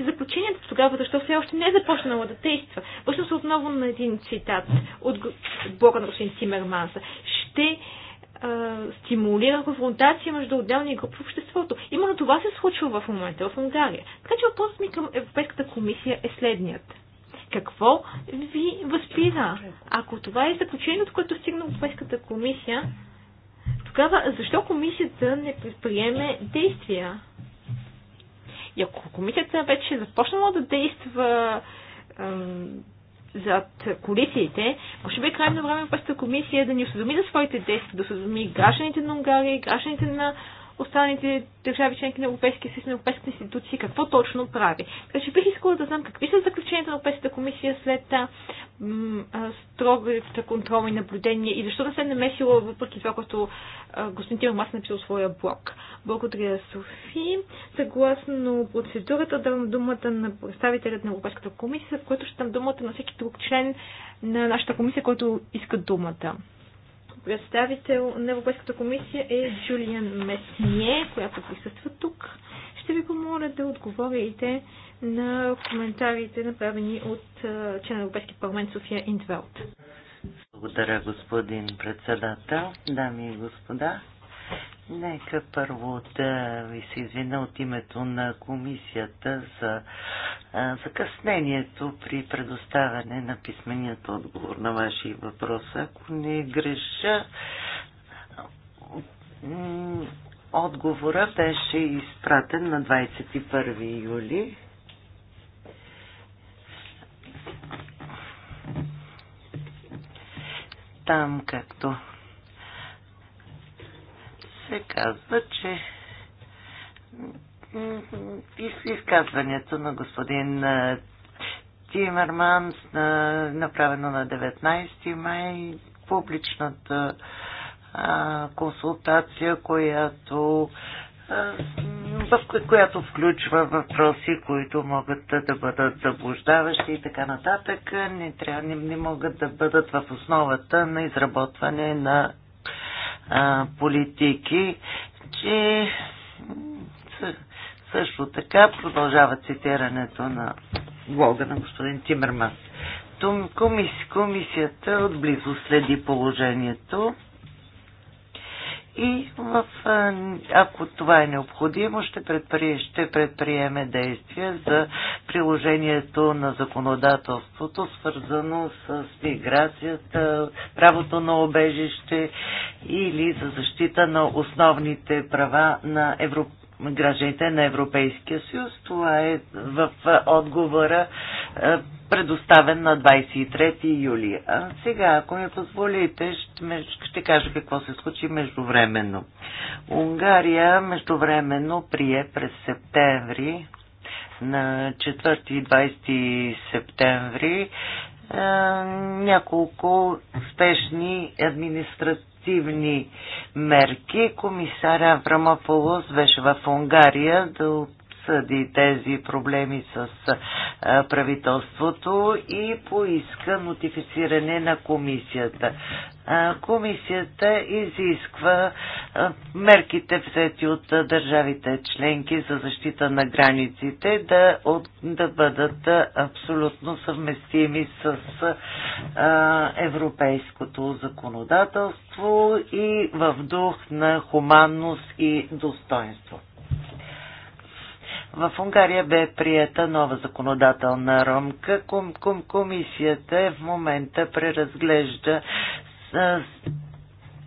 заключението тогава, защо все още не е започнала да действа. Връщам се отново на един цитат от блога на господин Тимерманса. Ще стимулира конфронтация между отделни групи в обществото. Именно това се случва в момента в Унгария. Така че въпросът ми към Европейската комисия е следният. Какво ви възпира? Ако това е заключението, което стигна Европейската комисия, тогава защо комисията не предприеме действия? И ако комисията вече е започнала да действа ем, зад колисиите, може би е крайно време Европейската комисия да ни осъзуми за своите действия, да осъзуми гражданите на Унгария, гражданите на останалите държави членки на Европейския съюз, на Европейските институции, какво точно прави. Така че бих искала да знам какви са заключенията на Европейската комисия след строгата контрол и наблюдение и защо да се намесила въпреки това, което господин Мас написал своя блог. Благодаря, Софи. Съгласно процедурата давам думата на представителят на Европейската комисия, в което ще дам думата на всеки друг член на нашата комисия, който иска думата представител на Европейската комисия е Джулиан Месние, която присъства тук. Ще ви помоля да отговорите на коментарите, направени от член на Европейския парламент София Индвелт. Благодаря, господин председател, дами и господа. Нека първо да ви се извина от името на комисията за закъснението при предоставяне на писменият отговор на ваши въпроса. Ако не греша, отговора беше изпратен на 21 юли. Там както се казва, че изказването на господин Тимерманс, направено на 19 май, публичната а, консултация, която в която включва въпроси, които могат да бъдат заблуждаващи и така нататък, не, трябва, не, не могат да бъдат в основата на изработване на политики, че също така продължава цитирането на блога на господин Тимерман. Комисията отблизо следи положението и в, ако това е необходимо, ще, предприе, ще предприеме действия за приложението на законодателството, свързано с миграцията, правото на обежище или за защита на основните права на Европейския гражданите на Европейския съюз. Това е в отговора предоставен на 23 юли. А сега, ако ми позволите, ще, ще кажа какво се случи междувременно. Унгария междувременно прие през септември на 4 и 20 септември няколко спешни административни рестриктивни мерки. Комисар Аврамополос беше в Унгария да обсъди тези проблеми с правителството и поиска нотифициране на комисията. Комисията изисква мерките взети от държавите членки за защита на границите да, от, да бъдат абсолютно съвместими с а, европейското законодателство и в дух на хуманност и достоинство. В Унгария бе приета нова законодателна рамка. Ком, ком, комисията е в момента преразглежда с,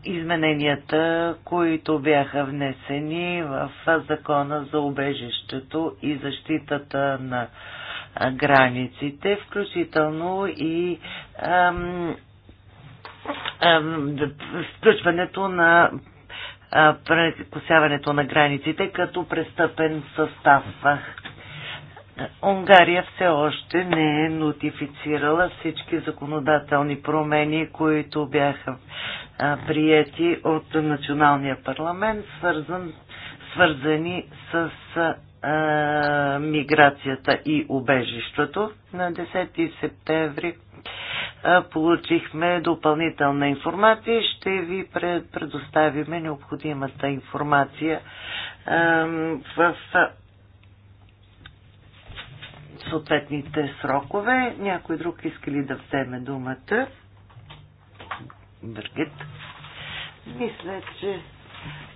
измененията, които бяха внесени в закона за убежището и защитата на границите, включително и ам, ам, включването на прекусяването на границите като престъпен състав. Унгария все още не е нотифицирала всички законодателни промени, които бяха приети от националния парламент, свързан, свързани с а, миграцията и убежището. На 10 септември получихме допълнителна информация и ще ви предоставиме необходимата информация в съответните срокове. Някой друг иска ли да вземе думата? Бъргет. Мисля, че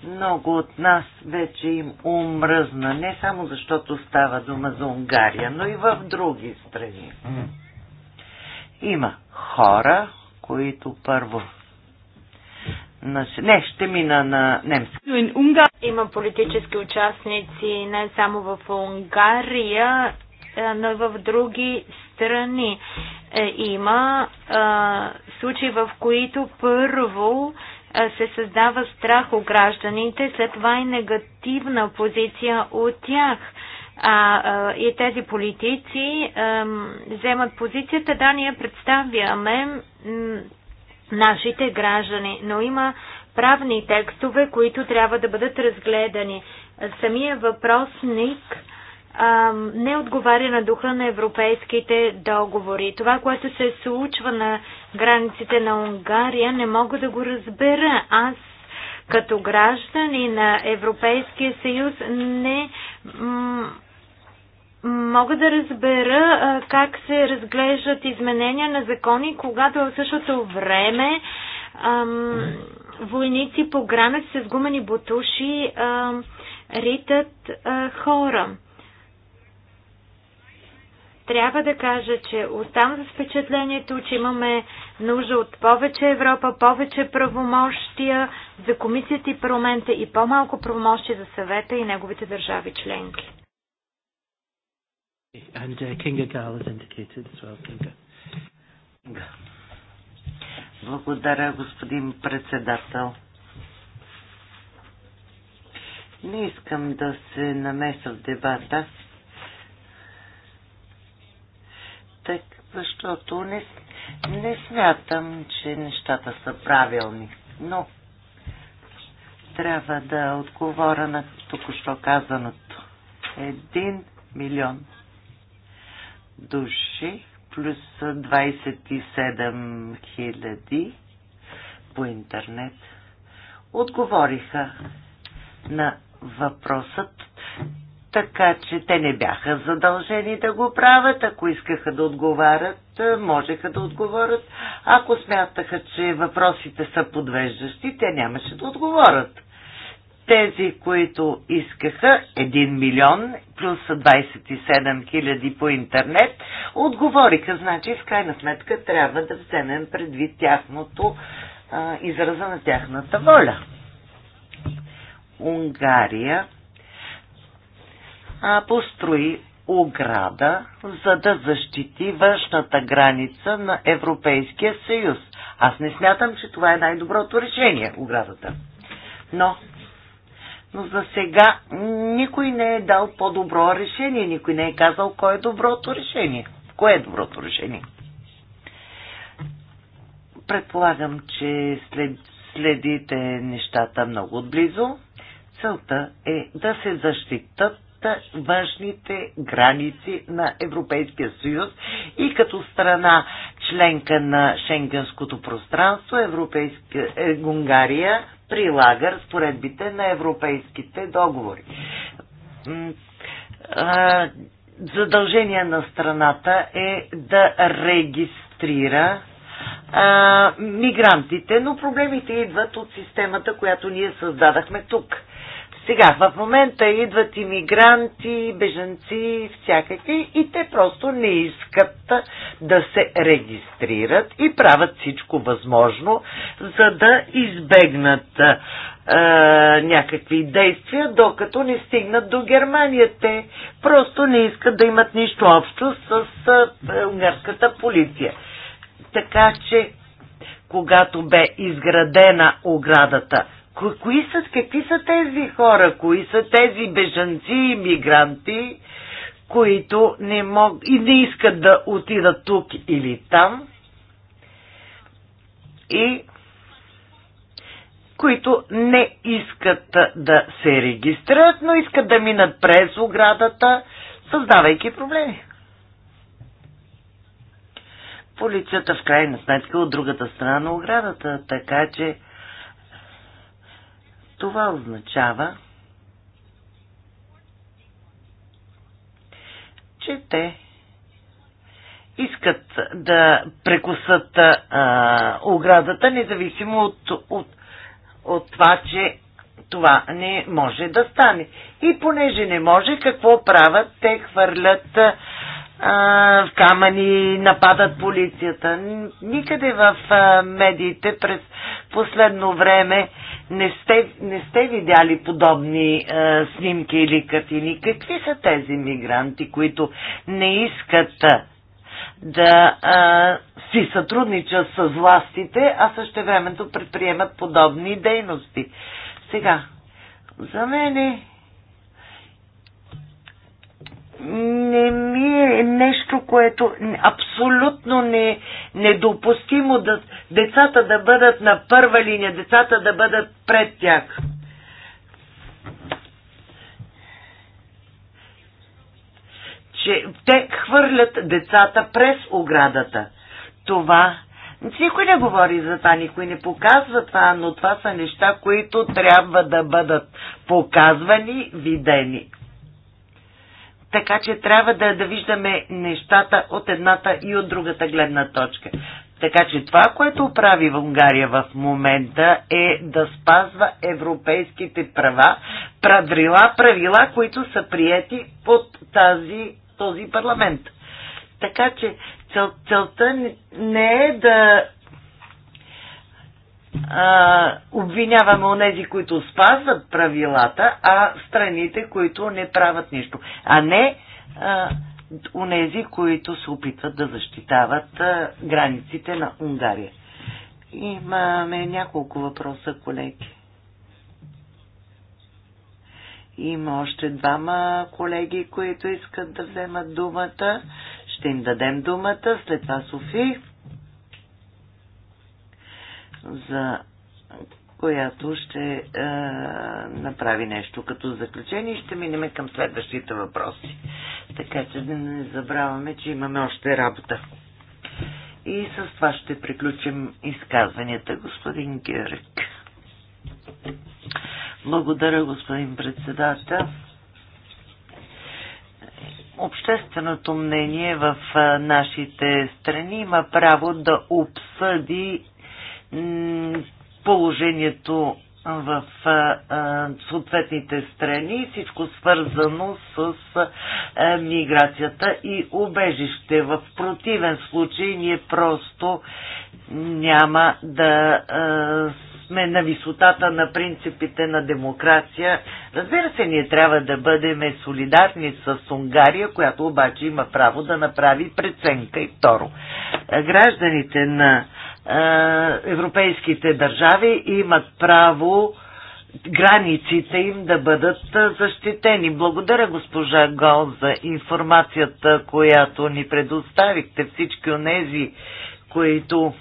много от нас вече им умръзна, не само защото става дума за Унгария, но и в други страни. Има хора, които първо на... Не, ще мина на немски. Има политически участници не само в Унгария, но и в други страни. Е, има а, случаи, в които първо се създава страх у гражданите, след това и негативна позиция от тях а, и тези политици а, вземат позицията да ние представяме нашите граждани, но има правни текстове, които трябва да бъдат разгледани. Самия въпросник а, не отговаря на духа на европейските договори. Това, което се случва на границите на Унгария, не мога да го разбера. Аз като граждани на Европейския съюз не Мога да разбера как се разглеждат изменения на закони, когато в същото време ам, войници по граници с гумени бутуши ам, ритат а, хора. Трябва да кажа, че оставам за впечатлението, че имаме нужда от повече Европа, повече правомощия за комисията и парламента и по-малко правомощия за съвета и неговите държави членки. And uh, Kinga Gal is indicated as well, Kinga. Благодаря, господин председател. Не искам да се намеса в дебата, так, защото не, не смятам, че нещата са правилни. Но трябва да отговоря на току-що казаното. Един милион души плюс 27 хиляди по интернет отговориха на въпросът, така че те не бяха задължени да го правят. Ако искаха да отговарят, можеха да отговорят. Ако смятаха, че въпросите са подвеждащи, те нямаше да отговорят. Тези, които искаха 1 милион плюс 27 хиляди по интернет, отговориха, значи в крайна сметка трябва да вземем предвид тяхното а, израза на тяхната воля. Унгария а, построи ограда, за да защити външната граница на Европейския съюз. Аз не смятам, че това е най-доброто решение, оградата. Но но за сега никой не е дал по-добро решение, никой не е казал кое е доброто решение. Кое е доброто решение? Предполагам, че след, следите нещата много отблизо. Целта е да се защитат външните граници на Европейския съюз и като страна членка на Шенгенското пространство, Европейска, е, Унгария прилага разпоредбите на европейските договори. Задължение на страната е да регистрира а, мигрантите, но проблемите идват от системата, която ние създадахме тук. Сега, в момента идват иммигранти, бежанци, всякакви и те просто не искат да се регистрират и правят всичко възможно, за да избегнат а, някакви действия, докато не стигнат до Германия. Те просто не искат да имат нищо общо с а, унгарската полиция. Така че, когато бе изградена оградата Ко, кои са, какви са тези хора? Кои са тези бежанци и мигранти, които не мог, и не искат да отидат тук или там? И които не искат да се регистрират, но искат да минат през оградата, създавайки проблеми. Полицията в крайна сметка е от другата страна на оградата, така че това означава, че те искат да прекусат а, оградата, независимо от, от, от това, че това не може да стане. И понеже не може, какво правят? Те хвърлят а, в камъни, нападат полицията. Никъде в а, медиите през последно време не сте, не сте видяли подобни а, е, снимки или картини. Какви са тези мигранти, които не искат е, да а, е, си сътрудничат с властите, а също времето предприемат подобни дейности. Сега, за мен е не ми е нещо, което абсолютно не е недопустимо да, децата да бъдат на първа линия, децата да бъдат пред тях. Че те хвърлят децата през оградата. Това никой не говори за това, никой не показва това, но това са неща, които трябва да бъдат показвани, видени. Така че трябва да, да виждаме нещата от едната и от другата гледна точка. Така че това, което прави в Унгария в момента е да спазва европейските права, правила, правила, които са приети под тази, този парламент. Така че цел, целта не е да а, обвиняваме онези, които спазват правилата, а страните, които не правят нищо. А не а, онези, които се опитват да защитават а, границите на Унгария. Имаме няколко въпроса, колеги. Има още двама колеги, които искат да вземат думата. Ще им дадем думата. След това Софи за която ще е, направи нещо като заключение и ще минем към следващите въпроси. Така че да не забравяме, че имаме още работа. И с това ще приключим изказванията, господин Герик. Благодаря, господин председател. Общественото мнение в е, нашите страни има право да обсъди положението в съответните страни, и всичко свързано с миграцията и убежище. В противен случай ние просто няма да сме на висотата на принципите на демокрация. Разбира се, ние трябва да бъдем солидарни с Унгария, която обаче има право да направи преценка. И второ, гражданите на е, европейските държави имат право границите им да бъдат защитени. Благодаря госпожа Гол за информацията, която ни предоставихте всички от тези, които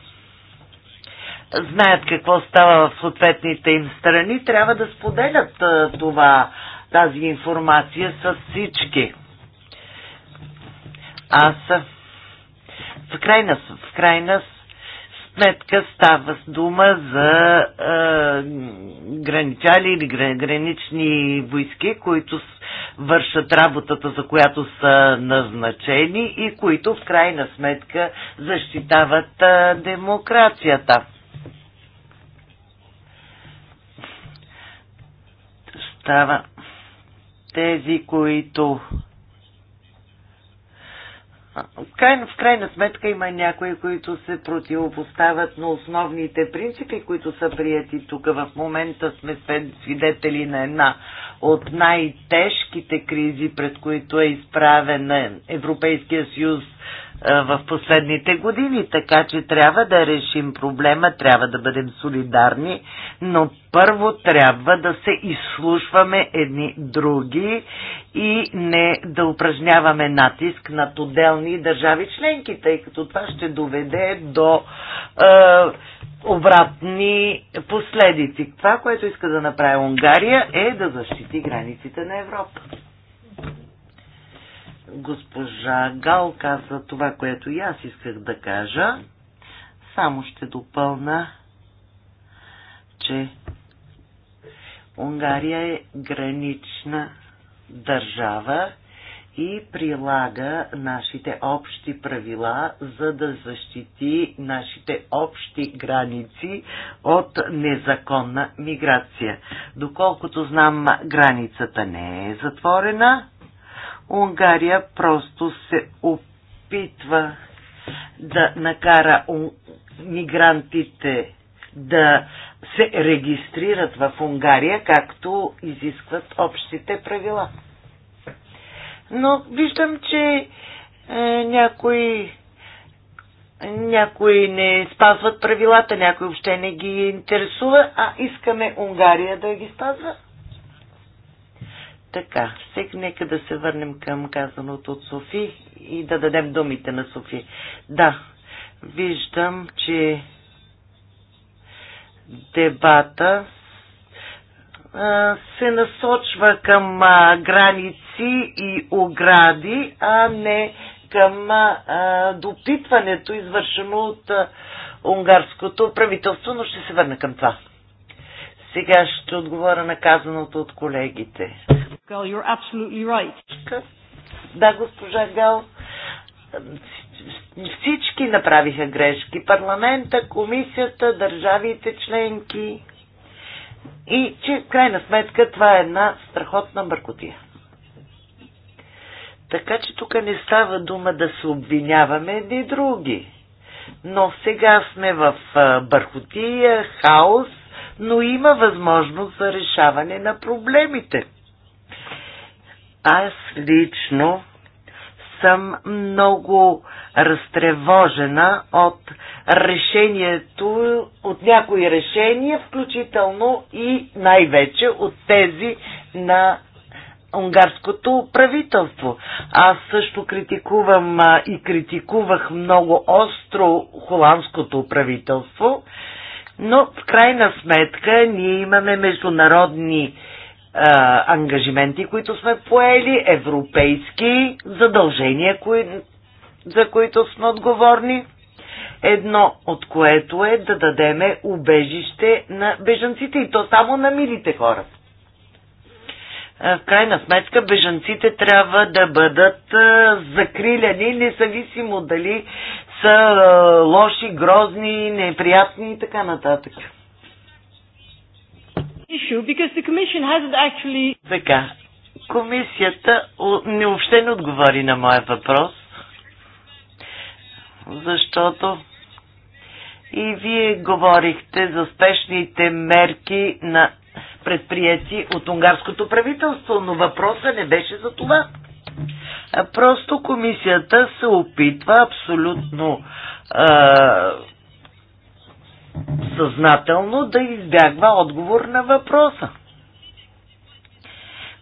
знаят какво става в съответните им страни, трябва да споделят е, това, тази информация с всички. Аз в крайна, в крайна сметка става с дума за е, граничали или гранични войски, които вършат работата, за която са назначени и които в крайна сметка защитават е, демокрацията. Става тези, които в крайна, в крайна сметка има някои, които се противопоставят на основните принципи, които са прияти тук. В момента сме свидетели на една от най-тежките кризи, пред които е изправен Европейския съюз в последните години, така че трябва да решим проблема, трябва да бъдем солидарни, но първо трябва да се изслушваме едни други и не да упражняваме натиск над отделни държави членки, тъй като това ще доведе до е, обратни последици. Това, което иска да направи Унгария е да защити границите на Европа. Госпожа Гал каза това, което и аз исках да кажа. Само ще допълна, че Унгария е гранична държава и прилага нашите общи правила, за да защити нашите общи граници от незаконна миграция. Доколкото знам, границата не е затворена Унгария просто се опитва да накара мигрантите да се регистрират в Унгария, както изискват общите правила. Но виждам, че е, някои, някои не спазват правилата, някои въобще не ги интересува, а искаме Унгария да ги спазва. Така, сега нека да се върнем към казаното от Софи и да дадем думите на Софи. Да, виждам, че дебата се насочва към граници и огради, а не към допитването, извършено от унгарското правителство, но ще се върна към това. Сега ще отговоря на казаното от колегите. Гал, you're absolutely right. Да, госпожа Гал, всички направиха грешки. Парламента, комисията, държавите членки. И че, в крайна сметка, това е една страхотна бъркотия. Така че тук не става дума да се обвиняваме едни други. Но сега сме в бъркотия, хаос, но има възможност за решаване на проблемите. Аз лично съм много разтревожена от решението, от някои решения, включително и най-вече от тези на унгарското правителство. Аз също критикувам а, и критикувах много остро холандското правителство, но в крайна сметка ние имаме международни ангажименти, които сме поели, европейски задължения, кои, за които сме отговорни. Едно от което е да дадеме убежище на бежанците и то само на милите хора. В крайна сметка бежанците трябва да бъдат закриляни, независимо дали са лоши, грозни, неприятни и така нататък issue because the commission hasn't actually... Така, комисията не въобще не отговори на моя въпрос, защото и вие говорихте за спешните мерки на предприяти от унгарското правителство, но въпросът не беше за това. Просто комисията се опитва абсолютно съзнателно да избягва отговор на въпроса.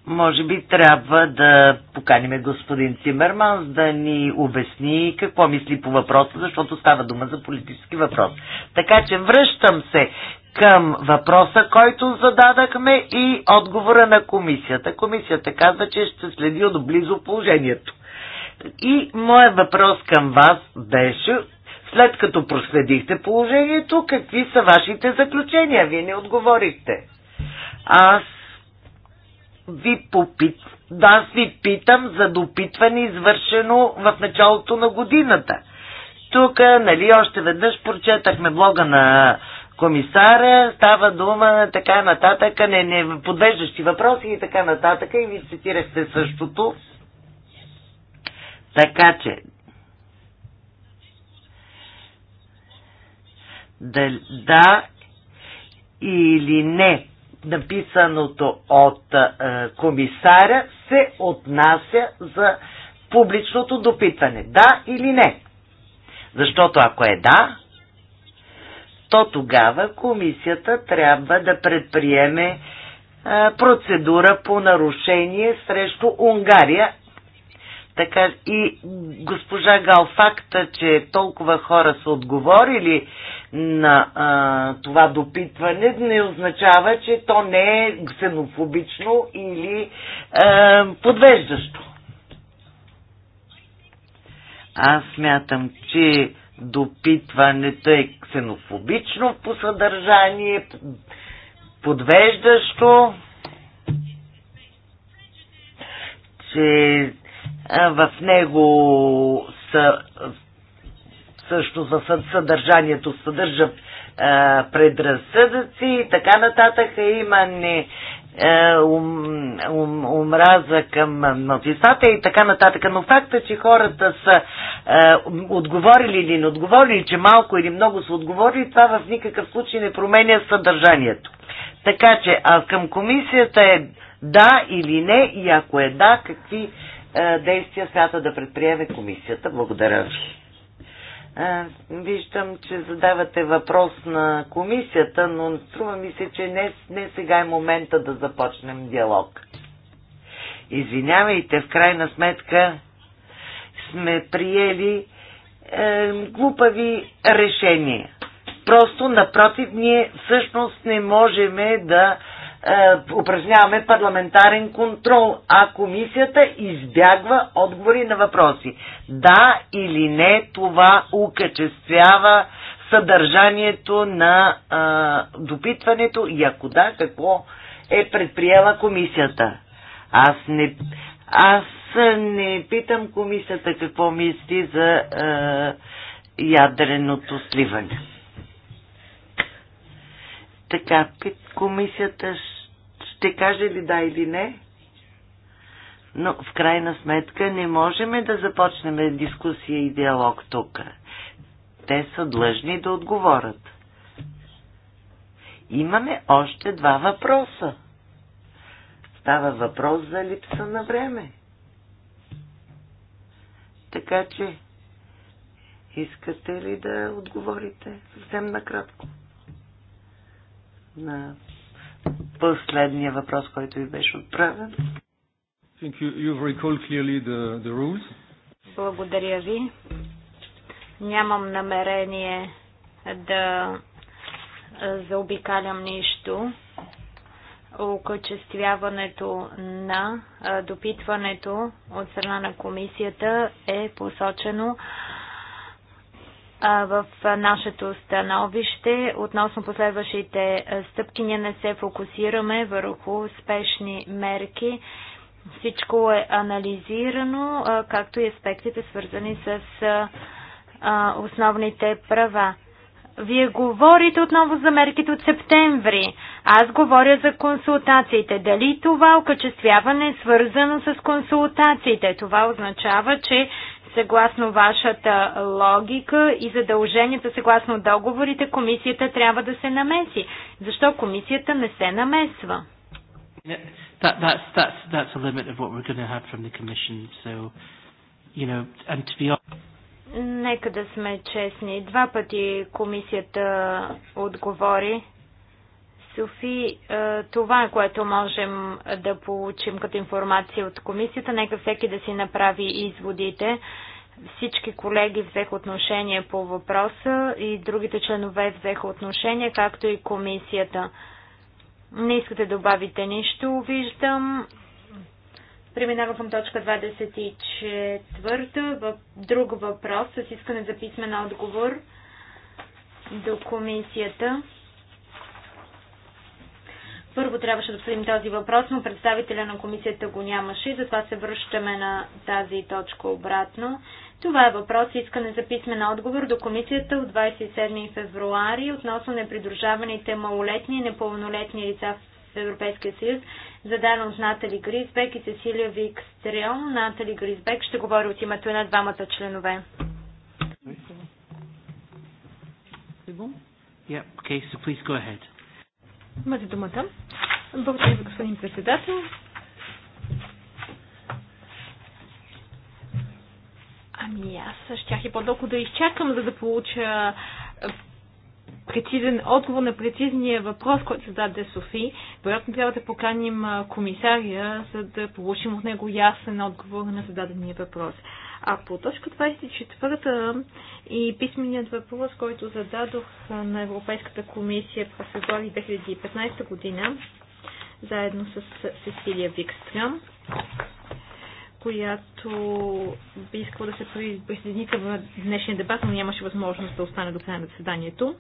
Може би трябва да поканим господин Цимерманс да ни обясни какво мисли по въпроса, защото става дума за политически въпрос. Така че връщам се към въпроса, който зададахме и отговора на комисията. Комисията каза, че ще следи отблизо положението. И моят въпрос към вас беше след като проследихте положението, какви са вашите заключения? Вие не отговорихте. Аз ви попит... Да, аз ви питам за допитване, извършено в началото на годината. Тук, нали, още веднъж прочетахме блога на комисара, става дума така нататък, не, не подвеждащи въпроси и така нататък, и ви цитирахте същото. Така че, дали, да или не написаното от е, комисаря се отнася за публичното допитване. Да или не? Защото ако е да, то тогава комисията трябва да предприеме е, процедура по нарушение срещу Унгария. Така и госпожа Галфакта, че толкова хора са отговорили на а, това допитване не означава, че то не е ксенофобично или а, подвеждащо. Аз смятам, че допитването е ксенофобично по съдържание, подвеждащо, че в него са също за съдържанието съдържа а, предразсъдъци и така нататък. Има не, а, ум, ум, омраза към мълчинствата и така нататък. Но факта, че хората са а, е, отговорили или не отговорили, че малко или много са отговорили, това в никакъв случай не променя съдържанието. Така че, а към комисията е да или не и ако е да, какви е, действия смята да предприеме комисията. Благодаря ви. Виждам, че задавате въпрос на комисията, но струва ми се, че не, не сега е момента да започнем диалог. Извинявайте, в крайна сметка сме приели е, глупави решения. Просто, напротив, ние всъщност не можем да е, упражняваме парламентарен контрол, а комисията избягва отговори на въпроси. Да или не, това укачествява съдържанието на а, е, допитването и ако да, какво е предприела комисията. Аз не, аз не питам комисията какво мисли за а, е, ядреното сливане. Така, комисията ще ще каже ли да или не. Но в крайна сметка не можем да започнем дискусия и диалог тук. Те са длъжни да отговорят. Имаме още два въпроса. Става въпрос за липса на време. Така че, искате ли да отговорите съвсем накратко на последния въпрос, който ви беше отправен. Благодаря ви. Нямам намерение да заобикалям нищо. Окачествяването на допитването от страна на комисията е посочено в нашето становище относно последващите стъпки ние не се фокусираме върху спешни мерки. Всичко е анализирано, както и аспектите свързани с основните права. Вие говорите отново за мерките от септември. Аз говоря за консултациите. Дали това окачествяване е свързано с консултациите? Това означава, че съгласно вашата логика и задълженията съгласно договорите, комисията трябва да се намеси. Защо комисията не се намесва? That, that's, that's, that's a limit of what we're going to have from the Commission. So, you know, and to be honest... Нека да сме честни. Два пъти комисията отговори. Софи, е, това е което можем да получим като информация от комисията. Нека всеки да си направи изводите. Всички колеги взеха отношение по въпроса и другите членове взеха отношение, както и комисията. Не искате да добавите нищо, виждам. Преминавам към точка 24. В друг въпрос с искане за писмен отговор до комисията. Първо трябваше да обсъдим този въпрос, но представителя на комисията го нямаше и затова се връщаме на тази точка обратно. Това е въпрос искане за писмен отговор до комисията от 27 февруари относно непридружаваните малолетни и непълнолетни лица в Европейския съюз, задана от Натали Гризбек и Сесилия Викстрион. Натали Гризбек ще говори от името на двамата членове. Имате думата. Благодаря господин председател. Ами аз щях и по-дълго да изчакам, за да получа прецизен отговор на прецизния въпрос, който зададе Софи. Вероятно трябва да поканим комисария, за да получим от него ясен отговор на зададения въпрос. А по точка 24 и писменият въпрос, който зададох на Европейската комисия през февруари 2015 година, заедно с Сесилия Викстрам, която би искала да се присъедини към днешния дебат, но нямаше възможност да остане до края на заседанието.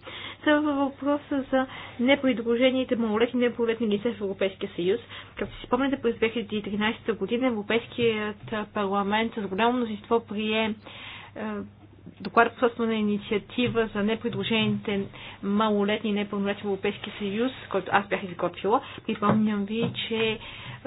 е въпроса за непридружените малолетни и непълнолетни лица в Европейския съюз. Както си спомняте, през 2013 година Европейският парламент с голямо мнозинство прие е, доклад по собствена инициатива за непредложените малолетни и непълнолетни в Европейския съюз, който аз бях изготвила. Припомням ви, че е,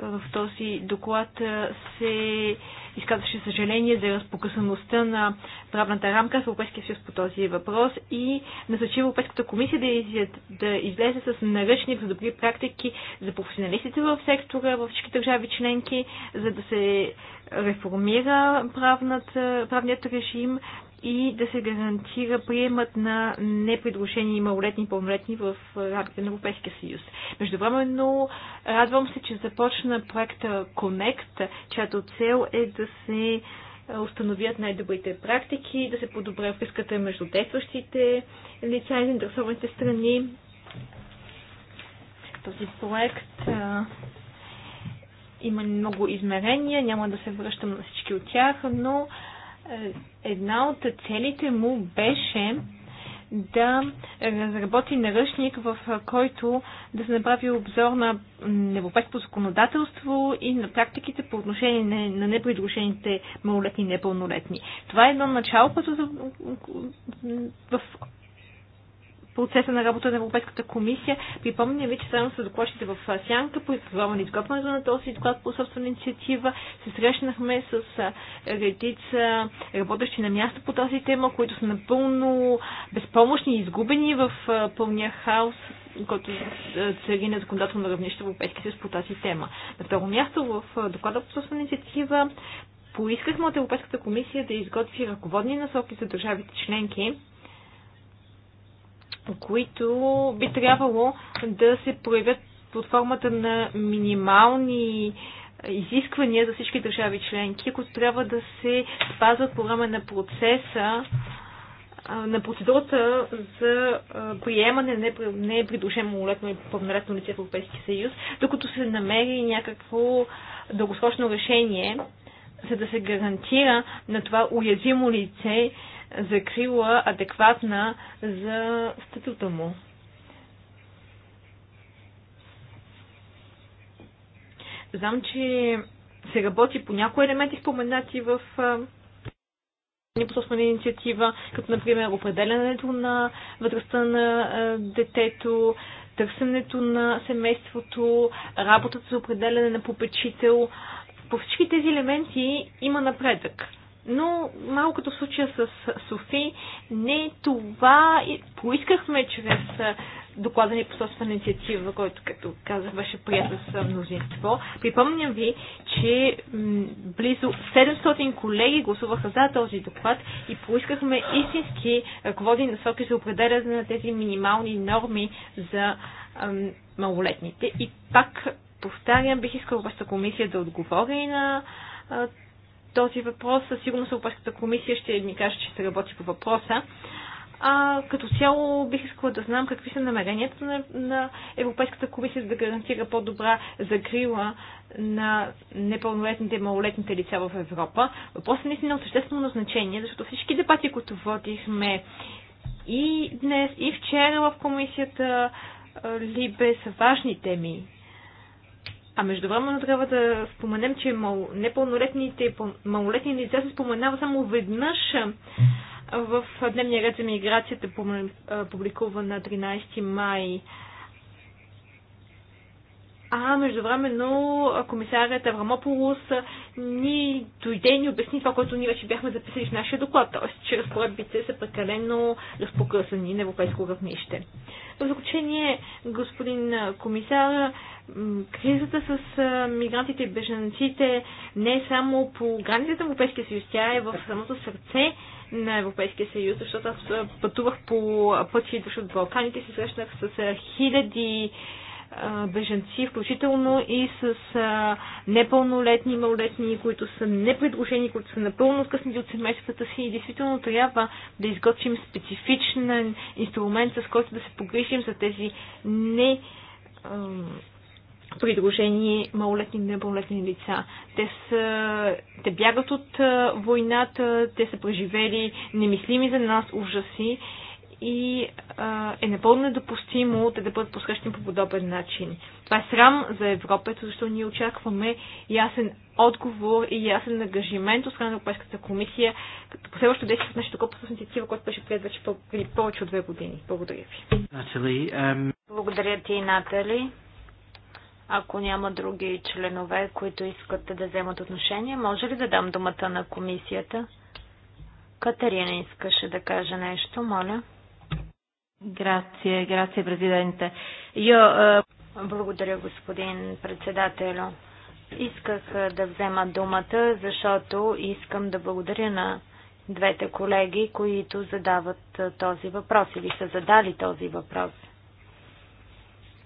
в този доклад е, се изказваше съжаление за разпокъсаността на правната рамка в Европейския съюз по този въпрос и насочи Европейската комисия да, излез, да излезе с наръчник за добри практики за професионалистите в сектора, в всички държави членки, за да се реформира правната, правният режим, и да се гарантира приемат на непредложени малолетни и пълнолетни в рамките на Европейския съюз. Междувременно радвам се, че започна проекта Connect, чиято цел е да се установят най-добрите практики, да се подобря връзката между действащите лица и заинтересованите страни. Този проект а, има много измерения, няма да се връщам на всички от тях, но а, една от целите му беше да разработи наръчник, в който да се направи обзор на европейско законодателство и на практиките по отношение на непридрушените малолетни и непълнолетни. Това е едно начало, което в процеса на работа на Европейската комисия. Припомня ви, че само с докладчите в Сянка, по изготвяне изготвянето на този доклад по собствена инициатива, се срещнахме с редица работещи на място по тази тема, които са напълно безпомощни и изгубени в пълния хаос който цели на законодателно равнище в Европейския съюз по тази тема. На второ място в доклада по собствена инициатива поискахме от Европейската комисия да изготви ръководни насоки за държавите членки които би трябвало да се проявят под формата на минимални изисквания за всички държави членки, които трябва да се спазват по време на процеса на процедурата за приемане на непридружено малолетно и пълнолетно лице в Европейския съюз, докато се намери някакво дългосрочно решение, за да се гарантира на това уязвимо лице закрила адекватна за статута му. Знам, че се работи по някои елементи споменати в непосредствена инициатива, като например определянето на възрастта на детето, търсенето на семейството, работата за определяне на попечител. По всички тези елементи има напредък но малко като в случая с Софи, не това поискахме чрез доклада ни по собствена инициатива, който, като казах, беше приятел с мнозинство. Припомням ви, че близо 700 колеги гласуваха за този доклад и поискахме истински ръководни насоки за определяне на тези минимални норми за малолетните. И пак повтарям, бих искал вашата комисия да отговори на този въпрос. Със сигурност Европейската комисия ще ни каже, че се работи по въпроса. А, като цяло бих искала да знам какви са намеренията на, на Европейската комисия за да гарантира по-добра закрила на непълнолетните и малолетните лица в Европа. Въпросът е наистина от съществено значение, защото всички дебати, които водихме и днес, и вчера в комисията Либе са важни теми а междувременно трябва да споменем, че непълнолетните малолетни лица се споменава само веднъж в дневния ред за миграцията, публикуван на 13 май. А междувременно комисарят Аврамополус ни дойде и ни обясни това, което ние вече бяхме записали в нашия доклад, т.е. че разпоредбите са прекалено разпокъсани на европейско равнище. В заключение, господин комисар, кризата с мигрантите и беженците не е само по границите на Европейския съюз, тя е в самото сърце на Европейския съюз, защото аз пътувах по пъти, идващ от Балканите, се срещнах с хиляди беженци, включително и с непълнолетни, малолетни, които са непредложени, които са напълно скъснати от семействата си и действително трябва да изготвим специфичен инструмент, с който да се погрижим за тези не придружени малолетни и непълнолетни лица. Те, са, те бягат от войната, те са преживели немислими за нас ужаси и а, е напълно недопустимо те да бъдат посрещани по подобен начин. Това е срам за Европа, защото ние очакваме ясен отговор и ясен ангажимент от страна на Европейската комисия, като последващо действие в нашата група с инициатива, която беше приятел вече преди повече от две години. Благодаря ви. Натали, Благодаря ти, Натали. Ако няма други членове, които искат да вземат отношение, може ли да дам думата на комисията? Катерина искаше да каже нещо, моля. Грация, грация, президенте. Йо, Благодаря, господин председател. Исках да взема думата, защото искам да благодаря на двете колеги, които задават този въпрос или са задали този въпрос.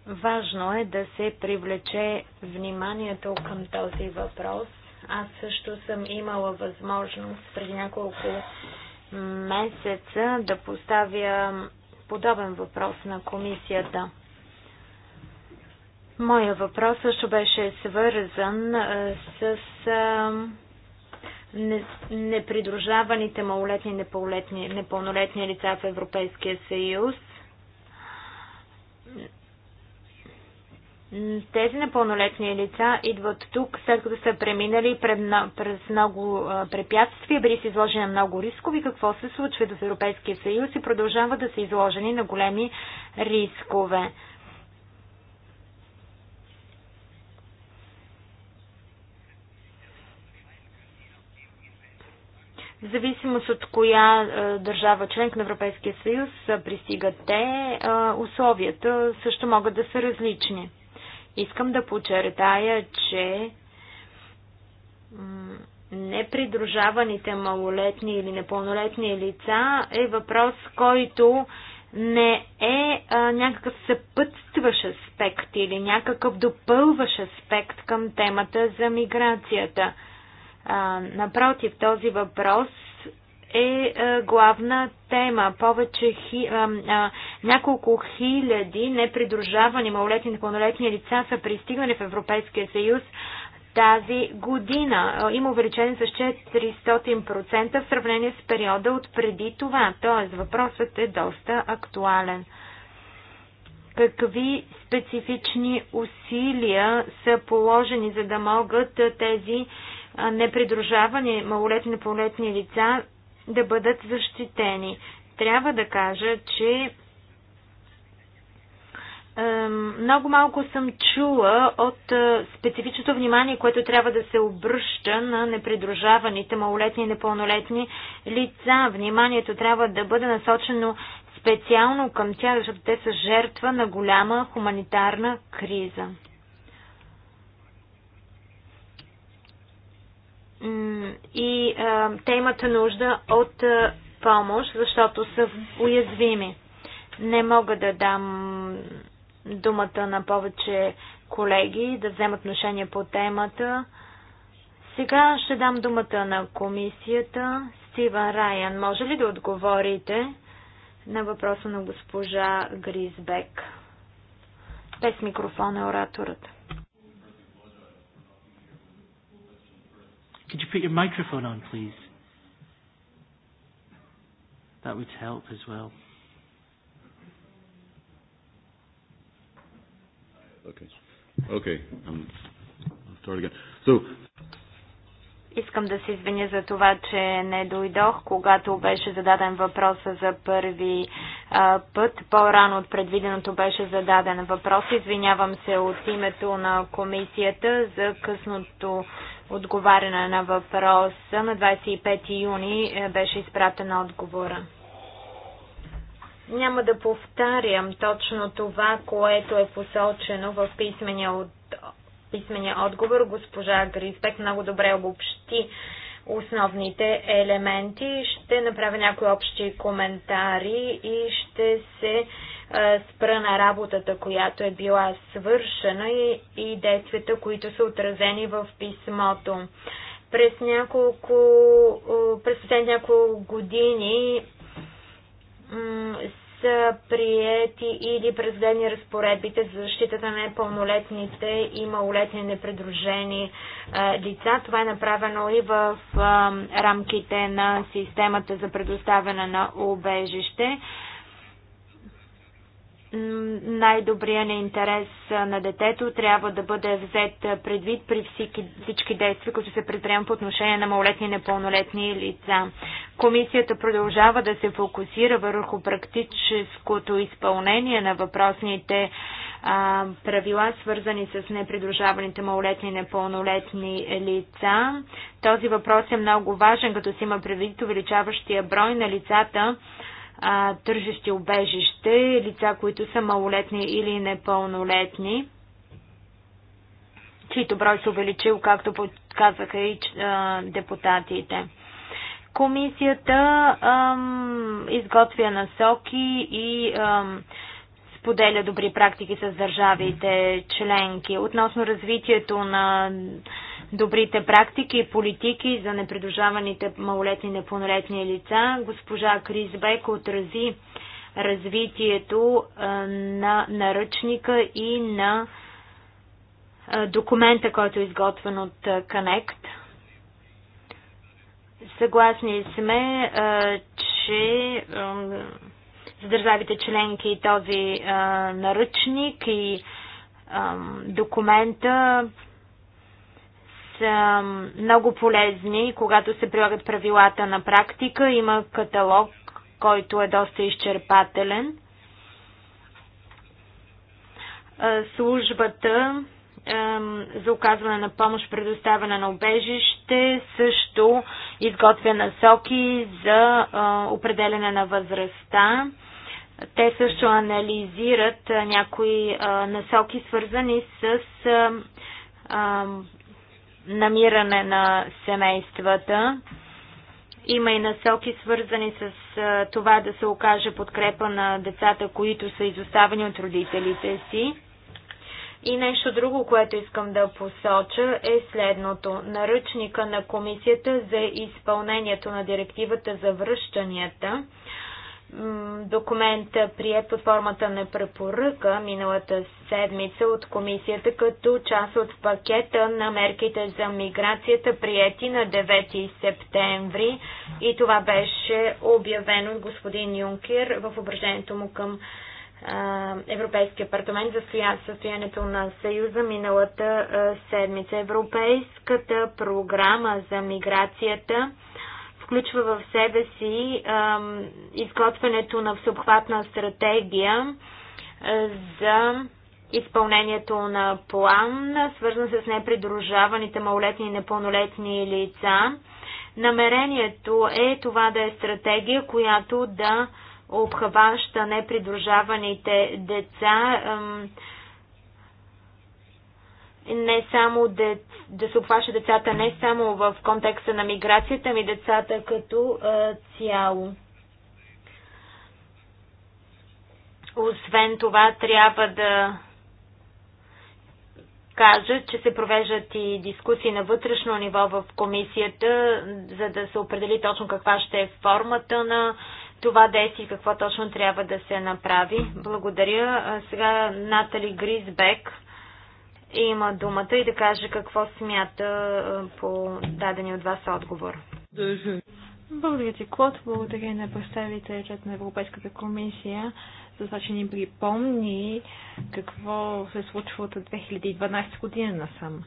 Важно е да се привлече вниманието към този въпрос. Аз също съм имала възможност преди няколко месеца да поставя подобен въпрос на комисията. Моя въпрос също беше свързан с непридружаваните малолетни и непълнолетни лица в Европейския съюз. Тези непълнолетни лица идват тук, след като са преминали през много препятствия, били са изложени на много рискови. Какво се случва в Европейския съюз и продължават да са изложени на големи рискове. В зависимост от коя държава членка на Европейския съюз пристигат те, условията също могат да са различни. Искам да подчертая, че непридружаваните малолетни или непълнолетни лица е въпрос, който не е а, някакъв съпътстващ аспект или някакъв допълващ аспект към темата за миграцията. А, напротив, този въпрос е, е главна тема. Повече хи, а, е, а, е, няколко хиляди непридружавани малолетни и непълнолетни лица са пристигнали в Европейския съюз тази година. Има увеличение с 400% в сравнение с периода от преди това. Тоест въпросът е доста актуален. Какви специфични усилия са положени, за да могат тези непридружавани малолетни и непълнолетни лица да бъдат защитени. Трябва да кажа, че много малко съм чула от е, специфичното внимание, което трябва да се обръща на непридружаваните малолетни и непълнолетни лица. Вниманието трябва да бъде насочено специално към тях, защото те са жертва на голяма хуманитарна криза. и а, те имат нужда от а, помощ, защото са уязвими. Не мога да дам думата на повече колеги да вземат отношение по темата. Сега ще дам думата на комисията. Стивън Райан, може ли да отговорите на въпроса на госпожа Гризбек? Без микрофона е ораторът. Could you put your microphone on, please? That would help as well. Okay. Okay. Um, I'll start again. So Искам да се извиня за това, че не дойдох, когато беше зададен въпроса за първи а, път. По-рано от предвиденото беше зададен въпрос. Извинявам се от името на комисията за късното отговаряне на въпроса. На 25 юни е, беше изпратен отговора. Няма да повтарям точно това, което е посочено в писмения от писмения отговор госпожа Гриспек много добре обобщи основните елементи. Ще направя някои общи коментари и ще се е, спра на работата, която е била свършена и, и действията, които са отразени в писмото. През няколко, е, през няколко години са приети или преразгледани разпоредбите за защитата на непълнолетните и малолетни непредружени лица. Това е направено и в рамките на системата за предоставяне на убежище най-добрия на интерес на детето трябва да бъде взет предвид при всички, всички действия, които се предприемат по отношение на малолетни и непълнолетни лица. Комисията продължава да се фокусира върху практическото изпълнение на въпросните а, правила, свързани с непридружаваните малолетни и непълнолетни лица. Този въпрос е много важен, като се има предвид увеличаващия брой на лицата, а, тържещи обежище, лица, които са малолетни или непълнолетни, чието брой се увеличил, както подказаха и а, депутатите. Комисията ам, изготвя насоки и ам, споделя добри практики с държавите членки. Относно развитието на добрите практики и политики за непридружаваните малолетни и непълнолетни лица, госпожа Бек отрази развитието на наръчника и на документа, който е изготвен от Connect. Съгласни сме, че за държавите членки този а, наръчник и а, документа са много полезни, когато се прилагат правилата на практика. Има каталог, който е доста изчерпателен. Службата за оказване на помощ, предоставяне на обежище, също изготвя насоки за определене на възрастта. Те също анализират някои насоки, свързани с намиране на семействата. Има и насоки, свързани с това да се окаже подкрепа на децата, които са изоставени от родителите си. И нещо друго, което искам да посоча е следното. Наръчника на Комисията за изпълнението на директивата за връщанията документ прият под формата на препоръка миналата седмица от комисията като част от пакета на мерките за миграцията, прияти на 9 септември и това беше обявено от господин Юнкер в ображението му към Европейския парламент за състоянието на Съюза миналата седмица. Европейската програма за миграцията – включва в себе си изготвянето на всеобхватна стратегия за изпълнението на план, свързан с непридружаваните малолетни и непълнолетни лица. Намерението е това да е стратегия, която да обхваща непридружаваните деца, не само де, да се обхваща децата не само в контекста на миграцията, ми децата като а, цяло. Освен това, трябва да кажа, че се провеждат и дискусии на вътрешно ниво в комисията, за да се определи точно каква ще е формата на това действие и какво точно трябва да се направи. Благодаря. Сега Натали Гризбек има думата и да каже какво смята по дадени от вас отговор. Благодаря ти, Клод. Благодаря на представителят на Европейската комисия за това, че ни припомни какво се случва от 2012 година насам.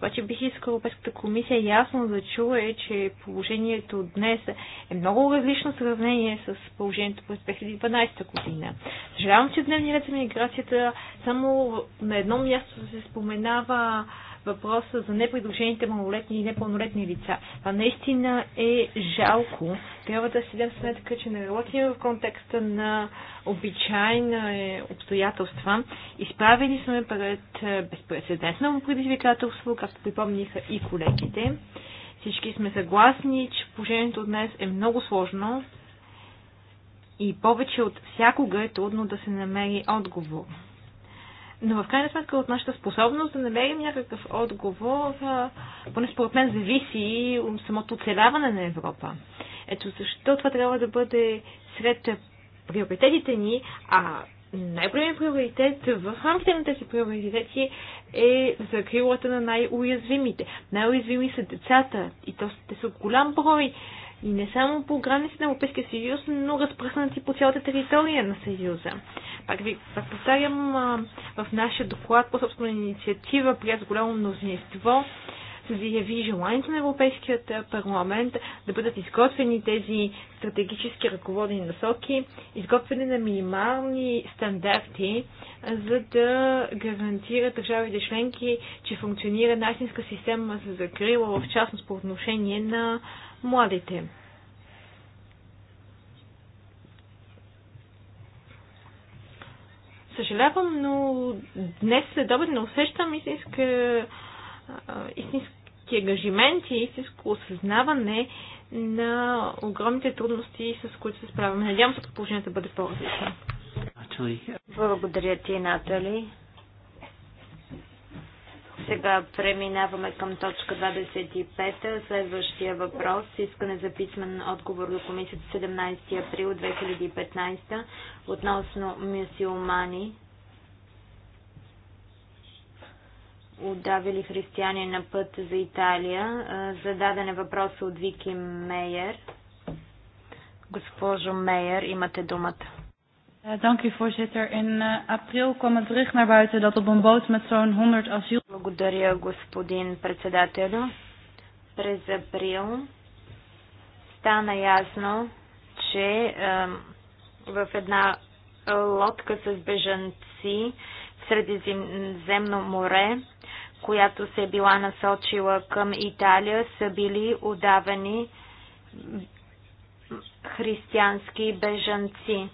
Обаче бих искала Европейската комисия ясно да чуе, че положението днес е много различно в сравнение с положението през 2012 година. Съжалявам, че в дневния ред за миграцията само на едно място се споменава въпроса за непредложените малолетни и непълнолетни лица. Това наистина е жалко. Трябва да си дам сметка, че не работим в контекста на обичайни е, обстоятелства. Изправили сме пред е, безпредседентно предизвикателство, както припомниха и колегите. Всички сме съгласни, че положението днес е много сложно и повече от всякога е трудно да се намери отговор но в крайна сметка от нашата способност да намерим някакъв отговор, поне според мен зависи от самото оцеляване на Европа. Ето защо това трябва да бъде сред приоритетите ни, а най-големият приоритет в рамките на тези приоритети е закрилата на най-уязвимите. Най-уязвими са децата и то те са голям брой и не само по границите на Европейския съюз, но разпръснати по цялата територия на съюза. Пак ви пак повтарям, в нашия доклад по собствена инициатива, прият голямо мнозинство, се заяви желанието на Европейският парламент да бъдат изготвени тези стратегически ръководни насоки, изготвени на минимални стандарти, за да гарантира държавите членки, че функционира наистинска система за закрила, в частност по отношение на младите. Съжалявам, но днес след обед не усещам истинска, истински ангажимент и истинско осъзнаване на огромните трудности, с които се справяме. Надявам се, положението бъде по-различно. Благодаря ти, Натали. Сега преминаваме към точка 25. Следващия въпрос. Искане за писмен отговор до комисията 17 април 2015 относно мюсюлмани. Удавили християни на път за Италия. Зададен е въпрос от Вики Мейер. Госпожо Мейер, имате думата. Eh, dank u voorzitter. In uh, april kwam het bericht naar buiten dat op een boot met zo'n 100 asiel... Благодаря, господин председател. През април стана ясно, че в една лодка с бежанци в Средиземно море, която се е била насочила към Италия, са били удавани християнски бежанци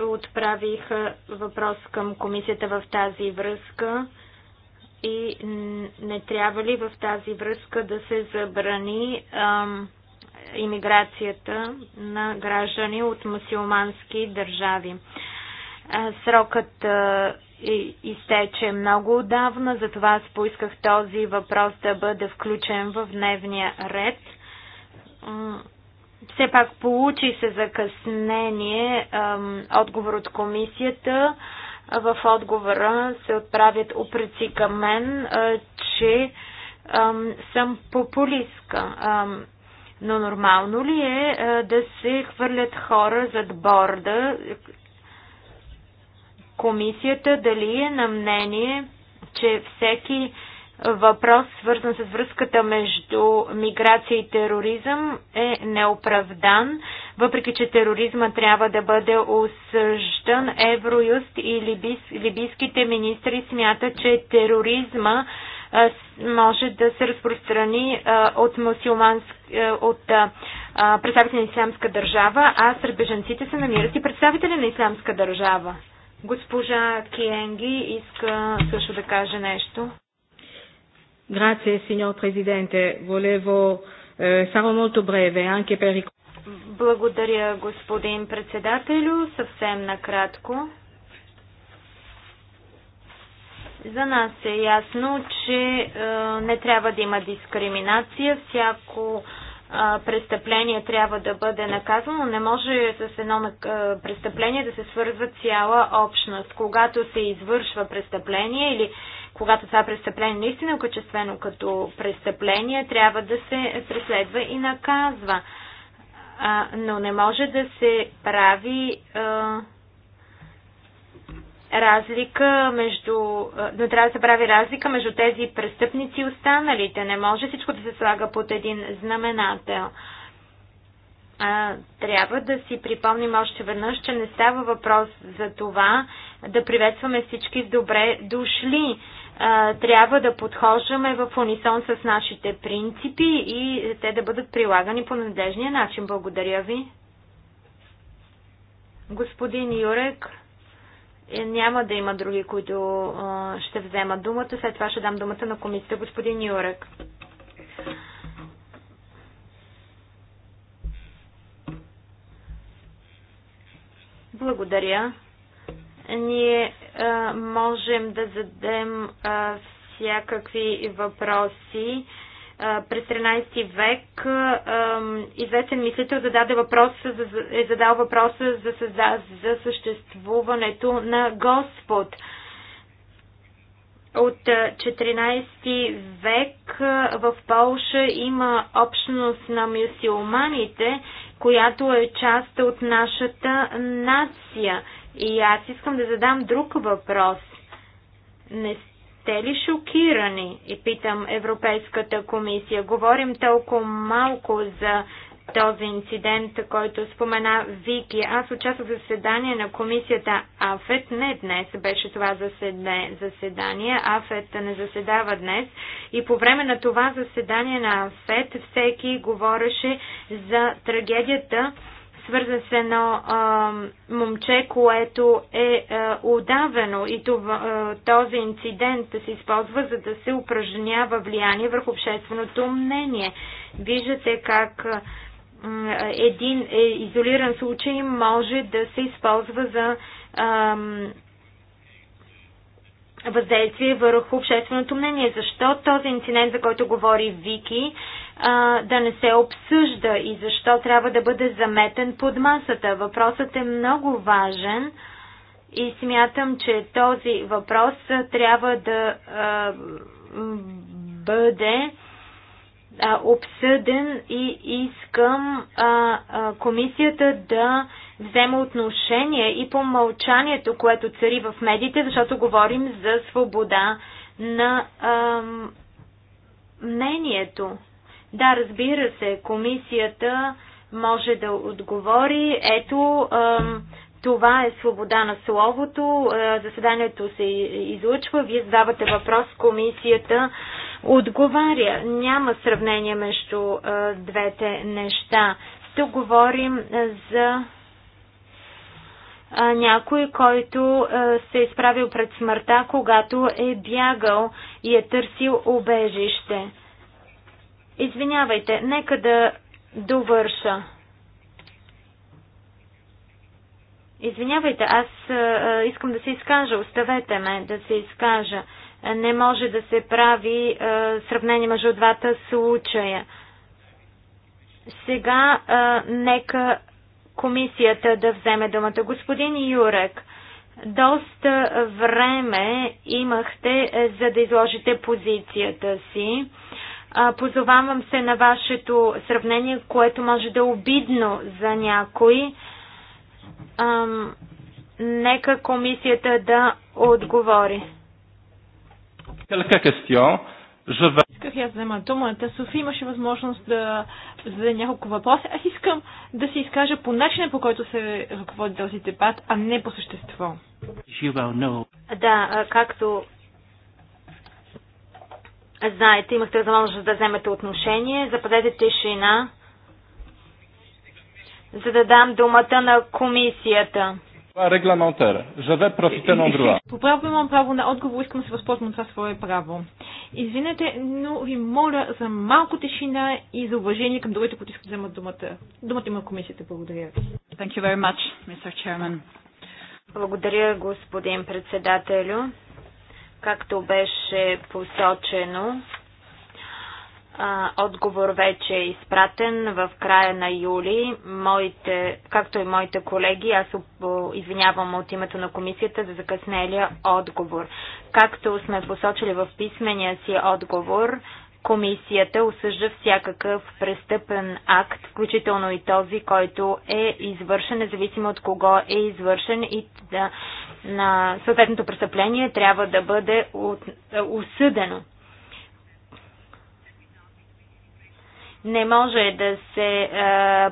Отправих въпрос към комисията в тази връзка и не трябва ли в тази връзка да се забрани ам, иммиграцията на граждани от мусулмански държави. Срокът изтече много отдавна, затова аз поисках този въпрос да бъде включен в дневния ред все пак получи се закъснение ам, отговор от комисията. В отговора се отправят упреци към мен, а, че ам, съм популистка. Ам, но нормално ли е а, да се хвърлят хора зад борда? Комисията дали е на мнение, че всеки въпрос, свързан с връзката между миграция и тероризъм, е неоправдан, въпреки че тероризма трябва да бъде осъждан. Евроюст и либийските министри смятат, че тероризма може да се разпространи от, мусулманск, от представители на ислямска държава, а сред се намират и представители на ислямска държава. Госпожа Киенги иска също да каже нещо. Grazie signor Presidente, volevo, eh, sarò molto breve anche per... Благодаря господин председателю, съвсем накратко. За нас е ясно, че е, не трябва да има дискриминация. Всяко е, престъпление трябва да бъде наказано. Не може с едно е, престъпление да се свързва цяла общност. Когато се извършва престъпление или когато това е престъпление наистина е окачествено като престъпление, трябва да се преследва и наказва. А, но не може да се прави а, разлика между... Но трябва да се прави разлика между тези престъпници и останалите. Не може всичко да се слага под един знаменател. А, трябва да си припомним още веднъж, че не става въпрос за това да приветстваме всички с добре дошли трябва да подхождаме в унисон с нашите принципи и те да бъдат прилагани по надлежния начин. Благодаря ви. Господин Юрек, е, няма да има други, които ще вземат думата. След това ще дам думата на комисията. Господин Юрек. Благодаря. Ние а, можем да зададем а, всякакви въпроси. А, през 13 век а, известен мислител зададе въпрос, е задал въпроса за, за, за съществуването на Господ от 14 век в Полша има общност на мюсюлманите, която е част от нашата нация. И аз искам да задам друг въпрос. Не сте ли шокирани? И питам Европейската комисия. Говорим толкова малко за този инцидент, който спомена Вики. Аз участвах в заседание на комисията АФЕТ. Не днес беше това заседание. АФЕТ не заседава днес. И по време на това заседание на АФЕТ всеки говореше за трагедията Свърза с едно а, момче, което е а, удавено и това, а, този инцидент да се използва, за да се упражнява влияние върху общественото мнение. Виждате как а, един е, изолиран случай може да се използва за а, въздействие върху общественото мнение. Защо този инцидент, за който говори Вики, да не се обсъжда и защо трябва да бъде заметен под масата? Въпросът е много важен и смятам, че този въпрос трябва да бъде обсъден и искам комисията да взема отношение и по мълчанието, което цари в медиите, защото говорим за свобода на ам, мнението. Да, разбира се, комисията може да отговори. Ето, ам, това е свобода на словото. Е, заседанието се излъчва. Вие задавате въпрос, комисията отговаря. Няма сравнение между е, двете неща. Тук говорим е, за а, някой, който а, се е изправил пред смъртта, когато е бягал и е търсил убежище. Извинявайте, нека да довърша. Извинявайте, аз а, искам да се изкажа, оставете ме да се изкажа. Не може да се прави а, сравнение между двата случая. Сега а, нека комисията да вземе думата. Господин Юрек, доста време имахте е, за да изложите позицията си. Позовавам се на вашето сравнение, което може да е обидно за някой. Нека комисията да отговори. Quelques questions. Je vais Исках я да взема думата. Софи имаше възможност да зададе няколко въпроса. Аз искам да се изкажа по начина, по който се ръководи този дебат, а не по същество. Да, както знаете, имахте възможност да вземете отношение. Западете тишина, за да дам думата на комисията това е регламентер. Живе на друга. По право имам право на отговор, искам да се възползвам това свое право. Извинете, но ви моля за малко тишина и за уважение към другите, които искат да вземат думата. Думата има комисията. Благодаря ви. Thank you very much, Mr. Chairman. Благодаря, господин председателю. Както беше посочено, отговор вече е изпратен в края на юли. Моите, както и моите колеги, аз извинявам от името на комисията за закъснелия отговор. Както сме посочили в писмения си отговор, комисията осъжда всякакъв престъпен акт, включително и този, който е извършен, независимо от кого е извършен и да, на съответното престъпление трябва да бъде от, осъдено. Не може да се е,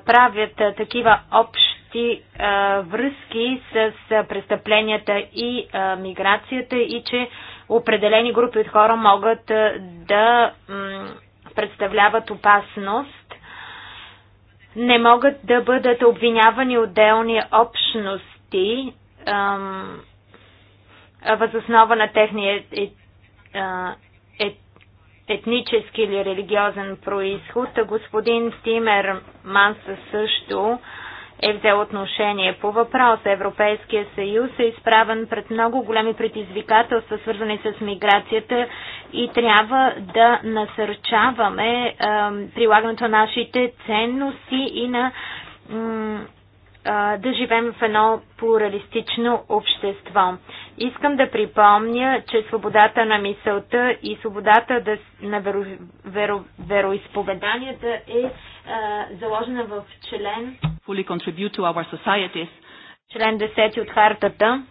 правят е, такива общи е, връзки с престъпленията и миграцията и че определени групи от хора могат да представляват опасност. Не могат да бъдат обвинявани отделни общности възоснова на техния етнически или религиозен происход. Господин Тимер Манса също е взел отношение по въпроса. Европейския съюз е изправен пред много големи предизвикателства, свързани с миграцията и трябва да насърчаваме е, прилагането на нашите ценности и на е, да живеем в едно плуралистично общество. Искам да припомня, че свободата на мисълта и свободата да, на веро, веро, вероисповеданията е а, заложена в член fully contribute to our societies. Член 10 от хартата.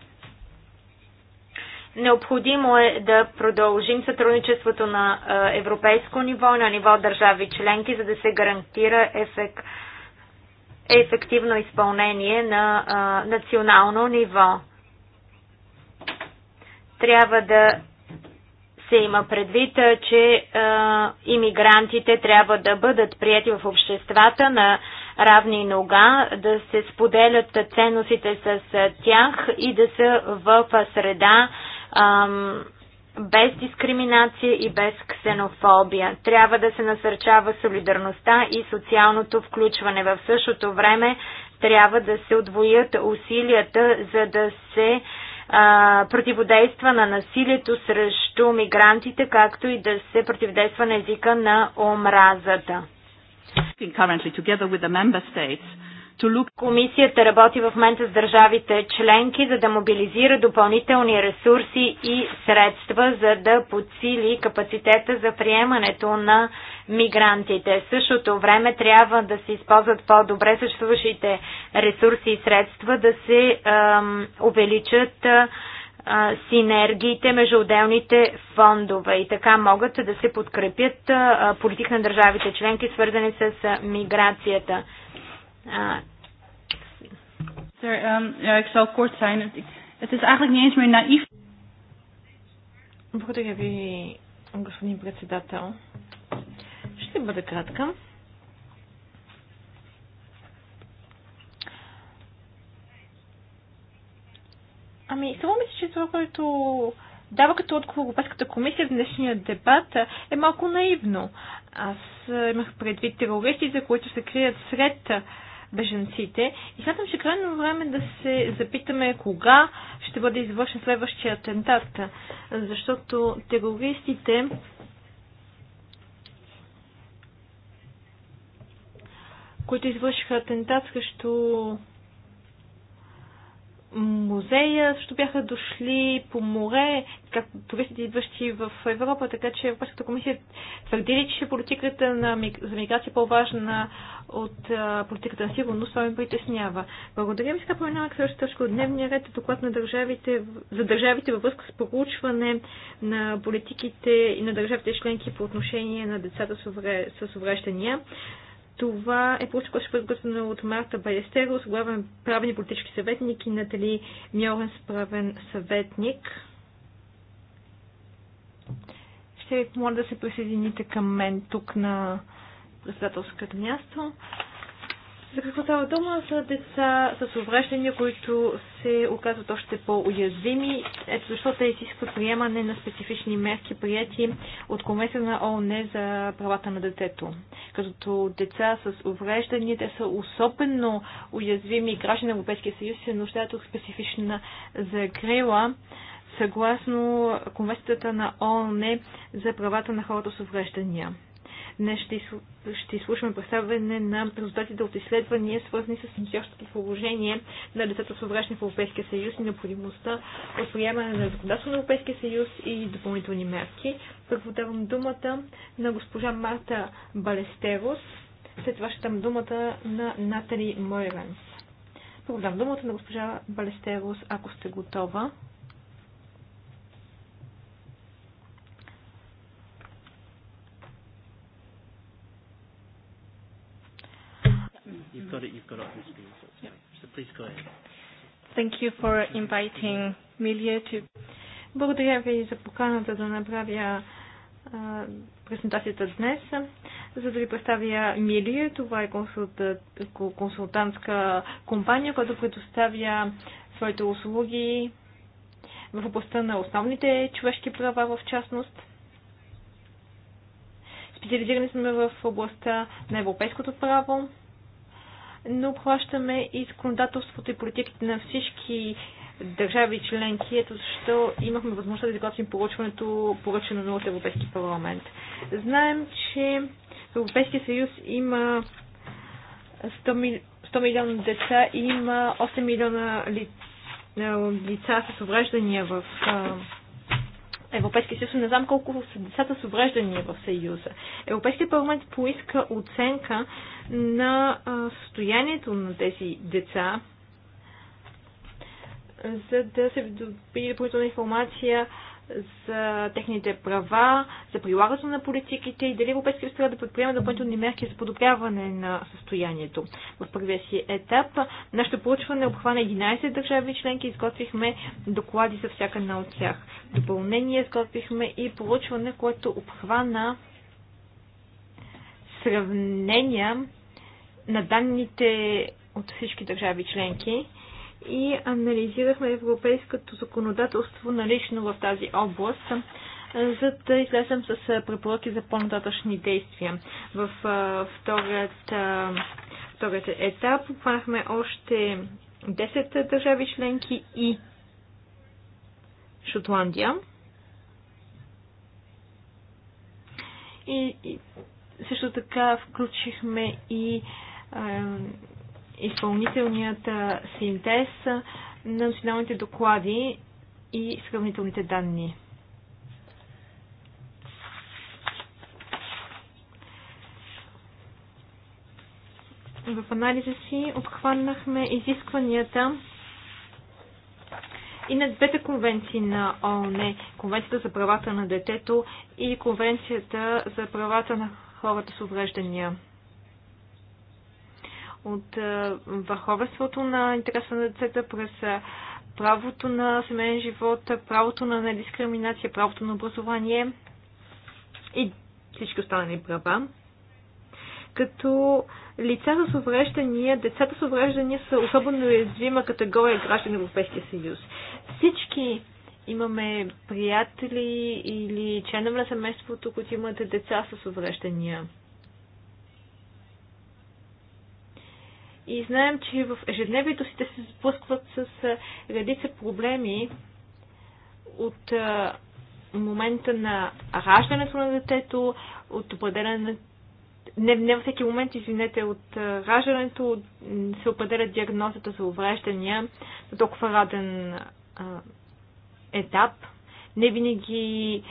Необходимо е да продължим сътрудничеството на европейско ниво и на ниво държави членки, за да се гарантира ефект, ефективно изпълнение на а, национално ниво трябва да се има предвид, че е, иммигрантите трябва да бъдат прияти в обществата на равни нога, да се споделят ценностите с тях и да са в среда е, без дискриминация и без ксенофобия. Трябва да се насърчава солидарността и социалното включване. В същото време трябва да се отвоят усилията, за да се е, а, противодейства на насилието срещу мигрантите, както и да се противодейства на езика на омразата. Комисията работи в момента с държавите членки, за да мобилизира допълнителни ресурси и средства, за да подсили капацитета за приемането на мигрантите. В същото време трябва да се използват по-добре съществуващите ресурси и средства, да се ем, увеличат синергиите между отделните фондове и така могат да се подкрепят политик на държавите членки, свързани с миграцията. Er, um, ja, ik zal kort zijn. Het, het is eigenlijk niet eens meer naïef. heb een Britse data? господин председател. Ще бъда кратка. Ами, само мисля, че това, което дава като отговор Европейската комисия в днешния дебат е малко наивно. Аз имах предвид терористи, за които се крият сред а, беженците. И смятам, че крайно време да се запитаме кога ще бъде извършен следващия атентат, защото терористите които извършиха атентат срещу музея също бяха дошли по море, както туристите идващи в Европа, така че Европейската комисия твърдили, че политиката на, за миграция е по-важна от а, политиката на сигурност, това ми притеснява. Благодаря ви, сега минала към следващата точка от дневния ред, доклад на държавите, за държавите във връзка с проучване на политиките и на държавите членки по отношение на децата с увреждания. Това е получено, което ще бъде от Марта Балестерос, главен правен и политически съветник и Натали Мьоренс, правен съветник. Ще ви помоля да се присъедините към мен тук на председателското място. За какво става дума? За деца с увреждания, които се оказват още по-уязвими. Ето защо те изискват приемане на специфични мерки, прияти от Комисия на ООН за правата на детето. Като деца с увреждания, те са особено уязвими граждани на Европейския съюз се нуждаят от специфична закрила съгласно Конвенцията на ООН за правата на хората с увреждания. Днес ще, ще изслушаме представяне на резултатите от изследвания, свързани с настоящото положение на децата с обращане в Европейския съюз и необходимостта от приемане на законодателство на Европейския съюз и допълнителни мерки. Първо давам думата на госпожа Марта Балестерос. След това ще дам думата на Натали Мойренс. Първо дам думата на госпожа Балестерос, ако сте готова. You've got it, you've got it on the screen. So, so please go ahead. Thank you for inviting Milia to... Благодаря ви за поканата да направя презентацията днес. За да ви представя Милия, това е консултантска компания, която предоставя своите услуги в областта на основните човешки права в частност. Специализирани сме в областта на европейското право но обхващаме и законодателството и политиките на всички държави и членки, ето защо имахме възможност да изготвим поръчването, поръчено от Европейски парламент. Знаем, че Европейския съюз има 100, мили... 100 милиона деца и има 8 милиона ли... лица с увреждания в Европейския съюз. Не знам колко са децата с увреждания в съюза. Европейския парламент поиска оценка на състоянието на тези деца, за да се добие допълнителна информация за техните права, за прилагането на политиките и дали Европейския съюз трябва да предприема допълнителни мерки за подобряване на състоянието. В първия си етап нашето проучване е обхвана 11 държави членки, изготвихме доклади за всяка една от тях. Допълнение изготвихме и проучване, което обхвана сравнения на данните от всички държави членки и анализирахме европейското законодателство налично в тази област, за да излезем с препоръки за по-нататъчни действия. В вторият, етап попаднахме още 10 държави членки и Шотландия. И, и също така включихме и изпълнителният синтез на националните доклади и сравнителните данни. В анализа си обхванахме изискванията и на двете конвенции на ООН, Конвенцията за правата на детето и Конвенцията за правата на хората с увреждания от е, върховенството на интереса на децата през е, правото на семейен живот, правото на недискриминация, правото на образование и всички останали права. Като лицата с увреждания, децата с увреждания са особено уязвима категория граждани на Европейския съюз. Всички имаме приятели или членове на семейството, които имат деца с увреждания. и знаем, че в ежедневието си те се сблъскват с редица проблеми от момента на раждането на детето, от определене не, не във всеки момент, извинете, от раждането се определя диагнозата за увреждания на толкова раден а, етап. Не винаги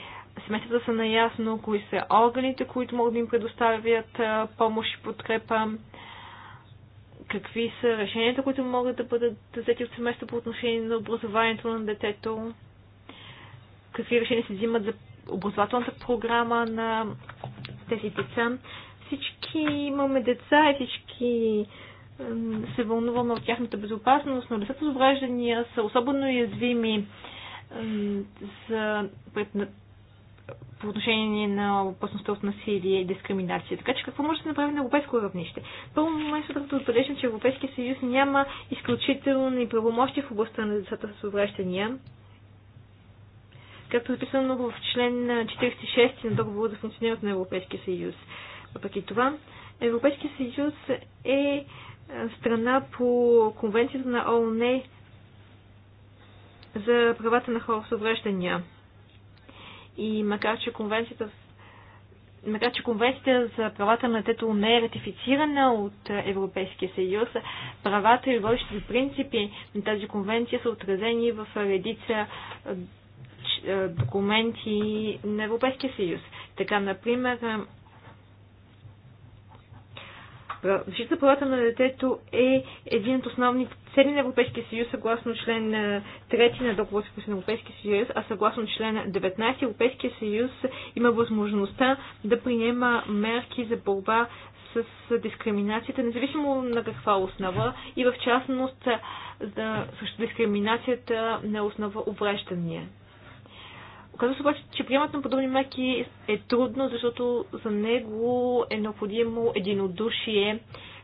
смесата са наясно кои са органите, които могат да им предоставят помощ и подкрепа какви са решенията, които могат да бъдат взети от семейство по отношение на образованието на детето, какви решения се взимат за образователната програма на тези деца. Всички имаме деца и всички се вълнуваме от тяхната безопасност, но децата с увреждания са особено уязвими за по отношение на опасността от насилие и дискриминация. Така че какво може да се направи на европейско равнище? Първо момент трябва да отбележим, че Европейския съюз няма изключителни правомощи в областта на децата с увреждания. Както е писано в член 46 на договора за функционирането на Европейския съюз. Въпреки това, Европейския съюз е страна по конвенцията на ООН за правата на хора с увреждания. И макар, че конвенцията макар че Конвенцията за правата на детето не е ратифицирана от Европейския съюз, правата и водещите принципи на тази конвенция са отразени в редица документи на Европейския съюз. Така, например, Защита правата на детето е един от основните цели на Европейския съюз, съгласно член 3 на договор с Европейския съюз, а съгласно член 19 Европейския съюз има възможността да приема мерки за борба с дискриминацията, независимо на каква основа и в частност за, срещу дискриминацията на основа увреждания. Оказва се обаче, че приемат на подобни мерки е трудно, защото за него е необходимо единодушие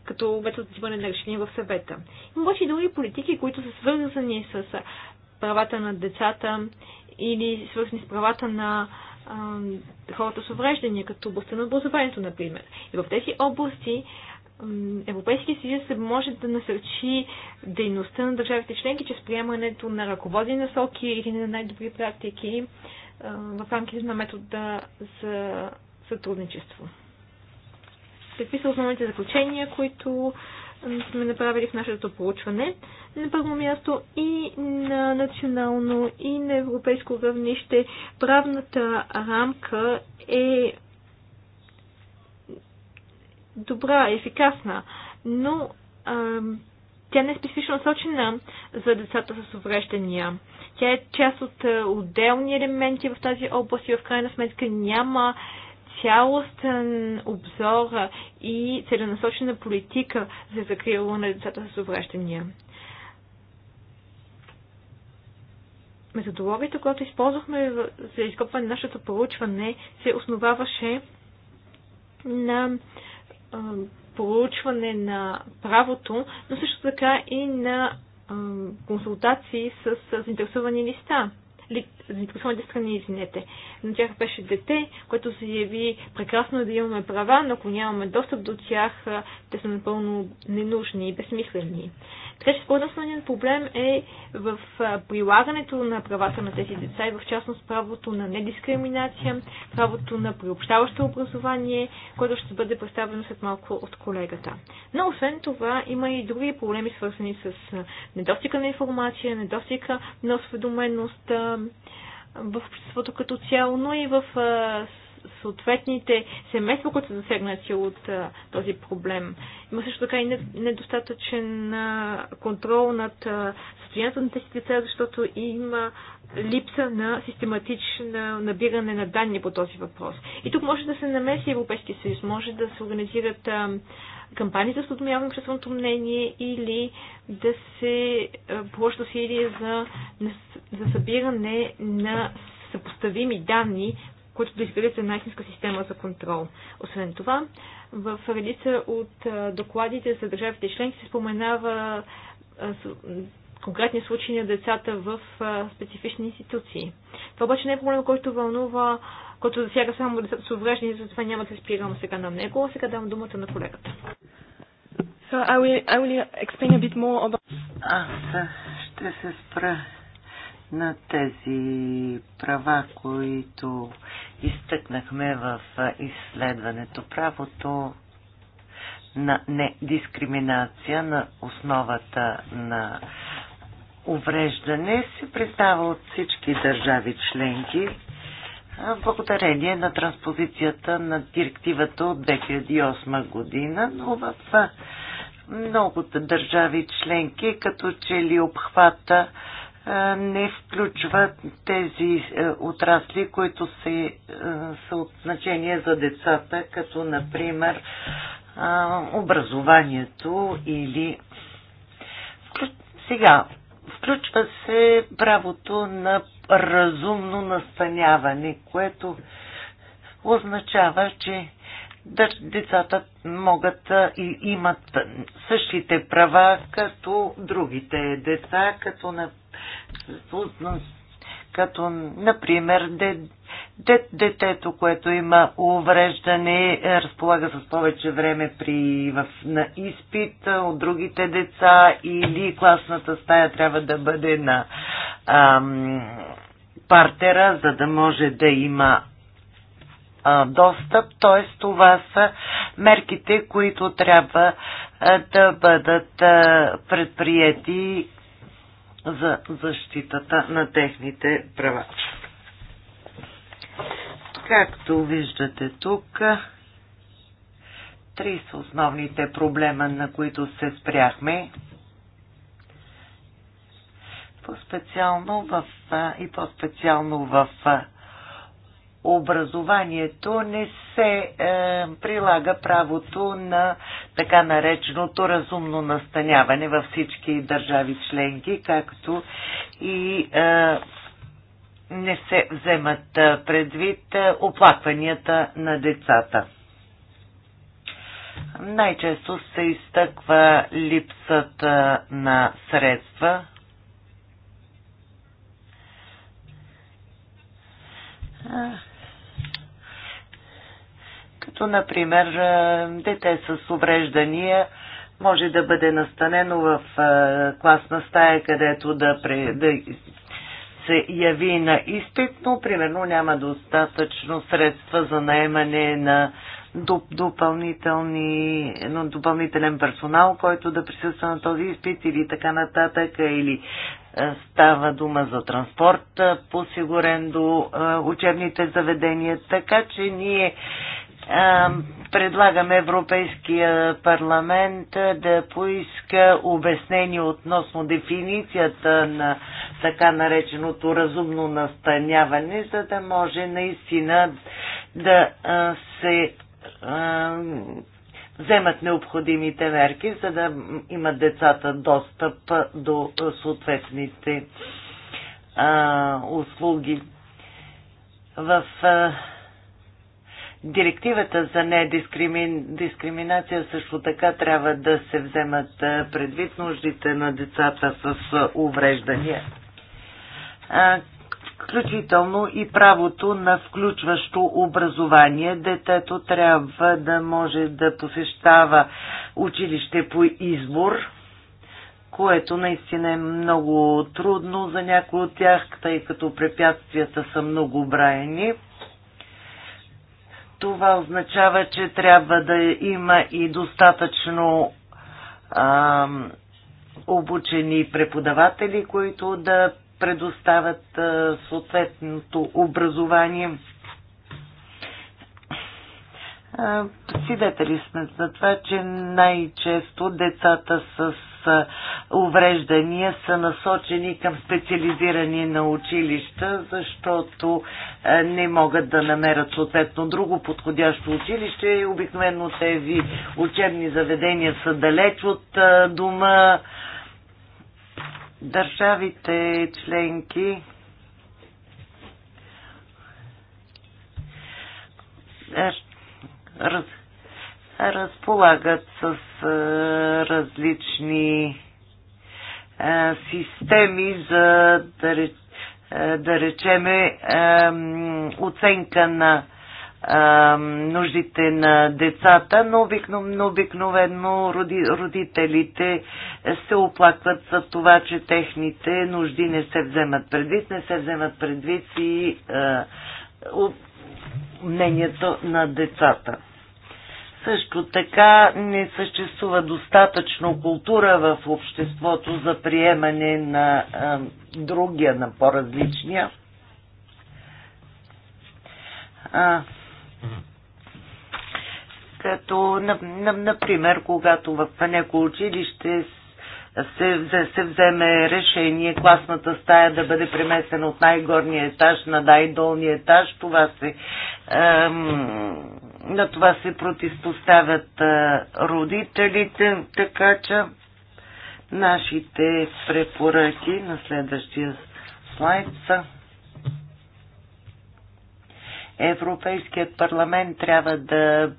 като метод за взимане на решение в съвета. Има обаче и други политики, които са свързани с правата на децата или свързани с правата на хората с увреждания, като областта на образованието, например. И в тези области Европейския съюз може да насърчи дейността на държавите членки чрез приемането на ръководни насоки или на най-добри практики в рамките на метода за сътрудничество. Какви са основните заключения, които сме направили в нашето проучване? На първо място и на национално, и на европейско равнище правната рамка е добра, ефикасна, но а, тя не е специфично насочена за децата с увреждания. Тя е част от отделни елементи в тази област и в крайна сметка няма цялостен обзор и целенасочена политика за закрила на децата с увреждания. Методологията, която използвахме за изкопване на нашето проучване, се основаваше на проучване на правото, но също така и на консултации с заинтересовани листа, да страни, извинете. На тях беше дете, което се яви прекрасно да имаме права, но ако нямаме достъп до тях, те са напълно ненужни и безсмислени. Така че според основният проблем е в прилагането на правата на тези деца и в частност правото на недискриминация, правото на приобщаващо образование, което ще бъде представено след малко от колегата. Но освен това има и други проблеми, свързани с недостига на информация, недостига на осведоменост, в обществото като цяло, но и в съответните семейства, които са засегнати от а, този проблем. Има също така и недостатъчен а, контрол над състоянието на тези деца, защото има липса на систематично набиране на данни по този въпрос. И тук може да се намеси Европейския съюз, може да се организират а, кампании за осведомяване на общественото мнение или да се положат усилия за, за събиране на съпоставими данни, които да изградят една истинска система за контрол. Освен това, в редица от докладите за държавите членки се споменава конкретни случаи на децата в специфични институции. Това обаче не е проблем, който вълнува който засяга само децата с увреждания, затова няма да се спирам сега на него. Сега давам думата на колегата. So I will, I will explain a bit more about... Аз ще се спра на тези права, които изтъкнахме в изследването. Правото на недискриминация на основата на увреждане се представа от всички държави членки благодарение на транспозицията на директивата от 2008 година, но в много държави членки, като че ли обхвата не включва тези е, отрасли, които са, е, са от значение за децата, като например образованието или. Сега, включва се правото на разумно настаняване, което означава, че децата могат и имат същите права като другите деца, като, на, като например, детето, което има увреждане, е, разполага с повече време при, в, на изпит от другите деца или класната стая трябва да бъде на ам, партера, за да може да има а, достъп. Т.е. това са мерките, които трябва а, да бъдат а, предприяти за защитата на техните права. Както виждате тук, три са основните проблема, на които се спряхме. По-специално в, и по-специално в образованието не се е, прилага правото на така нареченото разумно настаняване във всички държави членки, както и е, не се вземат предвид оплакванията на децата. Най-често се изтъква липсата на средства. Като, например, дете с увреждания може да бъде настанено в класна стая, където да, да се яви на изпит, но примерно няма достатъчно средства за наемане на допълнителни, на допълнителен персонал, който да присъства на този изпит или така нататък, или е, става дума за транспорт, е, посигурен до е, учебните заведения. Така че ние предлагам Европейския парламент да поиска обяснение относно дефиницията на така нареченото разумно настаняване, за да може наистина да се вземат необходимите мерки, за да имат децата достъп до съответните услуги. В Директивата за недискриминация също така трябва да се вземат предвид нуждите на децата с увреждания, включително и правото на включващо образование. Детето трябва да може да посещава училище по избор, което наистина е много трудно за някои от тях, тъй като препятствията са много браени това означава, че трябва да има и достатъчно а, обучени преподаватели, които да предоставят а, съответното образование. Свидетели сме за това, че най-често децата с увреждания са насочени към специализирани на училища, защото не могат да намерят съответно друго подходящо училище и обикновено тези учебни заведения са далеч от дома. Държавите членки раз, разполагат с е, различни е, системи за да, е, да речеме оценка на нуждите на децата, но обикновено, обикновено родителите се оплакват за това, че техните нужди не се вземат предвид, не се вземат предвид и мнението на децата. Също така не съществува достатъчно култура в обществото за приемане на а, другия, на по-различния. А, като, на, на, например, когато в някои училище се, се вземе решение класната стая да бъде преместена от най-горния етаж на най-долния етаж. Това се, ем, на това се противопоставят е, родителите, така че нашите препоръки на следващия слайд са. Европейският парламент трябва да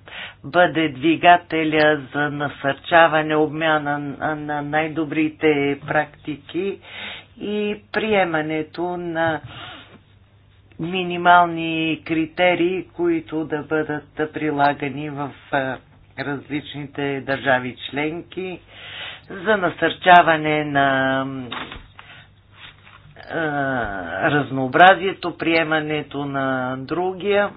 бъде двигателя за насърчаване, обмяна на най-добрите практики и приемането на минимални критерии, които да бъдат прилагани в различните държави членки за насърчаване на е, разнообразието, приемането на другия.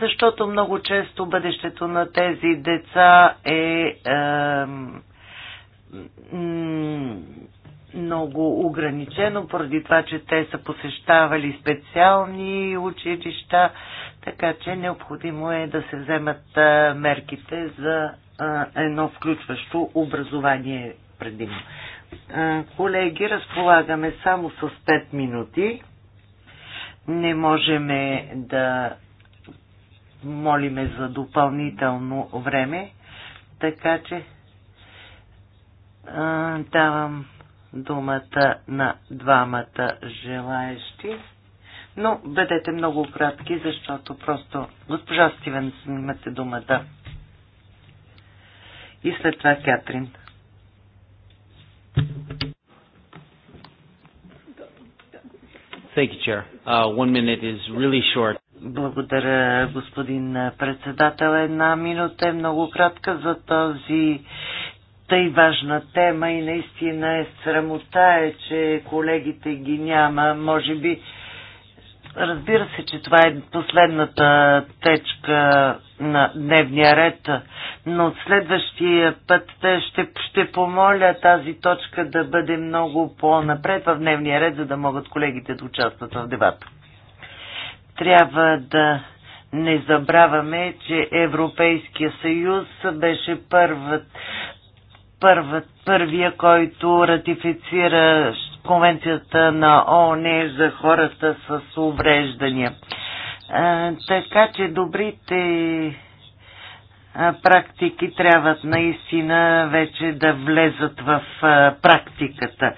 Защото много често бъдещето на тези деца е, е много ограничено, поради това, че те са посещавали специални училища, така че необходимо е да се вземат е, мерките за едно включващо образование предимно. Колеги, разполагаме само с 5 минути. Не можем да молиме за допълнително време, така че давам думата на двамата желаещи. Но бъдете много кратки, защото просто госпожа Стивенс, имате думата и след това Кятрин. Thank you, Chair. Uh, one minute is really short. Благодаря, господин председател. Една минута е много кратка за този тъй важна тема и наистина е срамота е, че колегите ги няма. Може би Разбира се, че това е последната течка на дневния ред, но следващия път ще, ще помоля тази точка да бъде много по-напред в дневния ред, за да могат колегите да участват в дебата. Трябва да не забравяме, че Европейския съюз беше първът, първа, първия, който ратифицира Конвенцията на ООН за хората с увреждания. Така че добрите практики трябва наистина вече да влезат в практиката.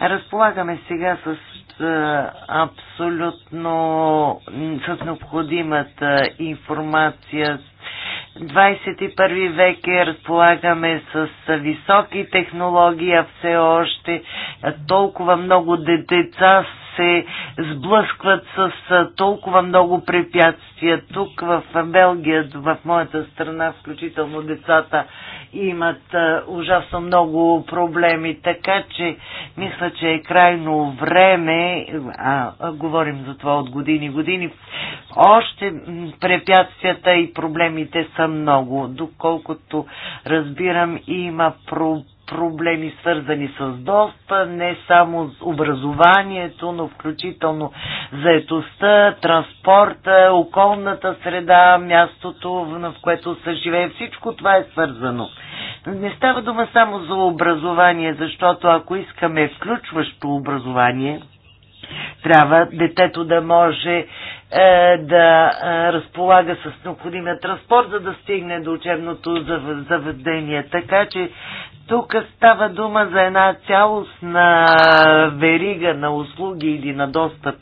Разполагаме сега с абсолютно с необходимата информация 21 век е, разполагаме с високи технологии, а все още толкова много деца се сблъскват с толкова много препятствия. Тук в Белгия, в моята страна, включително децата, имат ужасно много проблеми. Така че мисля, че е крайно време, а, говорим за това от години и години, още препятствията и проблемите са много. Доколкото разбирам, има проблеми проблеми свързани с доста, не само с образованието, но включително заетостта, транспорта, околната среда, мястото, в което се живее. Всичко това е свързано. Не става дума само за образование, защото ако искаме включващо образование, трябва детето да може е, да е, разполага с необходимия транспорт, за да стигне до учебното заведение. Така че тук става дума за една цялостна верига на услуги или на достъп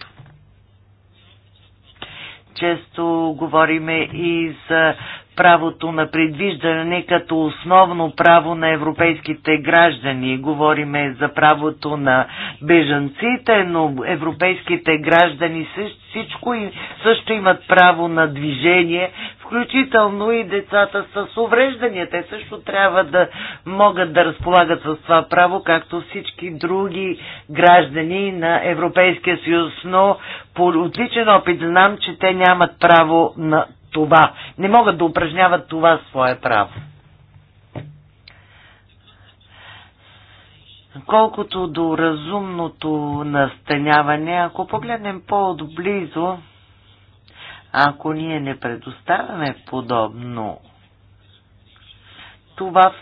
често говориме и за правото на предвиждане като основно право на европейските граждани. Говориме за правото на бежанците, но европейските граждани всичко и също имат право на движение, включително и децата с увреждания. Те също трябва да могат да разполагат с това право, както всички други граждани на Европейския съюз, но по отличен опит знам, че те нямат право на това, не могат да упражняват това свое право. Колкото до разумното настаняване, ако погледнем по-отблизо, ако ние не предоставяме подобно това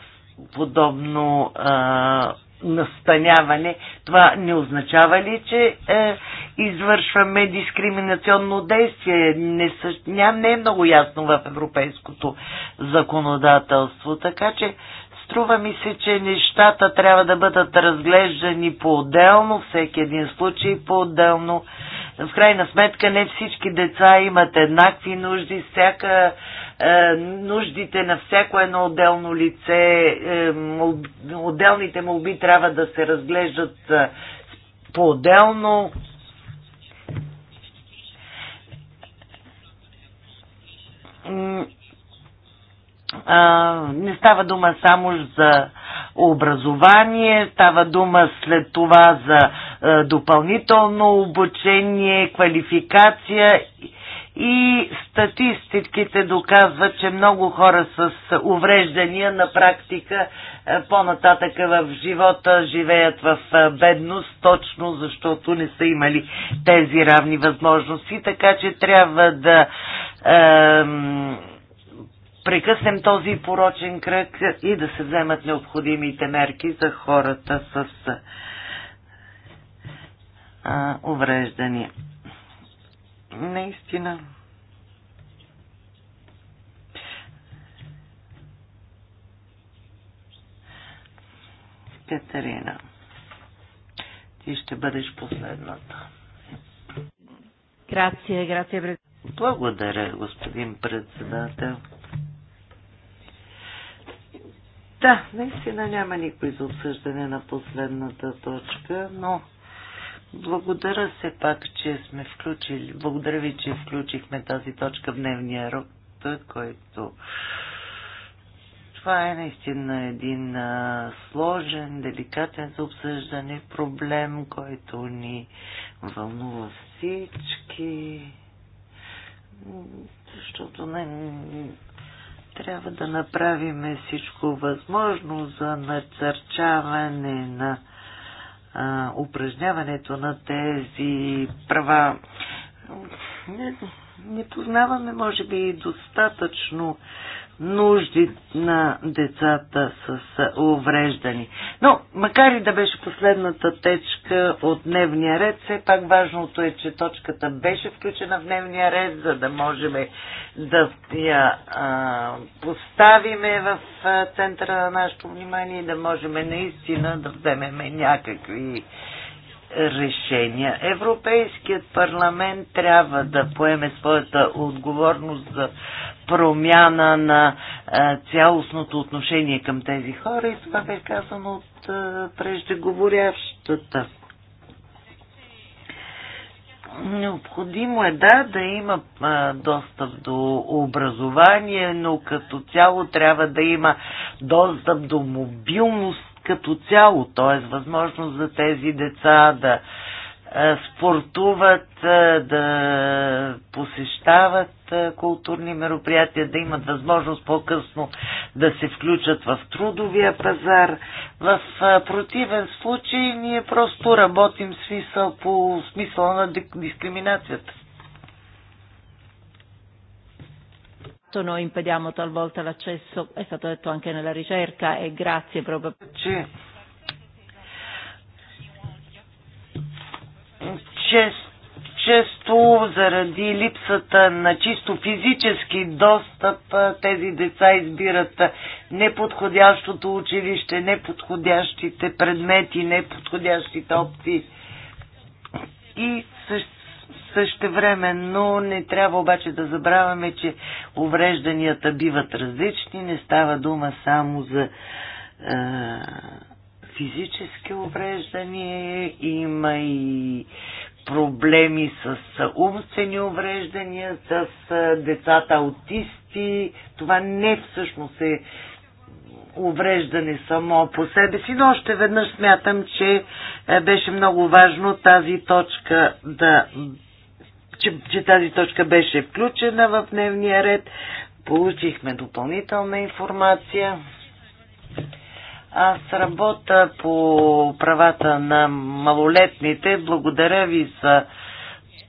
подобно а, настаняване, това не означава ли, че е, извършваме дискриминационно действие? Не, ня, не е много ясно в европейското законодателство, така че струва ми се, че нещата трябва да бъдат разглеждани по-отделно, всеки един случай по-отделно в крайна сметка не всички деца имат еднакви нужди, всяка, е, нуждите на всяко едно отделно лице, е, мол, отделните молби трябва да се разглеждат е, по-отделно. не става дума само за образование, става дума след това за е, допълнително обучение, квалификация и статистиките доказват, че много хора с увреждания на практика е, по-нататъка в живота живеят в е, бедност, точно защото не са имали тези равни възможности, така че трябва да е, прекъснем този порочен кръг и да се вземат необходимите мерки за хората с а, увреждания. Наистина. Катерина, ти ще бъдеш последната. Грация, грация, Благодаря, господин председател. Да, наистина няма никой за обсъждане на последната точка, но благодаря се пак, че сме включили. Благодаря ви, че включихме тази точка в дневния род, който това е наистина един а, сложен, деликатен за обсъждане проблем, който ни вълнува всички, защото не, трябва да направим всичко възможно за насърчаване на а, упражняването на тези права. Не, не познаваме, може би, достатъчно нужди на децата с увреждани. Но, макар и да беше последната течка от дневния ред, все пак важното е, че точката беше включена в дневния ред, за да можем да я а, поставиме в центъра на нашето внимание и да можем наистина да вземем някакви решения. Европейският парламент трябва да поеме своята отговорност за промяна на а, цялостното отношение към тези хора и това бе казано от а, преждеговорящата. Необходимо е да, да има а, достъп до образование, но като цяло трябва да има достъп до мобилност като цяло, т.е. възможност за тези деца да е, спортуват, е, да посещават е, културни мероприятия, да имат възможност по-късно да се включат в трудовия пазар. В противен случай ние просто работим смисъл по смисъла на дискриминацията. noi impediamo talvolta l'accesso, è stato detto anche nella ricerca e grazie proprio че чест, често заради липсата на чисто физически достъп тези деца избират неподходящото училище, неподходящите предмети, неподходящите опции. И също Същевременно не трябва обаче да забравяме, че уврежданията биват различни, не става дума само за физически увреждания, има и проблеми с умствени увреждания, с децата аутисти. Това не всъщност е увреждане само по себе си, но още веднъж смятам, че беше много важно тази точка да че, че тази точка беше включена в дневния ред. Получихме допълнителна информация. Аз работя по правата на малолетните. Благодаря ви за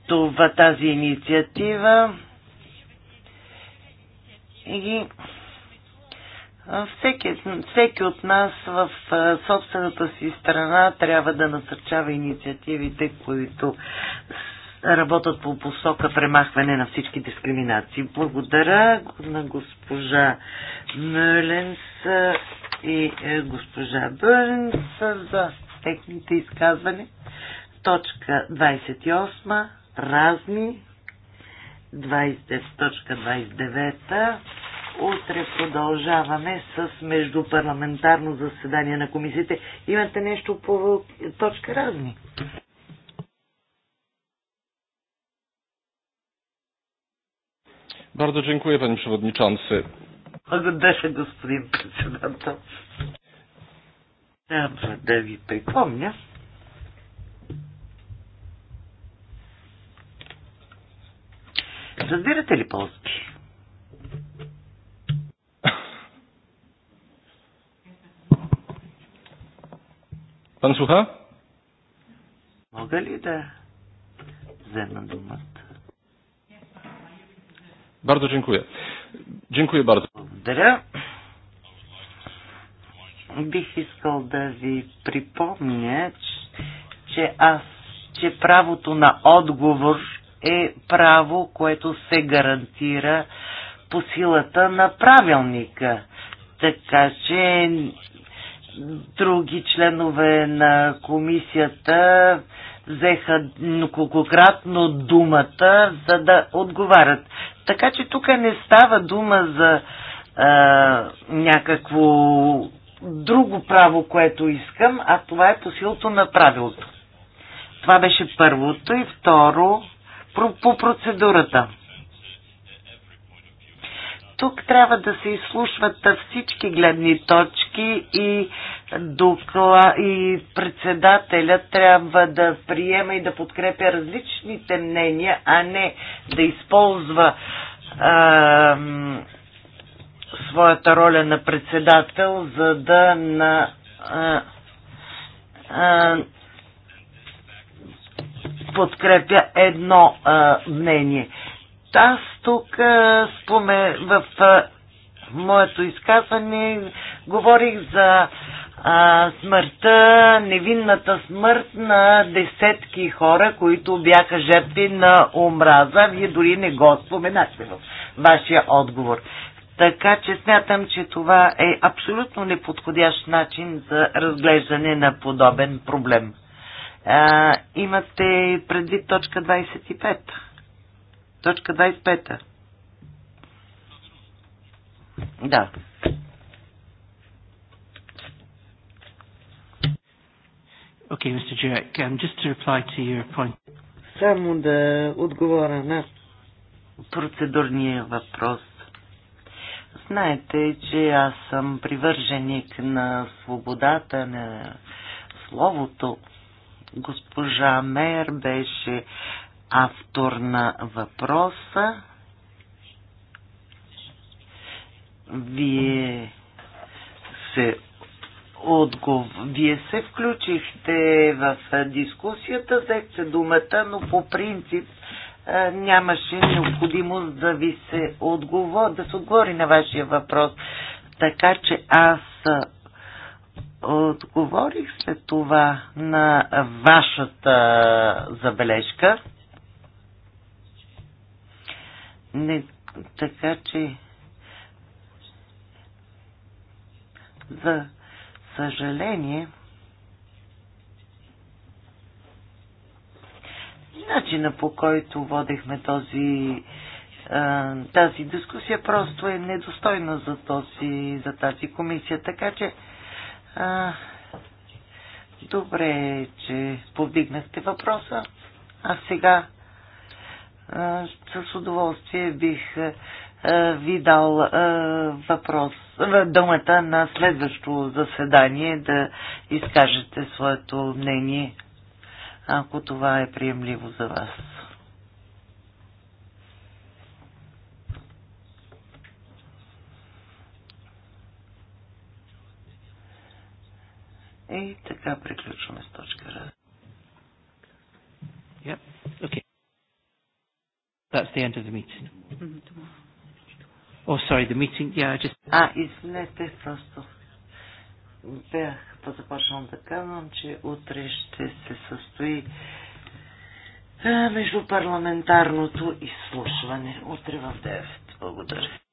това, тази инициатива. И всеки, всеки от нас в собствената си страна трябва да насърчава инициативите, които работят по посока премахване на всички дискриминации. Благодаря на госпожа Мюленс и е, госпожа Бърнс за техните изказвания. Точка 28. Разни. 20, точка 29. Утре продължаваме с междупарламентарно заседание на комисиите. Имате нещо по точка разни? Bardzo dziękuję, panie przewodniczący. Благодаря, господин председател. Трябва да ви припомня, Разбирате ли полски? Пан слуха? Мога ли да взема думата? Bardzo dziękuję. Dziękuję bardzo. Благодаря. Бих искал да ви припомня, че аз, че правото на отговор е право, което се гарантира по силата на правилника. Така че други членове на комисията взеха неколкократно думата, за да отговарят. Така че тук не става дума за а, някакво друго право, което искам, а това е по силото на правилото. Това беше първото и второ по, по процедурата. Тук трябва да се изслушват всички гледни точки и, докла, и председателя трябва да приема и да подкрепя различните мнения, а не да използва а, своята роля на председател, за да на. А, а, подкрепя едно а, мнение аз тук споме, в моето изказване говорих за а, смъртта, невинната смърт на десетки хора, които бяха жертви на омраза. Вие дори не го споменахте в вашия отговор. Така че смятам, че това е абсолютно неподходящ начин за разглеждане на подобен проблем. А, имате предвид точка 25. Точка 25. Да. Okay, Mr. Jurek, um, just to reply to your point. Само да отговоря на процедурния въпрос. Знаете, че аз съм привърженик на свободата на словото. Госпожа Мер беше автор на въпроса. Вие се отгов... Вие се включихте в дискусията, взехте думата, но по принцип нямаше необходимост да ви се отговор... да се отговори на вашия въпрос. Така че аз отговорих след това на вашата забележка. Не, така че за съжаление начина по който водехме този тази дискусия просто е недостойна за, този, за тази комисия. Така че а, добре, е, че повдигнахте въпроса. А сега с удоволствие бих ви дал въпрос, думата на следващото заседание да изкажете своето мнение, ако това е приемливо за вас. И така приключваме с точка раз. That's the end of the meeting. Mm-hmm. Oh, sorry, the meeting. Yeah, I just... А, извинете, просто бях започнал да казвам, че утре ще се състои между парламентарното изслушване. Утре в 9. Благодаря.